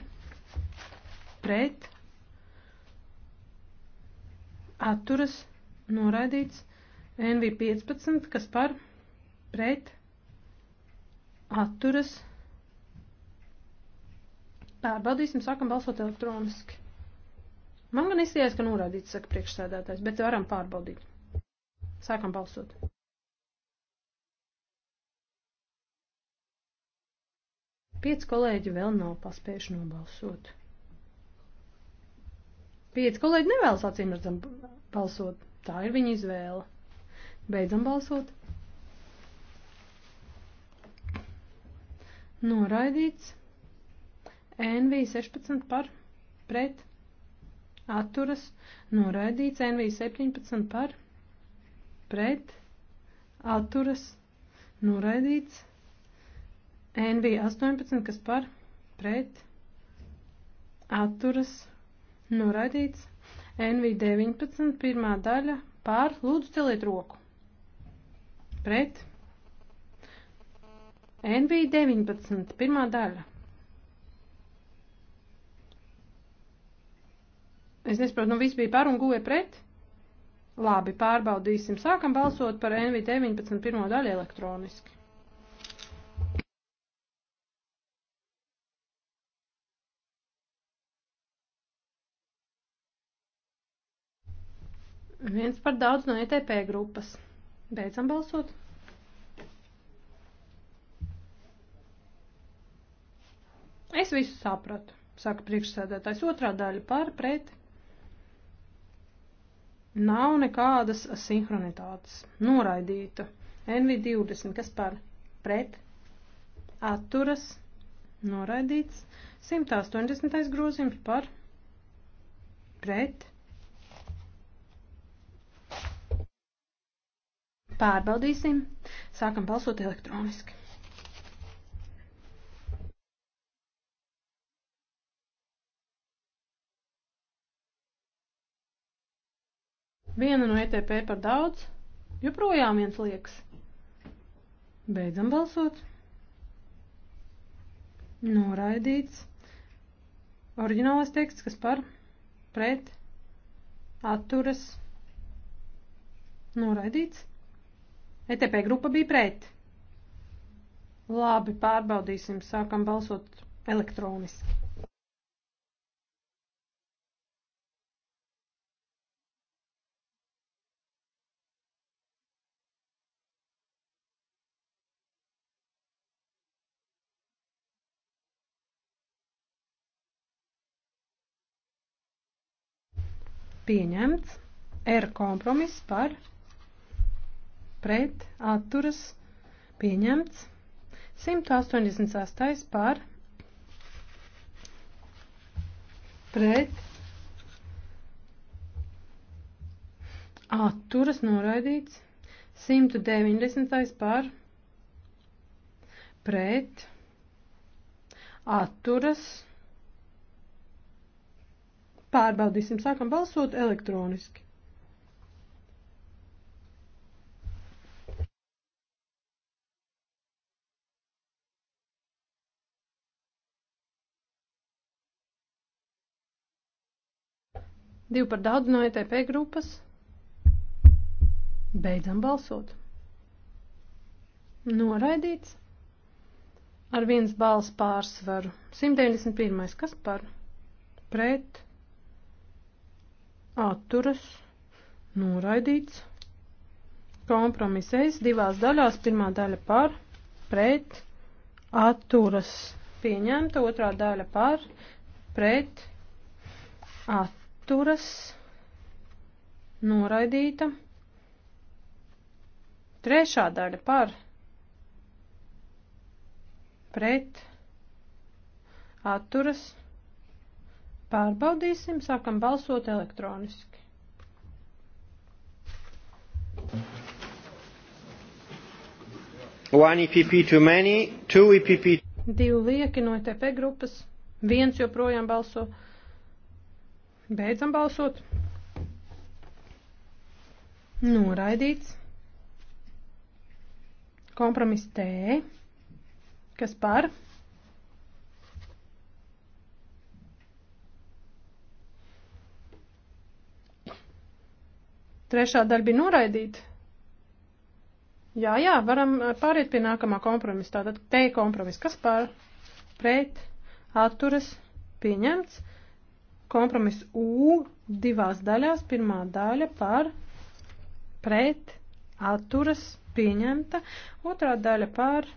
pret atturas noraidīts. NV 15, kas par pret atturas. Pārbaudīsim, sākam balsot elektroniski. Man gan izties, ka norādīts, saka priekšsēdētājs, bet varam pārbaudīt. Sākam balsot. Pieci kolēģi vēl nav paspējuši nobalsot. Pieci kolēģi nevēlas acīm redzam balsot. Tā ir viņa izvēle. Beidzam balsot. Noraidīts. NV 16 par pret atturas, noraidīts NV17 par, pret, atturas, noraidīts NV18, kas par, pret, atturas, noraidīts NV19, pirmā daļa, par, lūdzu celiet roku, pret, NV19, pirmā daļa. Es nesaprotu, nu viss bija par un guja pret. Labi, pārbaudīsim. Sākam balsot par NV19 e pirmo daļu elektroniski. Viens par daudz no ETP grupas. Beidzam balsot. Es visu sapratu, saka priekšsēdētājs. Otrā daļa par pret. Nav nekādas sinhronitātes. Noraidīta. NV20, kas par pret atturas noraidīts. 180. grozījums par pret pārbaudīsim. Sākam balsot elektroniski. Viena no ETP par daudz, joprojām viens liekas. Beidzam balsot. Noraidīts. Oriģinālais teksts, kas par pret atturas noraidīts. ETP grupa bija pret. Labi, pārbaudīsim, sākam balsot elektroniski. pieņemts. R kompromiss par pret atturas pieņemts. 188 par pret atturas noraidīts. 190 par pret atturas noraidīts Pārbaudīsim, sākam balsot elektroniski. Divi par daudz no ETP grupas. Beidzam balsot. Noraidīts. Ar viens balss pārsvaru. 191. Kas par? Pret atturas, noraidīts. Kompromisēs divās daļās, pirmā daļa par, pret, atturas, pieņemta, otrā daļa par, pret, atturas, noraidīta. Trešā daļa par, pret, atturas, noraidīta Pārbaudīsim, sākam balsot elektroniski. One EPP too many, two EPP. Divi lieki no ETP grupas, viens joprojām balso. Beidzam balsot. Noraidīts. Kompromiss T. Kas par? Trešā daļa bija noraidīta. Jā, jā, varam eh, pāriet pie nākamā kompromisa. Tātad te kompromis, kas pār, pret, atturas, pieņemts. Kompromis U divās daļās. Pirmā daļa par, pret, atturas, pieņemta. Otrā daļa par,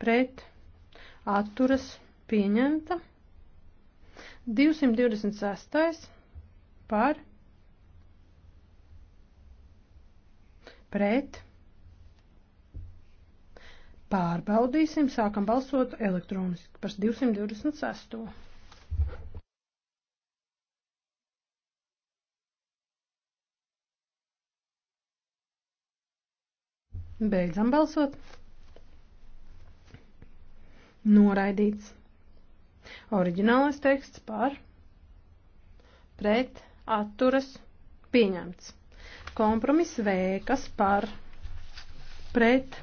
pret, atturas, pieņemta. 226. par, pret pret. Pārbaudīsim, sākam balsot elektroniski par 226. Beidzam balsot. Noraidīts. Oriģinālais teksts par pret atturas pieņemts. Kompromis V, kas par pret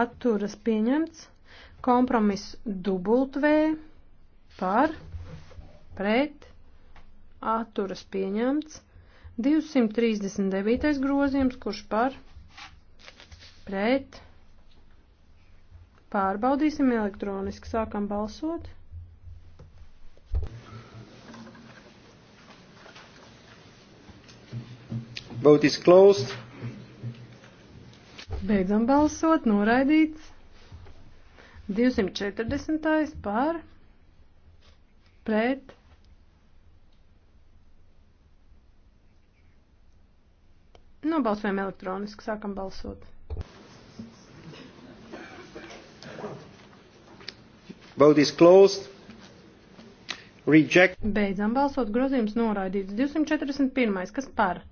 atturas pieņemts. Kompromis dubult V par pret atturas pieņemts. 239. grozījums, kurš par pret pārbaudīsim elektroniski, sākam balsot. Vote is closed. Beidzam balsot, noraidīts. 240. par, pret. Nobalsojam elektroniski, sākam balsot. Vote is closed. Reject. Beidzam balsot, grozījums noraidīts. 241. kas par?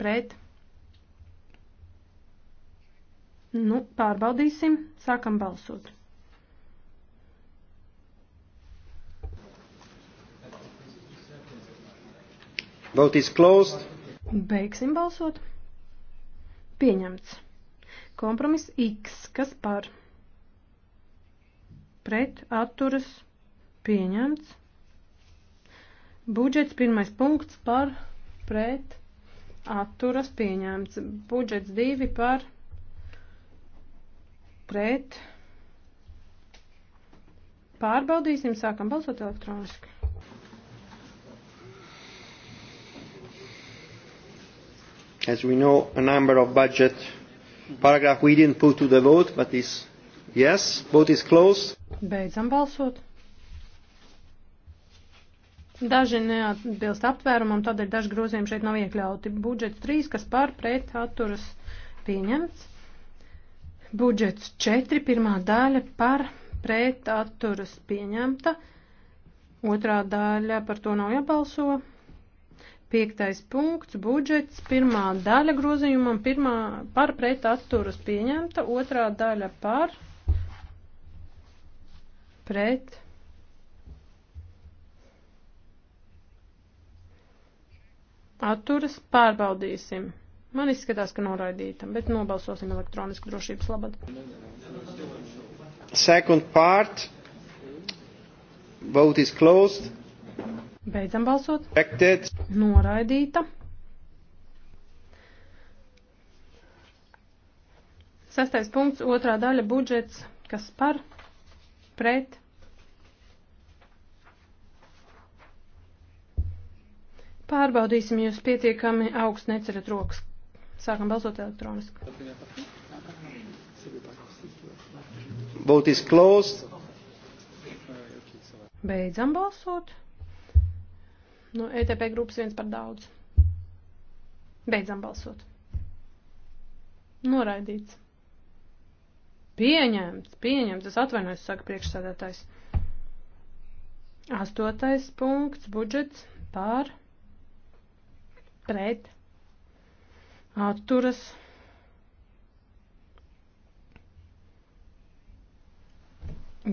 pret. Nu, pārbaudīsim, sākam balsot. Vote is closed. Beigsim balsot. Pieņemts. Kompromiss X, kas par? Pret, atturas, pieņemts. Budžets pirmais punkts par, pret, atturas pieņemts. Budžets 2 par pret. Pārbaudīsim, sākam balsot elektroniski. As we know, a number of budget paragraph we didn't put to the vote, but is yes, vote is closed. Beidzam balsot. Daži neatbilst aptvērumam, tādēļ daži grozījumi šeit nav iekļauti. Budžets 3, kas par pret atturas pieņemts. Budžets 4, pirmā daļa par pret atturas pieņemta. Otrā daļa par to nav jābalso. Piektais punkts, budžets, pirmā daļa grozījumam, pirmā par pret atturas pieņemta, otrā daļa par pret atturas pārbaudīsim. Man izskatās, ka noraidīta, bet nobalsosim elektronisku drošības labad. Second part. Vote is closed. Beidzam balsot. Rejected. Noraidīta. Sastais punkts, otrā daļa budžets, kas par, pret, Pārbaudīsim, jūs pietiekami augstu neceļat rokas. Sākam balsot elektroniski. Vote is closed. Beidzam balsot. No ETP grupas viens par daudz. Beidzam balsot. Noraidīts. Pieņemts, pieņemts, es atvainojos, saka priekšsēdētājs. Astotais punkts, budžets pār pret atturas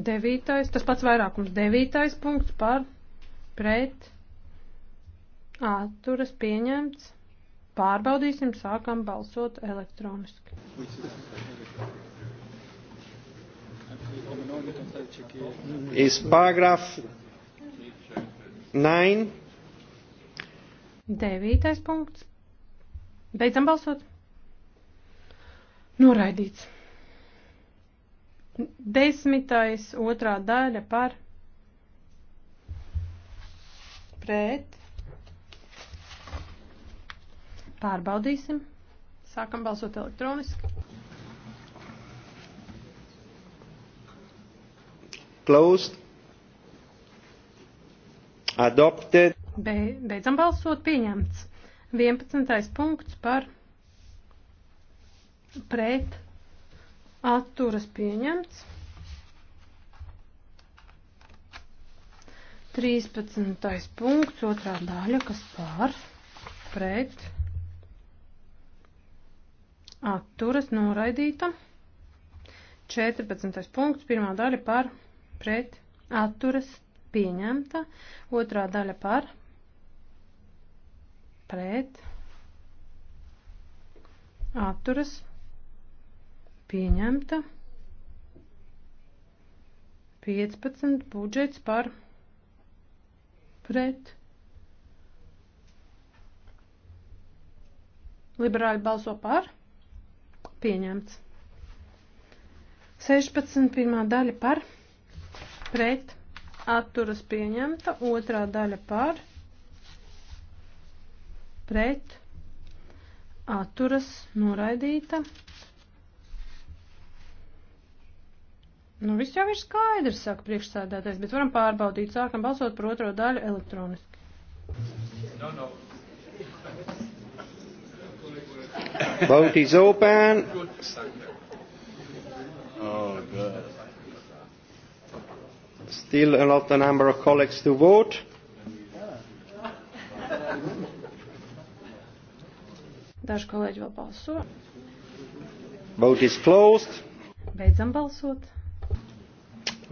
devītais, tas pats vairākums devītais punkts par pret atturas pieņemts. Pārbaudīsim, sākam balsot elektroniski. Is paragraph 9 Devītais punkts. Beidzam balsot. Noraidīts. Desmitais otrā daļa par pret. Pārbaudīsim. Sākam balsot elektroniski. Closed. Adopted Beidzam balsot pieņemts. 11. punkts par pret atturas pieņemts. 13. punkts, otrā daļa, kas pār, pret, atturas, noraidīta. 14. punkts, pirmā daļa par, pret, atturas, pieņemta. Otrā daļa par, pret, atturas, pieņemta, 15 budžets par pret. Liberāļi balso par, pieņemts. 16. pirmā daļa par, pret, atturas pieņemta, otrā daļa par, pret pret atturas noraidīta. Nu, viss jau ir skaidrs, saka priekšsēdētājs, bet varam pārbaudīt, sākam balsot par otro daļu elektroniski. No, no. Vote is open. Oh, God. Still a lot the number of colleagues to vote. Daži kolēģi vēl balso. Vote is closed. Beidzam balsot.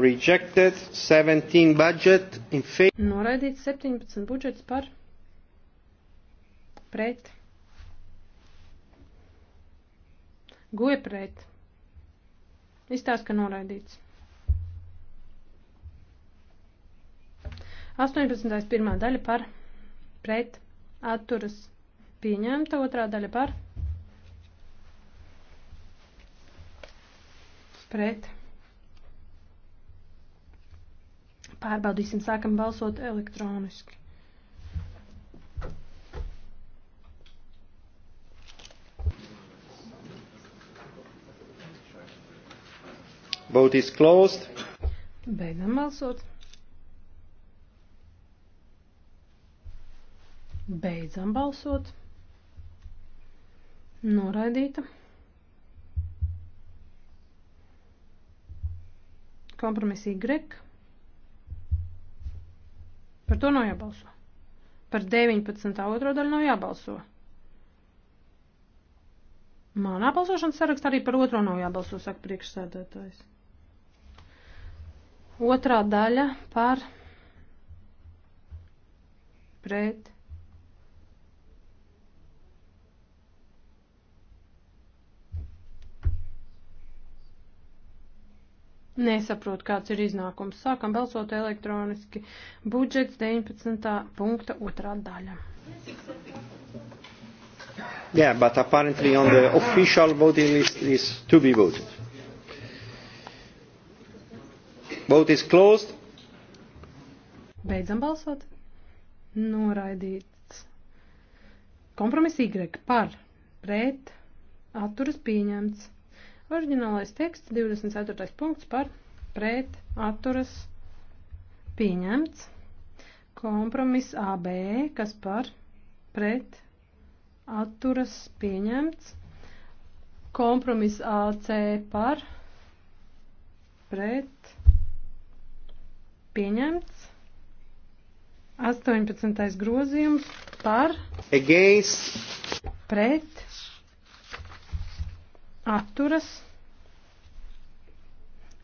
Rejected 17 budget in favor. Noraidīts 17 budžets par pret. Goja pret. Izstāsta, ka noraidīts. 18. pirmā daļa par pret atturas Pieņemta otrā daļa par. Pret. Pārbaudīsim, sākam balsot elektroniski. Vote is closed. Beidzam balsot. Beidzam balsot. Noraidīta. Kompromiss Y. Par to nav jābalso. Par 19. otro daļu nav jābalso. Manā balsošanas sarakstā arī par otro nav jābalso, saka priekšsēdētājs. Otrā daļa par pret Nesaprot, kāds ir iznākums. Sākam balsot elektroniski. Budžets 19. punkta otrā daļa. Yeah, but apparently on the official voting list is to be voted. Vote is closed. Beidzam balsot. Noraidīts. Kompromiss Y par pret atturas pieņemts. Orģinālais teksts 24. punkts par pret atturas pieņemts. Kompromiss AB, kas par pret atturas pieņemts. Kompromiss AC par pret pieņemts. 18. grozījums par against pret atturas,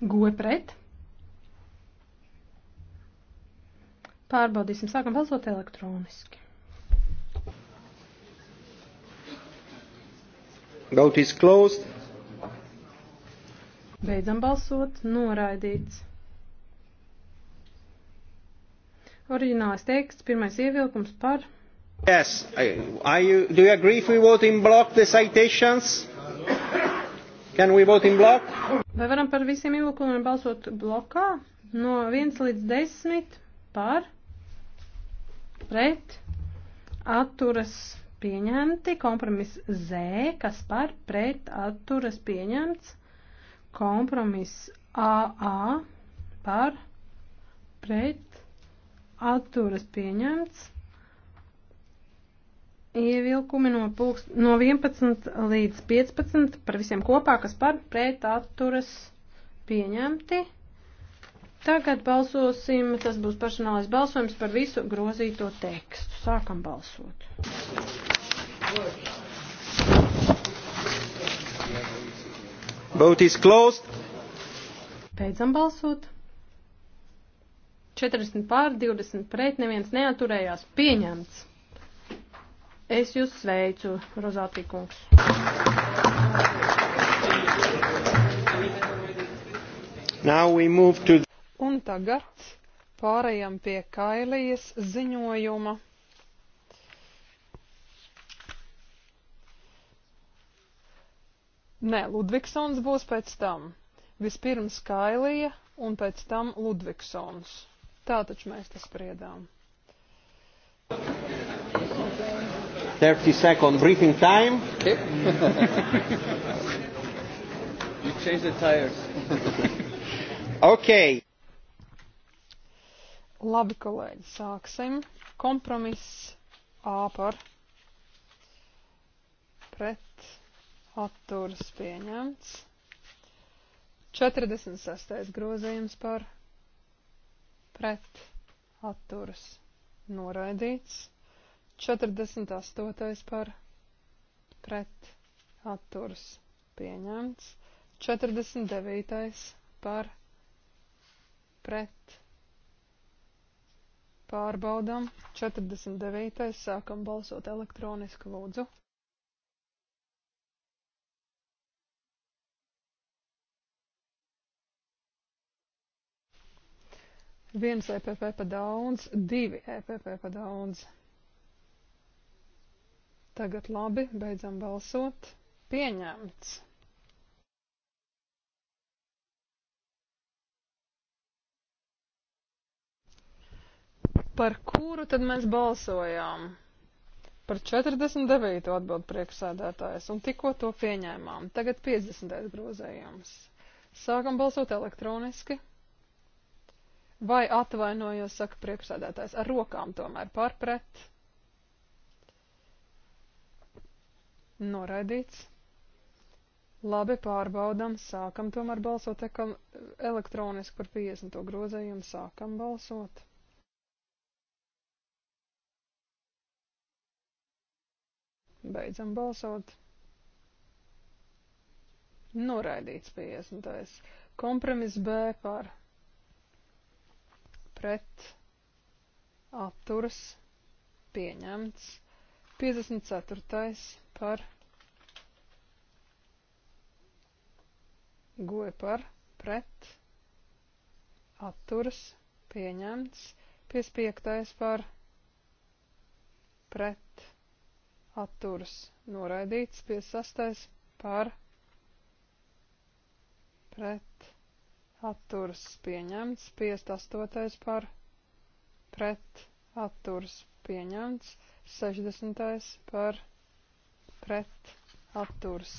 goja pret. Pārbaudīsim, sākam balsot elektroniski. Vote is closed. Beidzam balsot, noraidīts. Oriģinālais teksts, pirmais ievilkums par. Yes, I, I, do you agree if we vote in block the citations? Can we vote in block? Vai varam par visiem ievilkumiem balsot blokā? No 1 līdz 10 par, pret, atturas pieņemti, kompromis Z, kas par, pret, atturas pieņemts, kompromis AA par, pret, atturas pieņemts. Ievilkumi no, pulks, no 11 līdz 15 par visiem kopā, kas par pret atturas pieņemti. Tagad balsosim, tas būs personālais balsojums par visu grozīto tekstu. Sākam balsot. Vote is closed. Beidzam balsot. 40 pār, 20 pret, neviens neaturējās. Pieņemts. Es jūs sveicu, Rozātī kungs. To... Un tagad pārējām pie Kailijas ziņojuma. Nē, Ludvigsons būs pēc tam. Vispirms Kailija un pēc tam Ludvigsons. Tā taču mēs tas spriedām. Thank you. 30 second breathing time. Okay. you change the tires. okay. Labi, kolēģi, sāksim. Kompromiss A par pret atturas pieņemts. 46. grozījums par pret atturas noraidīts. 48. par pret atturs pieņemts. 49. par pret pārbaudām. 49. sākam balsot elektroniski lūdzu. Viens EPP pa daudz, divi EPP pa daudz. Tagad labi, beidzam balsot. Pieņemts. Par kuru tad mēs balsojām? Par 49. atbild priekšsēdētājs un tikko to pieņēmām. Tagad 50. grozējums. Sākam balsot elektroniski. Vai atvainojos, saka priekšsēdētājs, ar rokām tomēr pārpret. Noraidīts. Labi, pārbaudam, sākam tomēr balsot ekam, elektroniski par 50. grozējumu, sākam balsot. Beidzam balsot. Noraidīts 50. Kompromiss B par pret atturas pieņemts 54 par goja par pret atturas pieņemts 55. par pret atturas noraidīts 56. par pret atturas pieņemts 58. par pret atturas pieņemts 60. par pret pret atturs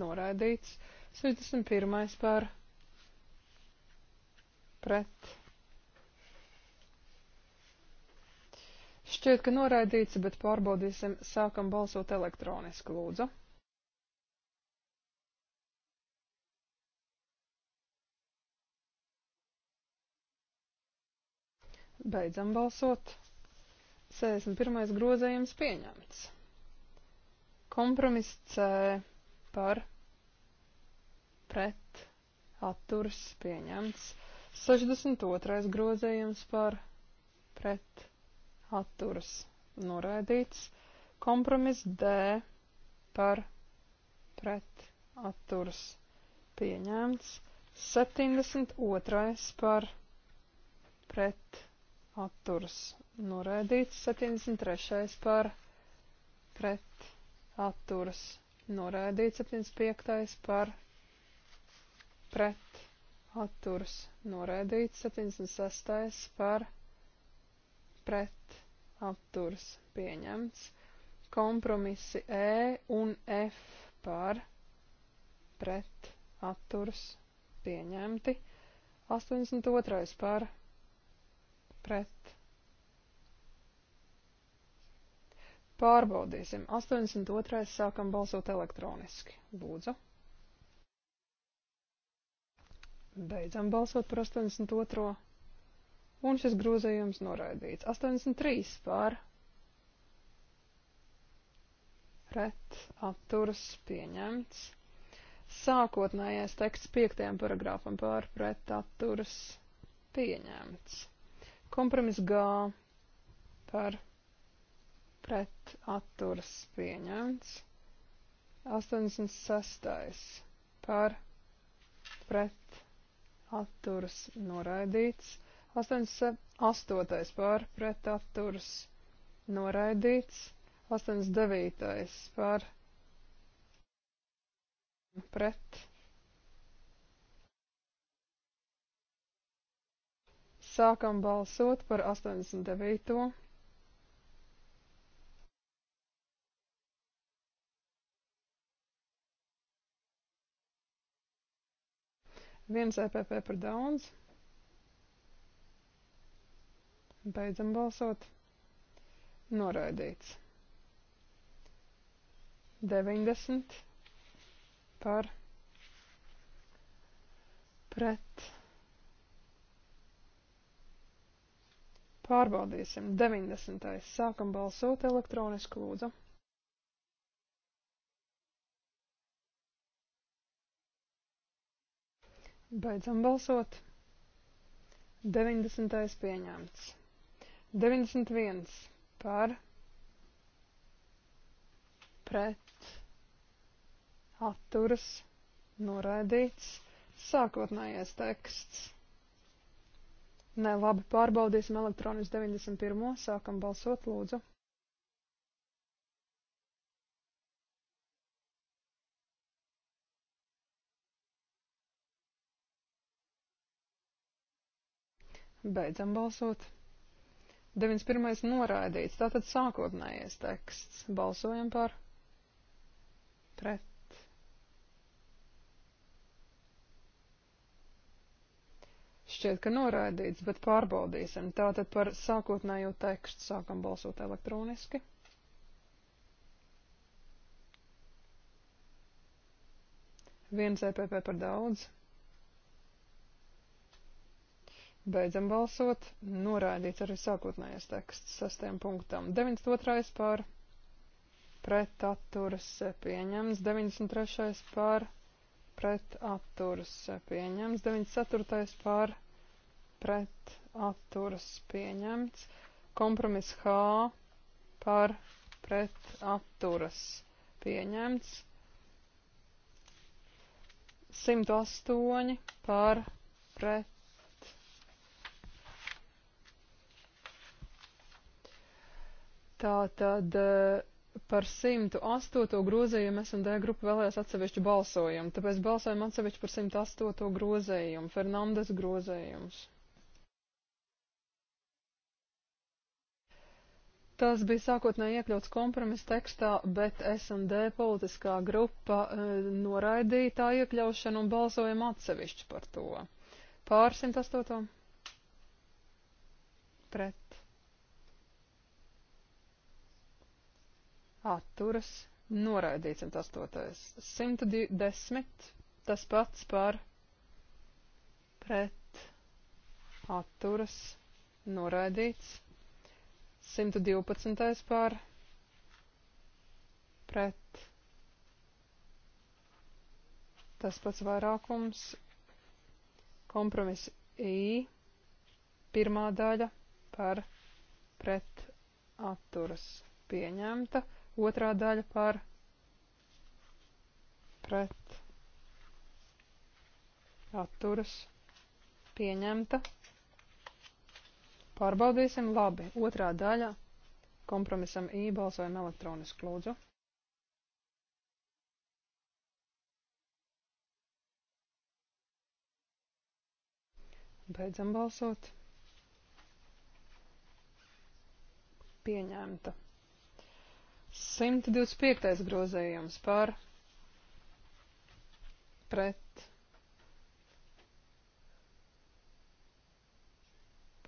noraidīts. 61. par pret. Šķiet, ka noraidīts, bet pārbaudīsim, sākam balsot elektroniski lūdzu. Beidzam balsot. 61. grozējums pieņemts. Kompromiss C par pret atturs pieņemts. 62. grozījums par pret atturas noraidīts. Kompromiss D par pret atturas pieņemts. 72. par pret atturas noraidīts. 73. par pret atturas atturas noraidīts 75. par pret atturas noraidīts 76. par pret atturas pieņemts kompromisi E un F par pret atturas pieņemti 82. par pret Pārbaudīsim. 82. sākam balsot elektroniski. Lūdzu. Beidzam balsot par 82. Un šis grozījums noraidīts. 83 pār. Ret atturas pieņemts. Sākotnējais teksts piektajam paragrāfam pār pret atturas pieņemts. Kompromiss G par pret atturas pieņemts. 86. par pret atturas noraidīts. 88. par pret atturas noraidīts. 89. par pret Sākam balsot par 89. Viens EPP par daudz. Beidzam balsot. Noraidīts. 90 par pret. Pārbaudīsim. 90. Sākam balsot elektroniski lūdzu. Beidzam balsot. 90. pieņemts. 91. par pret atturas noraidīts sākotnējais teksts. Nē, labi, pārbaudīsim elektronisku 91. sākam balsot, lūdzu. Beidzam balsot. 91. noraidīts, tātad sākotnējais teksts. Balsojam par pret. Šķiet, ka noraidīts, bet pārbaudīsim. Tātad par sākotnējo tekstu sākam balsot elektroniski. Viens EPP par daudz. Beidzam balsot. Noraidīts arī sākotnējais teksts sastajam punktam. 92. par pret atturas pieņems. 93. par pret atturas pieņems. 94. par pret atturas pieņemts. Kompromiss H par pret atturas pieņemts. 108 par pret Tātad eh, par 108. grozījumu S&D grupa vēlējās atsevišķu balsojumu, tāpēc balsojam atsevišķu par 108. grozījumu, Fernandes grozījums. Tas bija sākotnēji iekļauts kompromisa tekstā, bet S&D politiskā grupa e, noraidīja tā iekļaušanu un balsojam atsevišķi par to. Pār 108. Pret. atturas noraidīts 108. 110. Tas pats par pret atturas noraidīts 112. par pret tas pats vairākums kompromiss I pirmā daļa par pret atturas pieņemta. Otrā daļa par pret atturas pieņemta. Pārbaudīsim labi. Otrā daļa kompromisam I balsojam elektronisku lūdzu. Beidzam balsot. Pieņemta. 125. grozējums par pret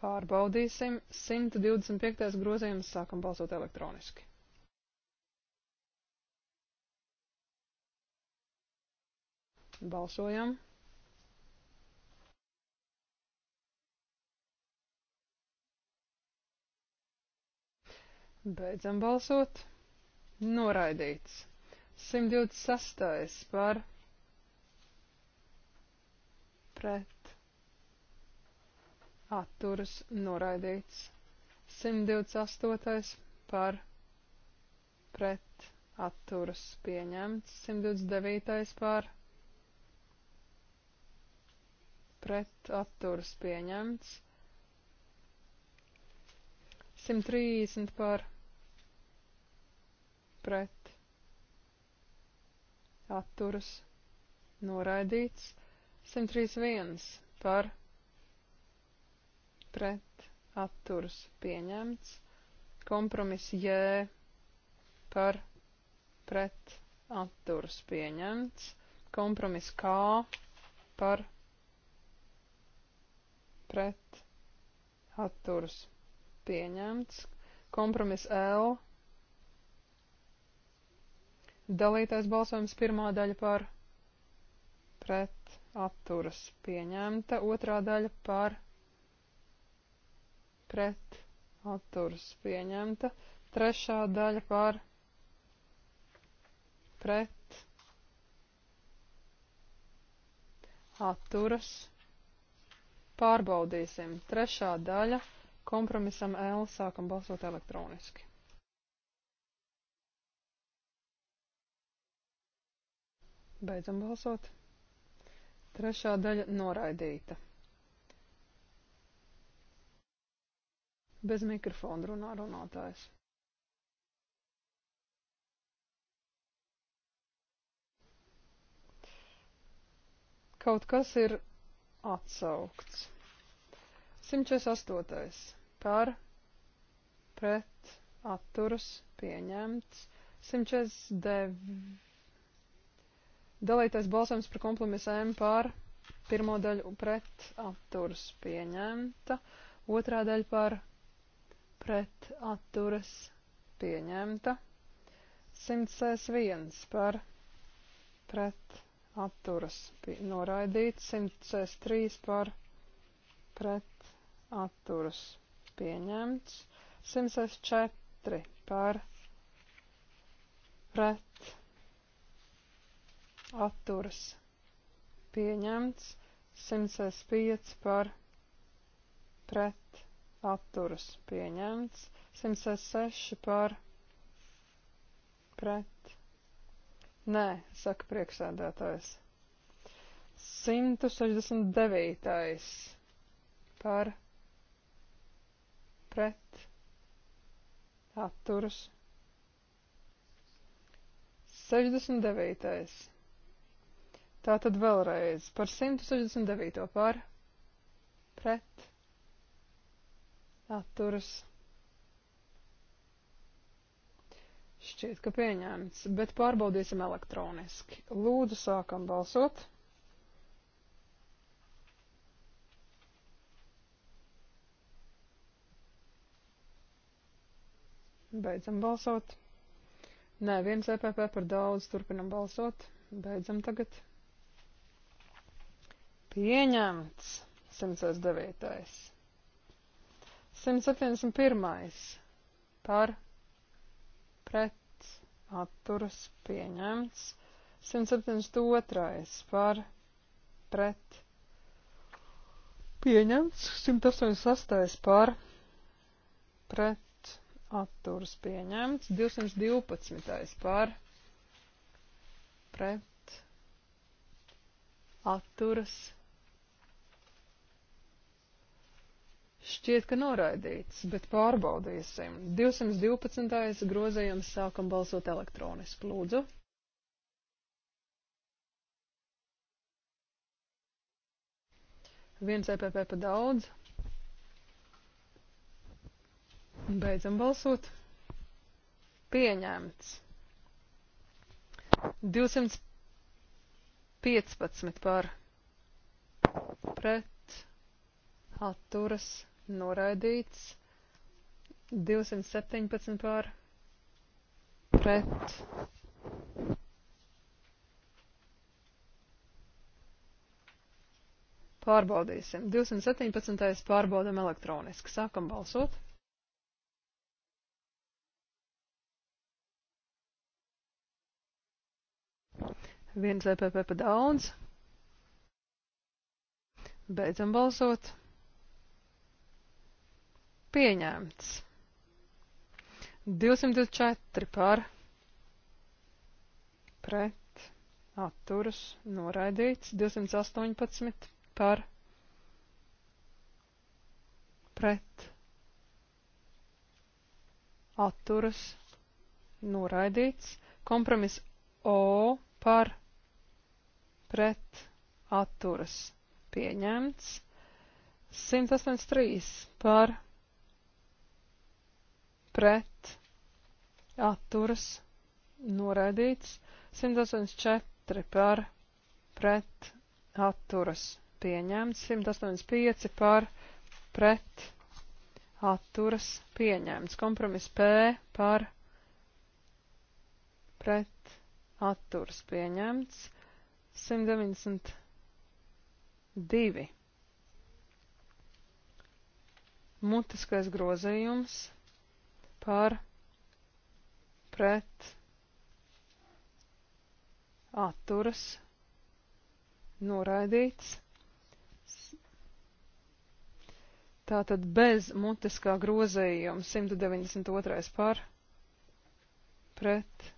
pārbaudīsim. 125. grozējums sākam balsot elektroniski. Balsojam. Beidzam balsot. Noraidīts. 126. par pret atturas noraidīts. 128. par pret atturas pieņemts. 129. par pret atturas pieņemts. 130 par pret pret atturas noraidīts. 131 par pret atturas pieņemts. Kompromiss J par pret atturas pieņemts. Kompromiss K par pret atturas pieņemts. Kompromiss L Dalītais balsojums pirmā daļa par pret atturas pieņemta, otrā daļa par pret atturas pieņemta, trešā daļa par pret atturas. Pārbaudīsim. Trešā daļa kompromisam L sākam balsot elektroniski. Beidzam balsot. Trešā daļa noraidīta. Bez mikrofona runā runātājs. Kaut kas ir atsaukts. 148. par, pret, atturas, pieņemts. 149. Dalītais balsojums par kompromisu M par pirmo daļu pret atturas pieņemta, otrā daļa par pret atturas pieņemta, 101 par pret atturas noraidīts, 103 par pret atturas pieņemts, 104 par pret atturas pieņemts, 105 par pret atturas pieņemts, 106 par pret. Nē, saka priekšsēdētājs. 169. par pret atturas 69. Tā tad vēlreiz par 169. par pret atturas. Šķiet, ka pieņēmts, bet pārbaudīsim elektroniski. Lūdzu, sākam balsot. Beidzam balsot. Nē, viens EPP par daudz, turpinam balsot. Beidzam tagad. Pieņemts. 109. 171. Par pret atturas pieņemts. 172. Par pret pieņemts. 186. Par pret atturas pieņemts. 212. Par pret atturas pieņemts atturas Šķiet, ka noraidīts, bet pārbaudīsim. 212. grozījums sākam balsot elektroniski. Lūdzu. Viens EPP pa daudz. Beidzam balsot. Pieņemts. 215 par pret atturas noraidīts 217 pār pret. Pārbaudīsim. 217. pārbaudam elektroniski. Sākam balsot. Viens EPP pa daudz. Beidzam balsot. Pieņemts. 224 par pret atturas noraidīts. 218 par pret atturas noraidīts. Kompromis O par pret atturas pieņemts. 183 par pret pret, atturas, noraidīts, 184 par, pret, atturas, pieņemts, 185 par, pret, atturas, pieņemts, kompromis P par, pret, atturas, pieņemts, 192. Mutiskais grozījums par pret atturas noraidīts. Tātad bez mutiskā grozījuma 192. par pret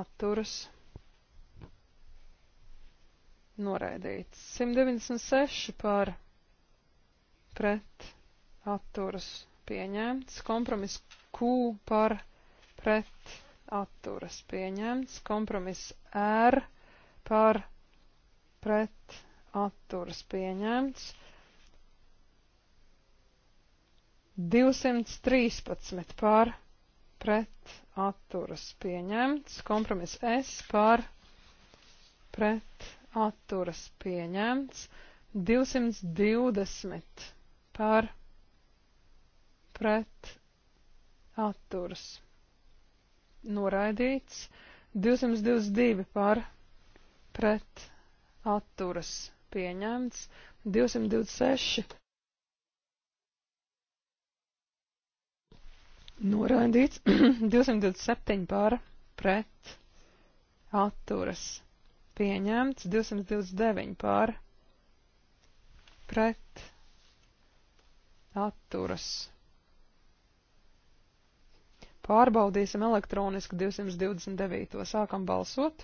atturas noraidīts. 196 par pret atturas pieņemts. Kompromiss Q par pret atturas pieņemts. Kompromiss R par pret atturas pieņemts. 213 par pret atturas pieņemts, kompromiss S par pret atturas pieņemts, 220 par pret atturas noraidīts, 222 par pret atturas pieņemts, 226 noraidīts, 227 par pret atturas. Pieņemts 229 par pret atturas. Pārbaudīsim elektroniski 229. Sākam balsot.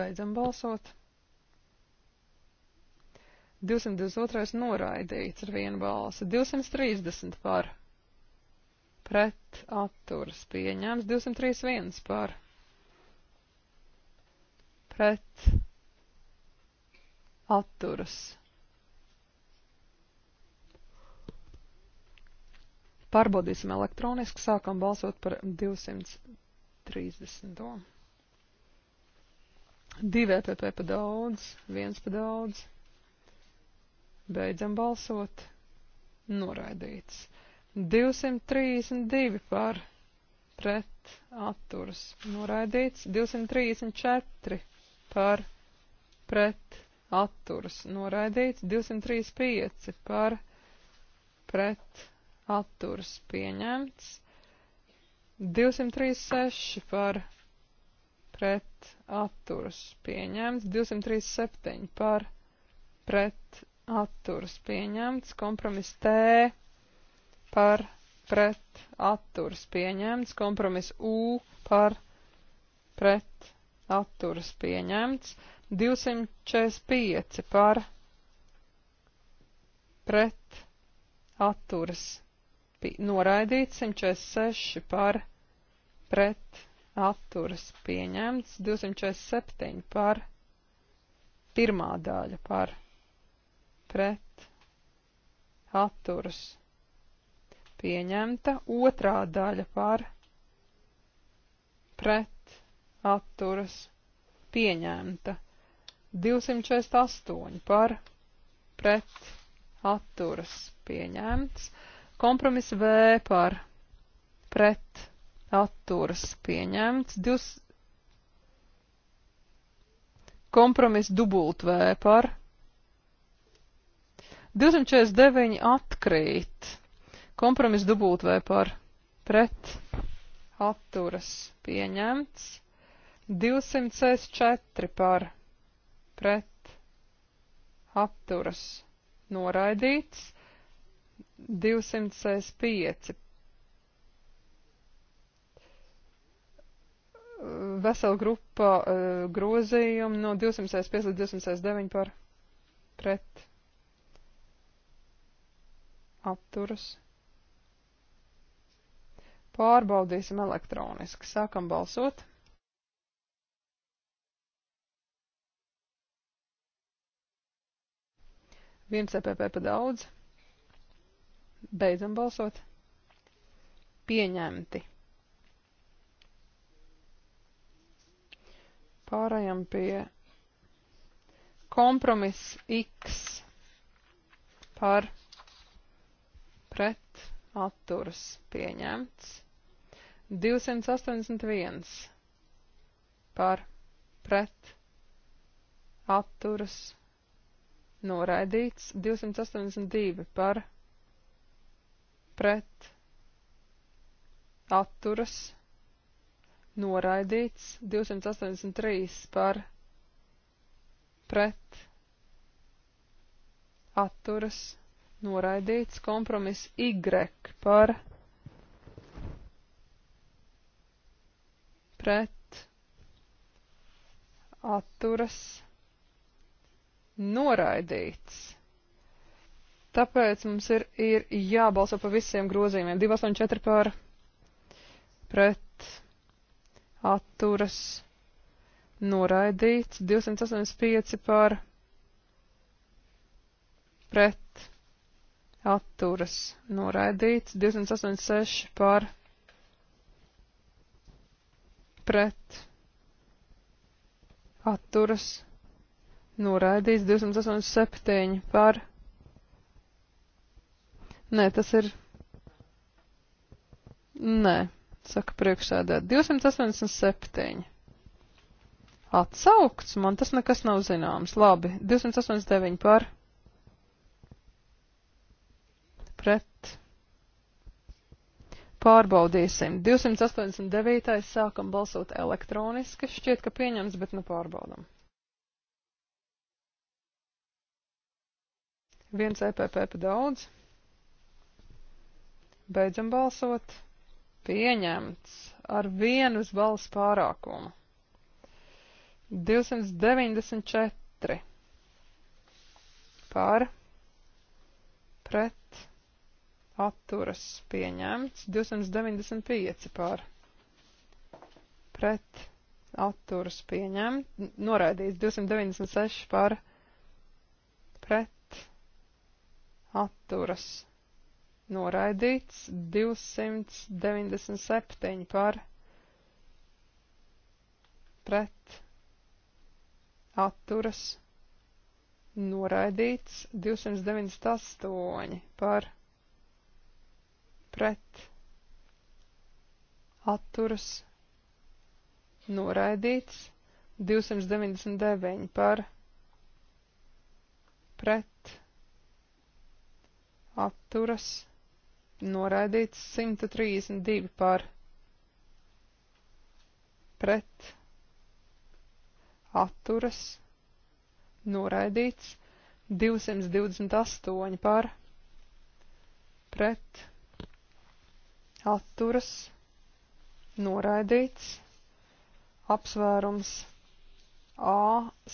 Beidzam balsot. 222. noraidīts ar vienu balsi, 230 par, pret atturas pieņēmts, 231 par, pret atturas Pārbaudīsim elektroniski, sākam balsot par 230. Divi EPP pa daudz, viens pa daudz. Beidzam balsot. Noraidīts. 232 par pret atturas. Noraidīts. 234 par pret atturas. Noraidīts. 235 par pret atturas atturas pieņemts. 236 par pret atturas pieņemts. 237 par pret atturas pieņemts. Kompromis T par pret atturas pieņemts. Kompromis U par pret atturas pieņemts. 245 par pret atturas pieņemts noraidīts, 146 par pret atturas pieņemts, 247 par pirmā daļa par pret atturas pieņemta, otrā daļa par pret atturas pieņemta, 248 par pret atturas pieņemts, 249 Kompromiss V par pret atturas pieņemts. Divs... Kompromiss dubult V par. 249 atkrīt. Kompromiss dubult V par pret atturas pieņemts. 204 par pret atturas noraidīts. 265. Vesela grupa eh, grozījumu no 265 līdz 269 par pret apturas. Pārbaudīsim elektroniski. Sākam balsot. Viens EPP pa daudz. Beidzam balsot. Pieņemti. Pārējām pie kompromiss X par pret atturas pieņemts. 281 par pret atturas noraidīts. 282 par pret pret, atturas, noraidīts, 283 par, pret, atturas, noraidīts, kompromiss Y par, pret, atturas, noraidīts. Tāpēc mums ir, ir jābalso par visiem grozījumiem. 284 par pret atturas noraidīts, 285 par pret atturas noraidīts, 286 par pret atturas noraidīts, 287 par pret Nē, tas ir. Nē, saka priekšsēdē. 287. Atsaukts, man tas nekas nav zināms. Labi, 289 par. Pret. Pārbaudīsim. 289. sākam balsot elektroniski. Šķiet, ka pieņems, bet nu pārbaudam. Viens EPP pa daudz. Beidzam balsot. Pieņemts ar vienu uz balsu pārākumu. 294 pār pret atturas pieņemts 295 pār pret atturas pieņemt noraidīts 296 pār pret atturas noraidīts 297 par pret atturas noraidīts 298 par pret atturas noraidīts 299 par pret atturas noraidīts noraidīts 132 par pret atturas noraidīts 228 par pret atturas noraidīts apsvērums A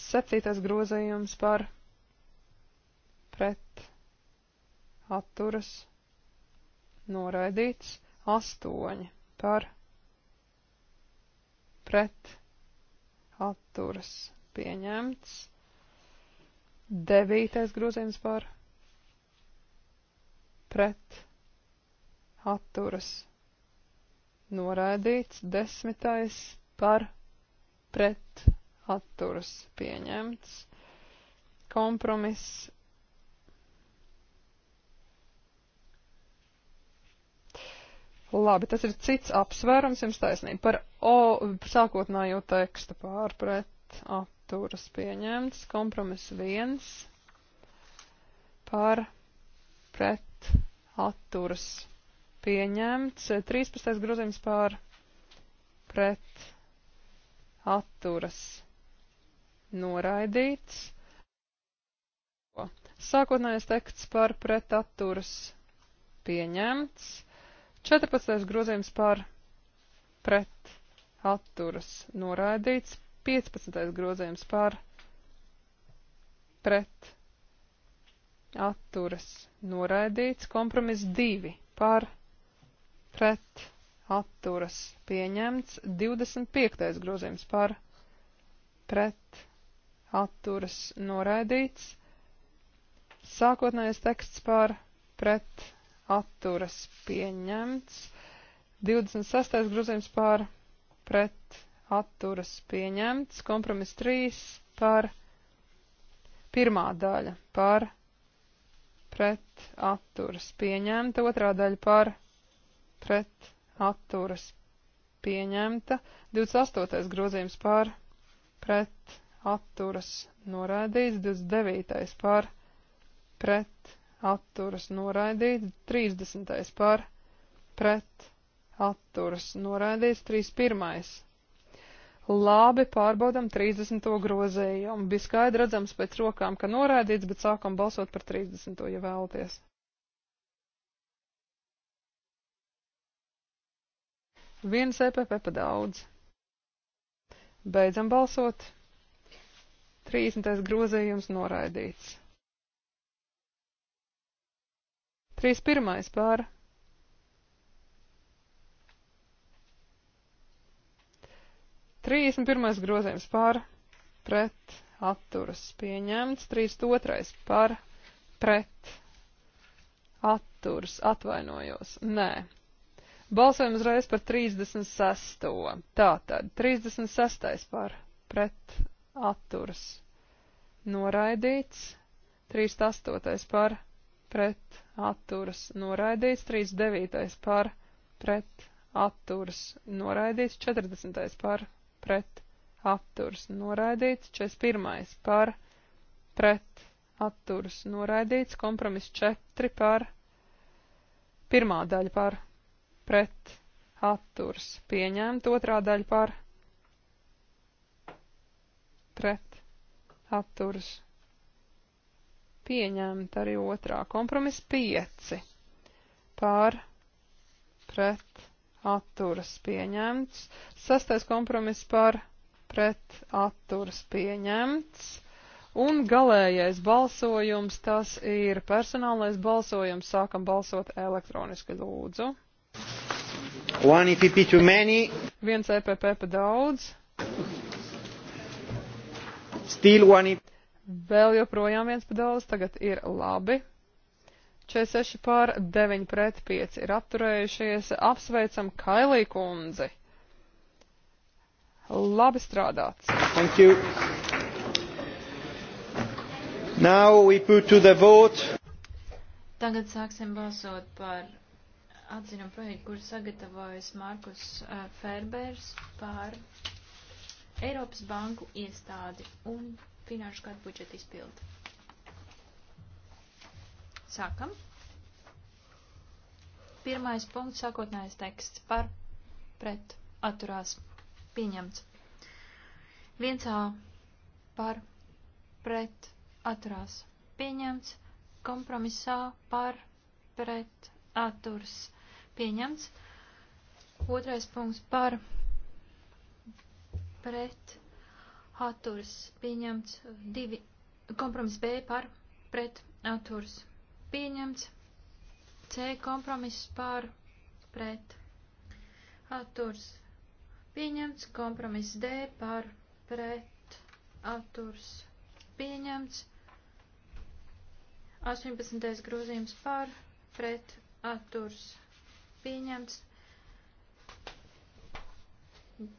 septītais grozējums par pret atturas noraidīts noraidīts, 8 par pret atturas pieņemts, 9 grozījums par pret atturas noraidīts, 10 par pret atturas pieņemts, kompromiss Labi, tas ir cits apsvērums, jums taisnība. Par o, sākotnējo tekstu pārpret atturas pieņemts, kompromiss viens par pret atturas pieņemts, 13. grozījums par pret atturas noraidīts. Sākotnējais teksts par pret atturas pieņemts. 14. grozījums par pret atturas noraidīts, 15. grozījums par pret atturas noraidīts, kompromis 2 par pret atturas pieņemts, 25. grozījums par pret atturas noraidīts, sākotnējais teksts par pret atturas pieņemts. 26. grozījums par pret atturas pieņemts. Kompromis 3 par pirmā daļa par pret atturas pieņemta. Otrā daļa par pret atturas pieņemta. 28. grozījums par pret atturas noraidīts. 29. par pret atturas noraidīts, 30. par pret atturas noraidīts, 31. Labi, pārbaudam 30. grozējumu. Bija skaidri redzams pēc rokām, ka noraidīts, bet sākam balsot par 30. ja vēlaties. Viens EPP pa daudz. Beidzam balsot. 30. grozījums noraidīts. 31. pār. Trīsdesmit pirmais grozījums par, pret, atturas pieņemts, trīsdesmit otrais par, pret, atturas, atvainojos, nē. Balsojam uzreiz par 36. Tātad, 36. par, pret, atturas, noraidīts, 38. par, pret atturas noraidīts, 39. par pret atturas noraidīts, 40. par pret atturas noraidīts, 41. par pret atturas noraidīts, kompromiss 4 par pirmā daļa par pret atturas pieņemt, otrā daļa par pret atturas pieņemta arī otrā. Kompromis 5 pār pret atturas pieņemts. Sastais kompromis par pret atturas pieņemts. Un galējais balsojums, tas ir personālais balsojums, sākam balsot elektroniski lūdzu. One EPP too many. Viens EPP pa daudz. Still one EPP. Vēl joprojām viens pa daudz, tagad ir labi. 46 pār 9 pret 5 ir atturējušies. Apsveicam Kailī kundzi. Labi strādāts. Thank you. Now we put to the vote. Tagad sāksim balsot par atzinumu projektu, kur sagatavojas Markus uh, Ferbers par Eiropas banku iestādi un finanšu gadu budžeta izpildi. Sākam. Pirmais punkts, sākotnējais teksts par pret atturās pieņemts. 1A par pret atturās pieņemts, kompromisā par pret atturs pieņemts. Otrais punkts par pret atturs pieņemts, 2, kompromiss B par pret atturs pieņemts, C kompromiss par pret atturs pieņemts, kompromiss D par pret atturs pieņemts, 18. grozījums par pret atturs pieņemts,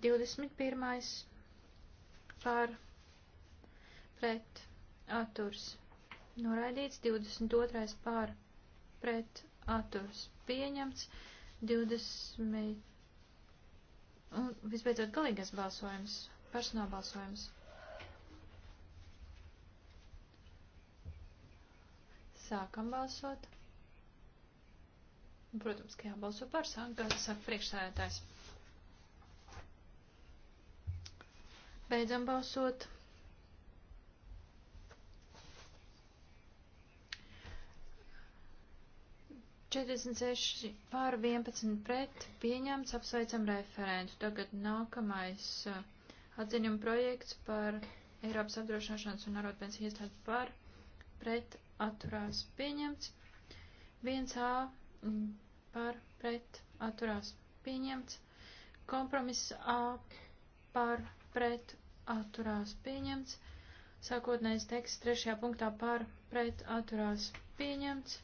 21 par pret atturs noraidīts, 22. par pret atturs pieņemts, 20. un visbeidzot galīgais balsojums, personāla balsojums. Sākam balsot. Protams, ka jābalso par sākt, saka priekšsēdētājs. Beidzam balsot. Četrdesmit seši pār vienpadsmit pret pieņemts, apsveicam referentu. Tagad nākamais uh, atziņuma projekts par Eiropas apdrošināšanas un arotpensiju iestādi par pret atturās pieņemts. 1A mm, par pret atturās pieņemts. Kompromiss A par pret atturās pieņemts. Sākotnējais teksts trešajā punktā par pret atturās pieņemts.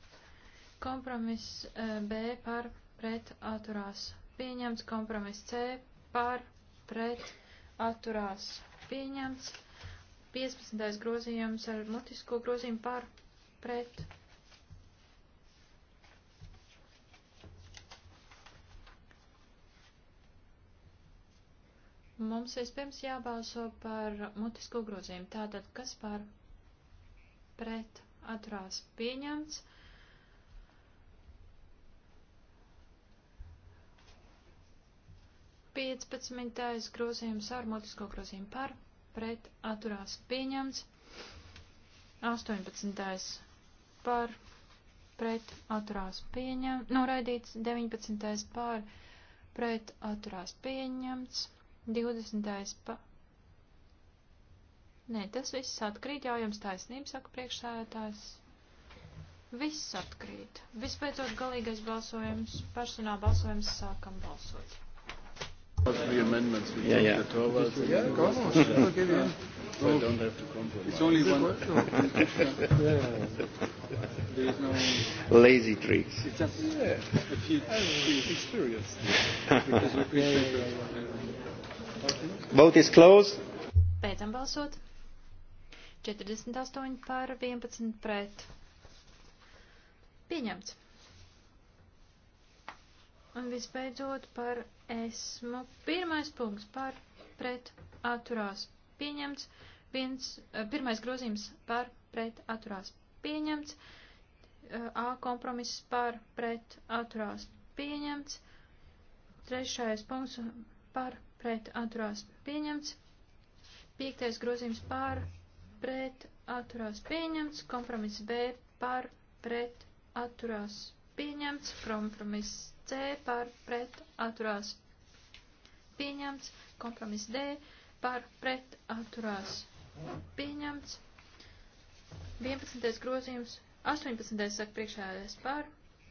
Kompromiss eh, B par pret atturās pieņemts. Kompromiss C par pret atturās pieņemts. 15. grozījums ar mutisko grozījumu par pret atturās Mums vispirms jābalso par mutisko grozījumu. Tātad, kas par pret atturās pieņemts? Piecpadsmitais grozījums ar mutisko grozījumu par pret atturās pieņemts. Astoņpadsmitais par pret atturās pieņemts. Noraidīts. Deviņpadsmitais par pret atturās pieņemts. 20. pa. Nē, tas viss atkrīt, jau jums taisnība, saka priekšsēdētājs. Viss atkrīt. Vispēcot galīgais balsojums, personāla balsojums, sākam balsot. Yeah, yeah. So I don't have to compromise. It's only one. there is no lazy tricks. It's just yeah. a few, few experience. because we yeah, yeah, yeah, yeah. Vote is closed. Beidzam balsot. 48 pār 11 pret. Pieņemts. Un visbeidzot par esmu. Pirmais punkts par pret atturās pieņemts. Viens, eh, pirmais grozījums par pret atturās pieņemts. Eh, A kompromiss par pret atturās pieņemts. Trešais punkts par pret atturās pieņemts. Piektais grozījums par pret atturās pieņemts. Kompromiss B par pret atturās pieņemts. Kompromiss C par pret atturās pieņemts. Kompromiss D par pret atturās pieņemts. 11. grozījums, 18. saka priekšējais par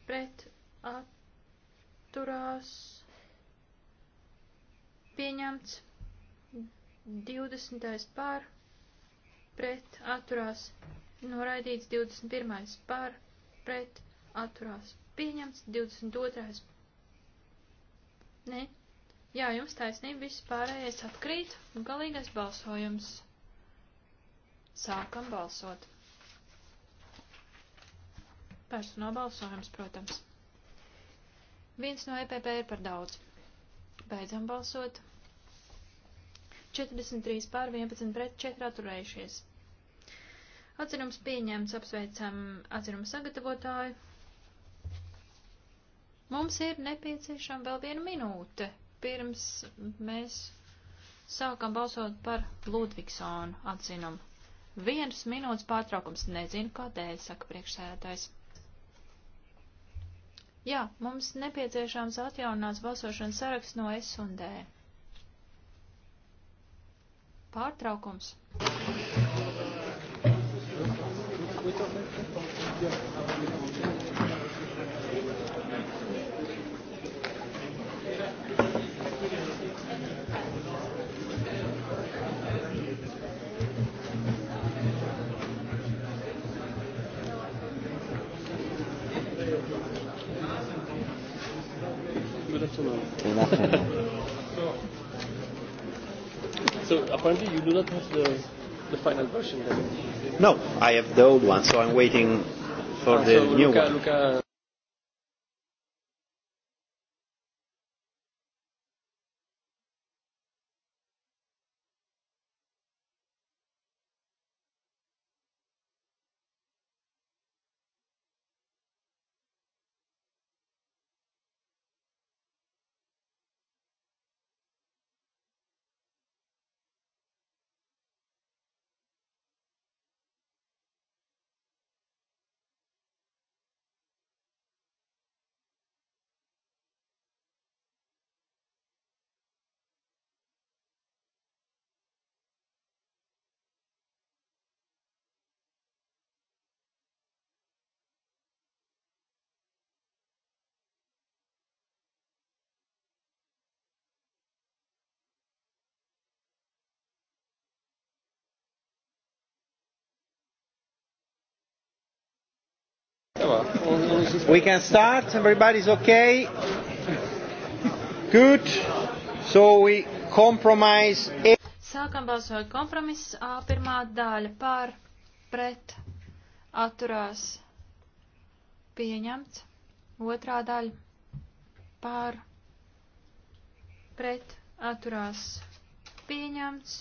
pret atturās pieņemts. 20. par pret atturās noraidīts. 21. par pret atturās pieņemts. 22. Nē, Jā, jums taisnība, viss pārējais atkrīt un galīgais balsojums. Sākam balsot. Personāla balsojums, protams. Viens no EPP ir par daudz. Beidzam balsot. 43 pār 11 pret 4 atturējušies. Atcerums pieņemts, apsveicam atcerumu sagatavotāju. Mums ir nepieciešama vēl viena minūte pirms mēs sākam balsot par Ludvigsonu atzinumu. Vienas minūtes pārtraukums, nezinu kādēļ, saka priekšsēdētājs. Jā, mums nepieciešams atjaunās balsošanas saraksts no S un D. Pārtraukums. Thank you. afternoon. Good afternoon. so apparently you do not have the, the final version. Then. No, I have the old one, so I'm waiting for ah, the so new Luca, one. Luca We can start. Everybody's okay. Good. So we compromise. Sākam balsot kompromiss A pirmā daļa par pret atturās pieņemts. Otrā daļa par pret atturās pieņemts.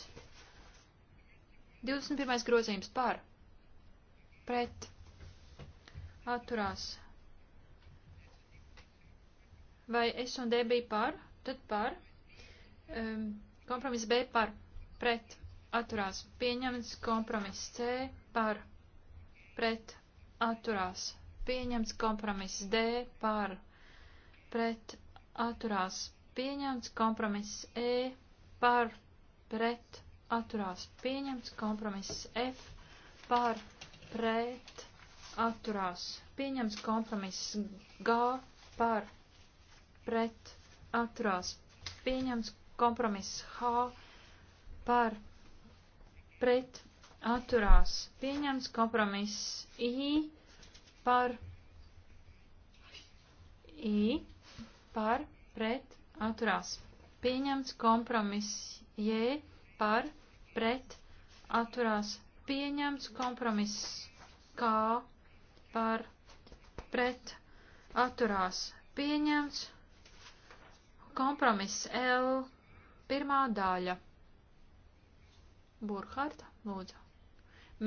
21. grozījums par pret atturās. Vai S un D bija par, tad par. Um, kompromiss B par, pret, atturās. Pieņemts kompromiss C par, pret, atturās. Pieņemts kompromiss D par, pret, atturās. Pieņemts kompromiss E par, pret, atturās. Pieņemts kompromiss F par, pret, atturās atturās pieņems kompromiss G par pret atturās pieņems kompromiss H par pret atturās pieņems kompromiss I par I par pret atturās pieņemts kompromiss J par pret atturās pieņemts kompromiss K par pret atturās pieņemts. Kompromiss L pirmā daļa. Burkharta, lūdzu.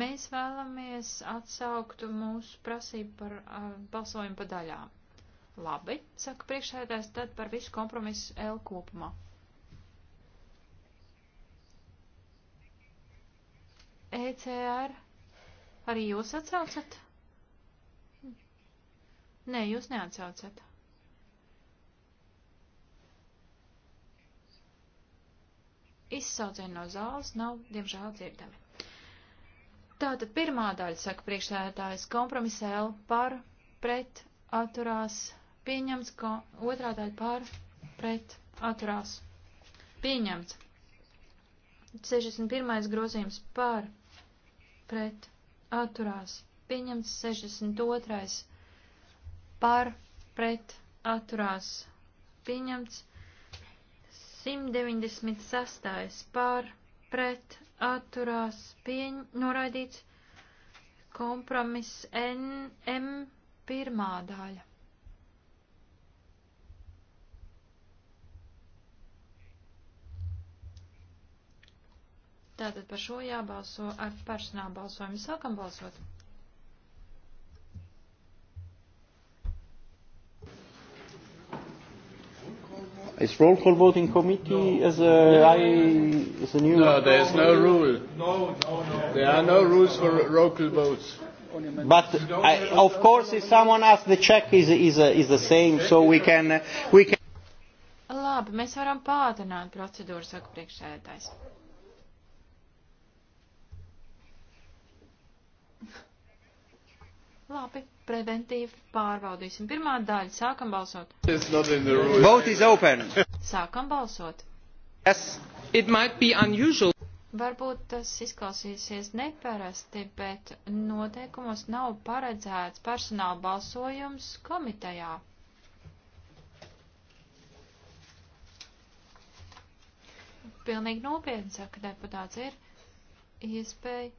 Mēs vēlamies atsaukt mūsu prasību par uh, balsojumu pa daļām. Labi, saka priekšsēdētājs, tad par visu kompromisu L kopumā. ECR, arī jūs atsaucat? Nē, jūs neatsaucat. Izsaucieni no zāles nav, diemžēl, dzirdami. Tātad pirmā daļa, saka priekšsēdētājs, kompromisēl par, pret, atturās, pieņemts, ko, otrā daļa par, pret, atturās, pieņemts. 61. grozījums par, pret, atturās, pieņemts, 62 par pret atturās pieņemts. 196. par pret atturās pieņ... noraidīts. Kompromiss NM pirmā daļa. Tātad par šo jābalso ar personālu balsojumu. Sākam balsot. Is roll call voting committee no. as a yeah. I as a new? No, there is no rule. No, no, no. There are no rules for roll call votes. But I, of course, if someone asks, the check is is is the same, so we can we can. Labi, mēs varam pātrināt procedūru, saka priekšsēdētājs. Labi preventīvi pārbaudīsim. Pirmā daļa. Sākam balsot. Vote is open. Sākam balsot. Yes, it might be unusual. Varbūt tas izklausīsies neparasti, bet noteikumos nav paredzēts personāla balsojums komitejā. Pilnīgi nopietni saka deputāts ir iespēja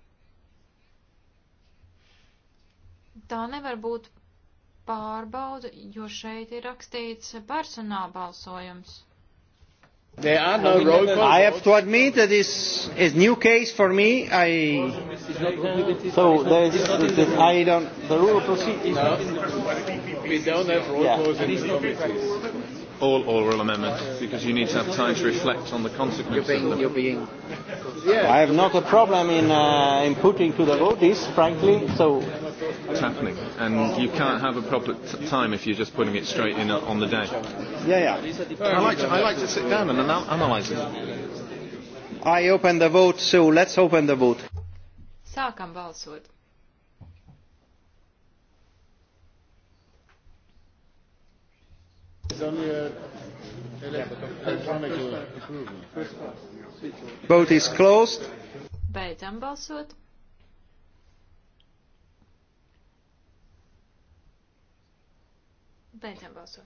tā nevar būt pārbauda, jo šeit ir rakstīts personāla balsojums. There are no roll calls. I have to admit that this is new case for me. I so there is I don't the rule of procedure. No, we don't have roll calls no. in the committees all oral amendment because you need to have time to reflect on the consequences. You're being, you're being... Yeah. I have not a problem in, uh, in putting to the vote this, frankly. So it's happening, and you can't have a proper t- time if you're just putting it straight in on the day. Yeah, yeah. I like to, I like to sit down and anal- analyse it. I open the vote, so let's open the vote. Sākam balsot. Vote is closed. Beidzam balsot. Beidzam balsot.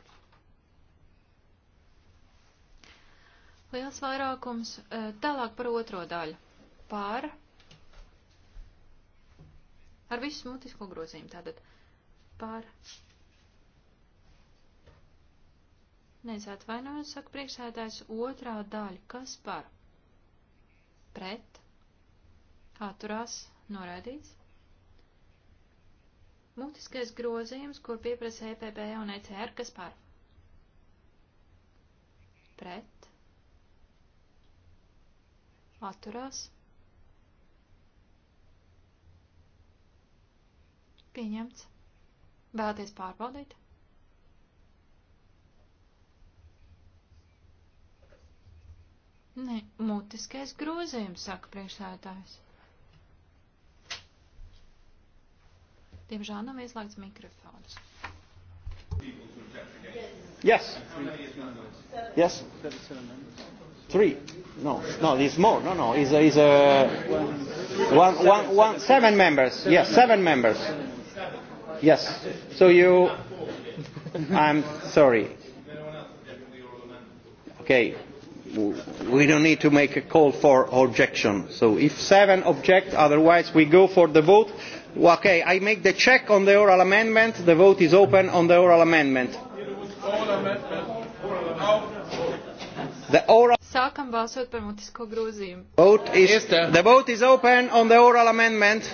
Liels vairākums. Eh, tālāk par otro daļu. Pār. Ar visu mutisko grozījumu tātad. Pār. Nez atvainojos, saka priekšsēdājs, otrā daļa, kas par? Pret, atturās, norādīts. Mutiskais grozījums, kur pieprasa EPP un ECR, kas par? Pret, atturās, pieņemts. Vēlaties pārbaudīt? Nē, mutiskais grozījums, saka priekšsētājs. Diemžēl nav ieslēgts mikrofons. Yes. Yes. Three. No, no, there's more. No, no, is is uh, one, one, one, seven members. Yes, seven members. Yes. So you, I'm sorry. Okay we do not need to make a call for objection so if seven object otherwise we go for the vote. Okay, i make the check on the oral amendment the vote is open on the oral amendment. The oral Sākam balsot par mutisko grozījumu. Vote is, the vote is open on the oral amendment.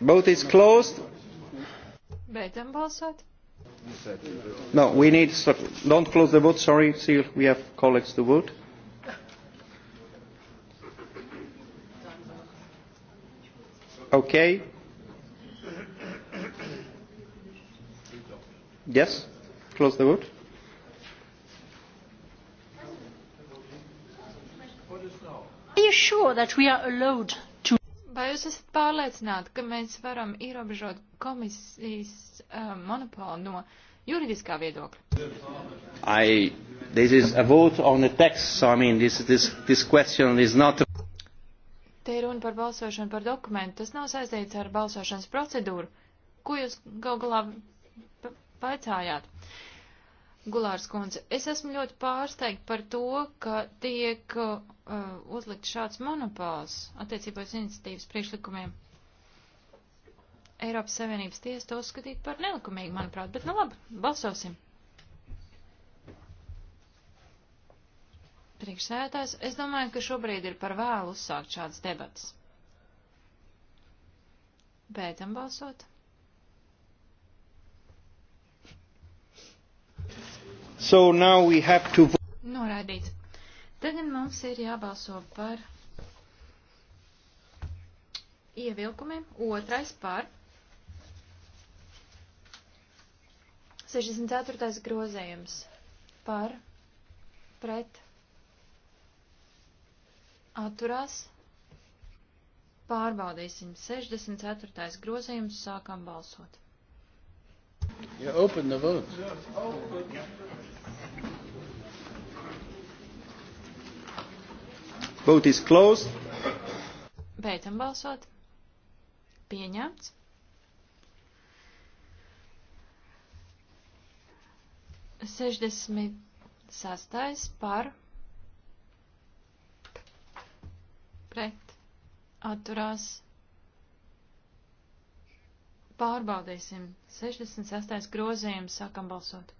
Vote is closed. Beidzam balsot. No, we need. So, don't close the vote. Sorry, see, we have colleagues to vote. Okay. Yes. Close the vote. Are you sure that we are allowed Vai jūs esat pārliecināti, ka mēs varam ierobežot komisijas uh, monopolu no juridiskā viedokļa? I, this is a vote on the text, so I mean this, this, this question is not. Te ir runa par balsošanu par dokumentu. Tas nav saistīts ar balsošanas procedūru. Ko jūs gal galā paicājāt? Uh, Gulārs kundze, es esmu ļoti pārsteigta par to, ka tiek uh, uzlikt šāds monopāls attiecībā uz iniciatīvas priekšlikumiem. Eiropas Savienības tiesa to uzskatīt par nelikumīgu, manuprāt, bet nu labi, balsosim. Priekšsētājs, es domāju, ka šobrīd ir par vēlu uzsākt šādas debatas. Beidzam balsot. So now we have to... Norādīts. Tagad mums ir jābalso par ievilkumiem. Otrais par 64. grozējums par pret atturās. Pārbaudīsim 64. grozējums, sākam balsot. You open the vote. Vote is closed. Beidzam balsot. Pieņemts. Sešdesmit sastais par pret atturās Pārbaudīsim. 68. grozījums. Sākam balsot.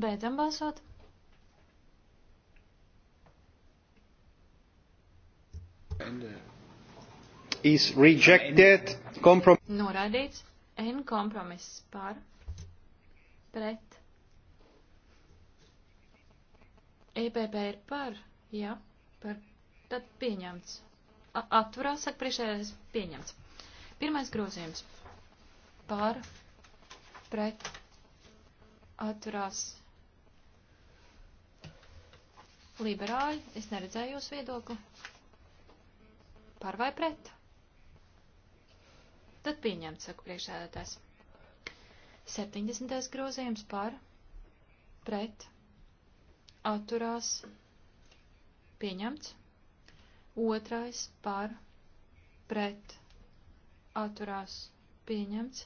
Beidzam balsot. Uh, is rejected. Komprom Noraidīts. N kompromiss par. Pret EPP ir par, jā, par, tad pieņemts. Atvarās, saka priekšējais, pieņemts. Pirmais grozījums. Par, pret, atvarās. Liberāļi, es neredzēju jūsu viedokli. Par vai pret? Tad pieņemts, saka priekšsēdētājs. 70. grozījums par, pret, atturās, pieņemts. Otrais par, pret, atturās, pieņemts.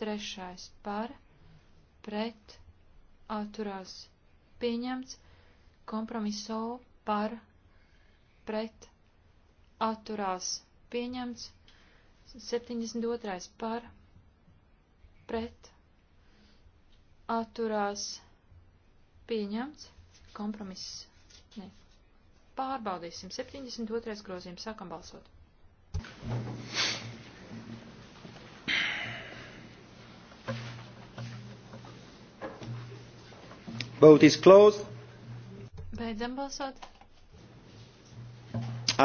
Trešais par, pret, atturās, pieņemts. Kompromiso par, pret, atturās, pieņemts. 72. par, pret, atturās, pieņemts kompromiss. Nē. Pārbaudīsim. 72. grozījums. Sākam balsot. Vote is closed. Beidzam balsot.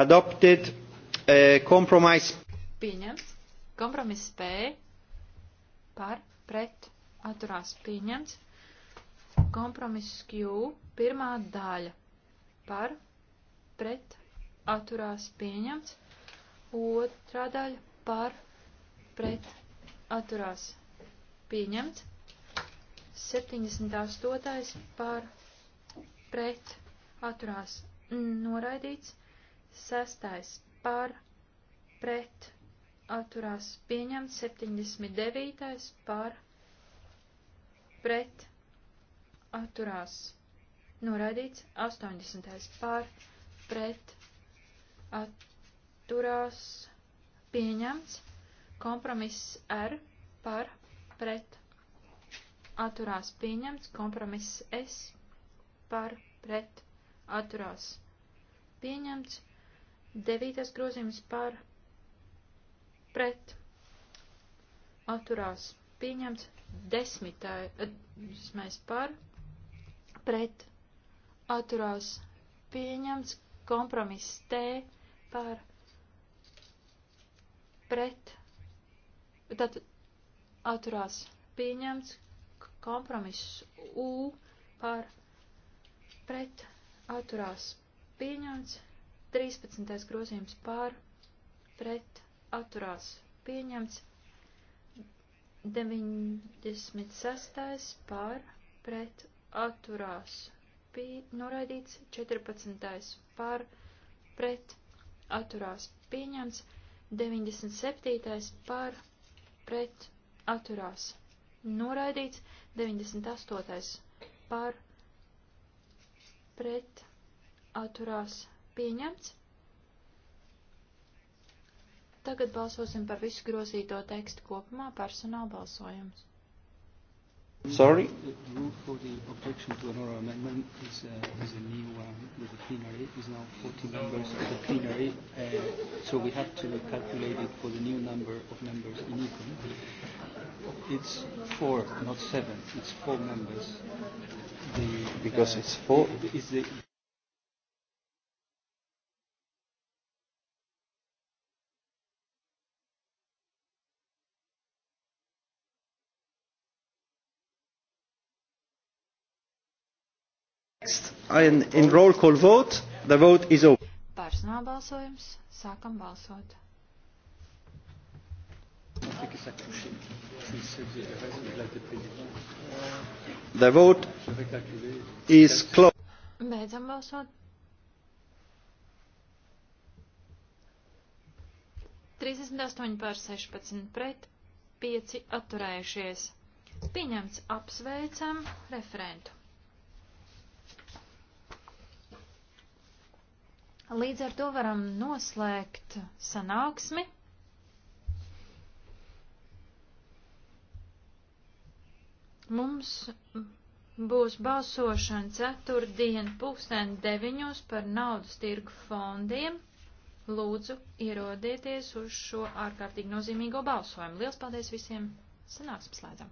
Adopted. Uh, compromise. Pieņemts. Kompromiss spēja par pret atturās pieņemts. Kompromiss Q, pirmā daļa par pret atturās pieņemts, otrā daļa par pret atturās pieņemts, 78. par pret atturās noraidīts, 6. par pret atturās pieņemts, 79. par pret atturās noraidīts, 80. pār pret atturās pieņemts, kompromiss R par pret atturās pieņemts, kompromiss S par pret atturās pieņemts, 9. grozījums par pret atturās pieņemts, 10. mēs eh, par pret pret atturās pieņemts kompromiss T par pret tad atturās pieņemts kompromiss U par pret atturās pieņemts 13. grozījums par pret atturās pieņemts 96. par pret atturās bija noraidīts 14. par pret atturās pieņemts 97. par pret atturās noraidīts 98. par pret atturās pieņemts. Tagad balsosim par visu grozīto tekstu kopumā personāla balsojums. Sorry? The rule for the objection to an oral amendment is, uh, is a new one um, with the plenary. It's now 40 members of the plenary. Uh, so we have to calculate it for the new number of members in ECON. It's four, not seven. It's four members. The, because uh, it's four? Is the, Next, in, in roll call vote, the vote is over. Personāla balsojums, sākam balsot. The vote is closed. Beidzam balsot. 38 pār 16 pret, 5 atturējušies. Pieņemts apsveicam referentu. Līdz ar to varam noslēgt sanāksmi. Mums būs balsošana ceturtdien pulksten deviņos par naudas tirgu fondiem. Lūdzu, ierodieties uz šo ārkārtīgi nozīmīgo balsojumu. Liels paldies visiem! Sanāksim slēdzam!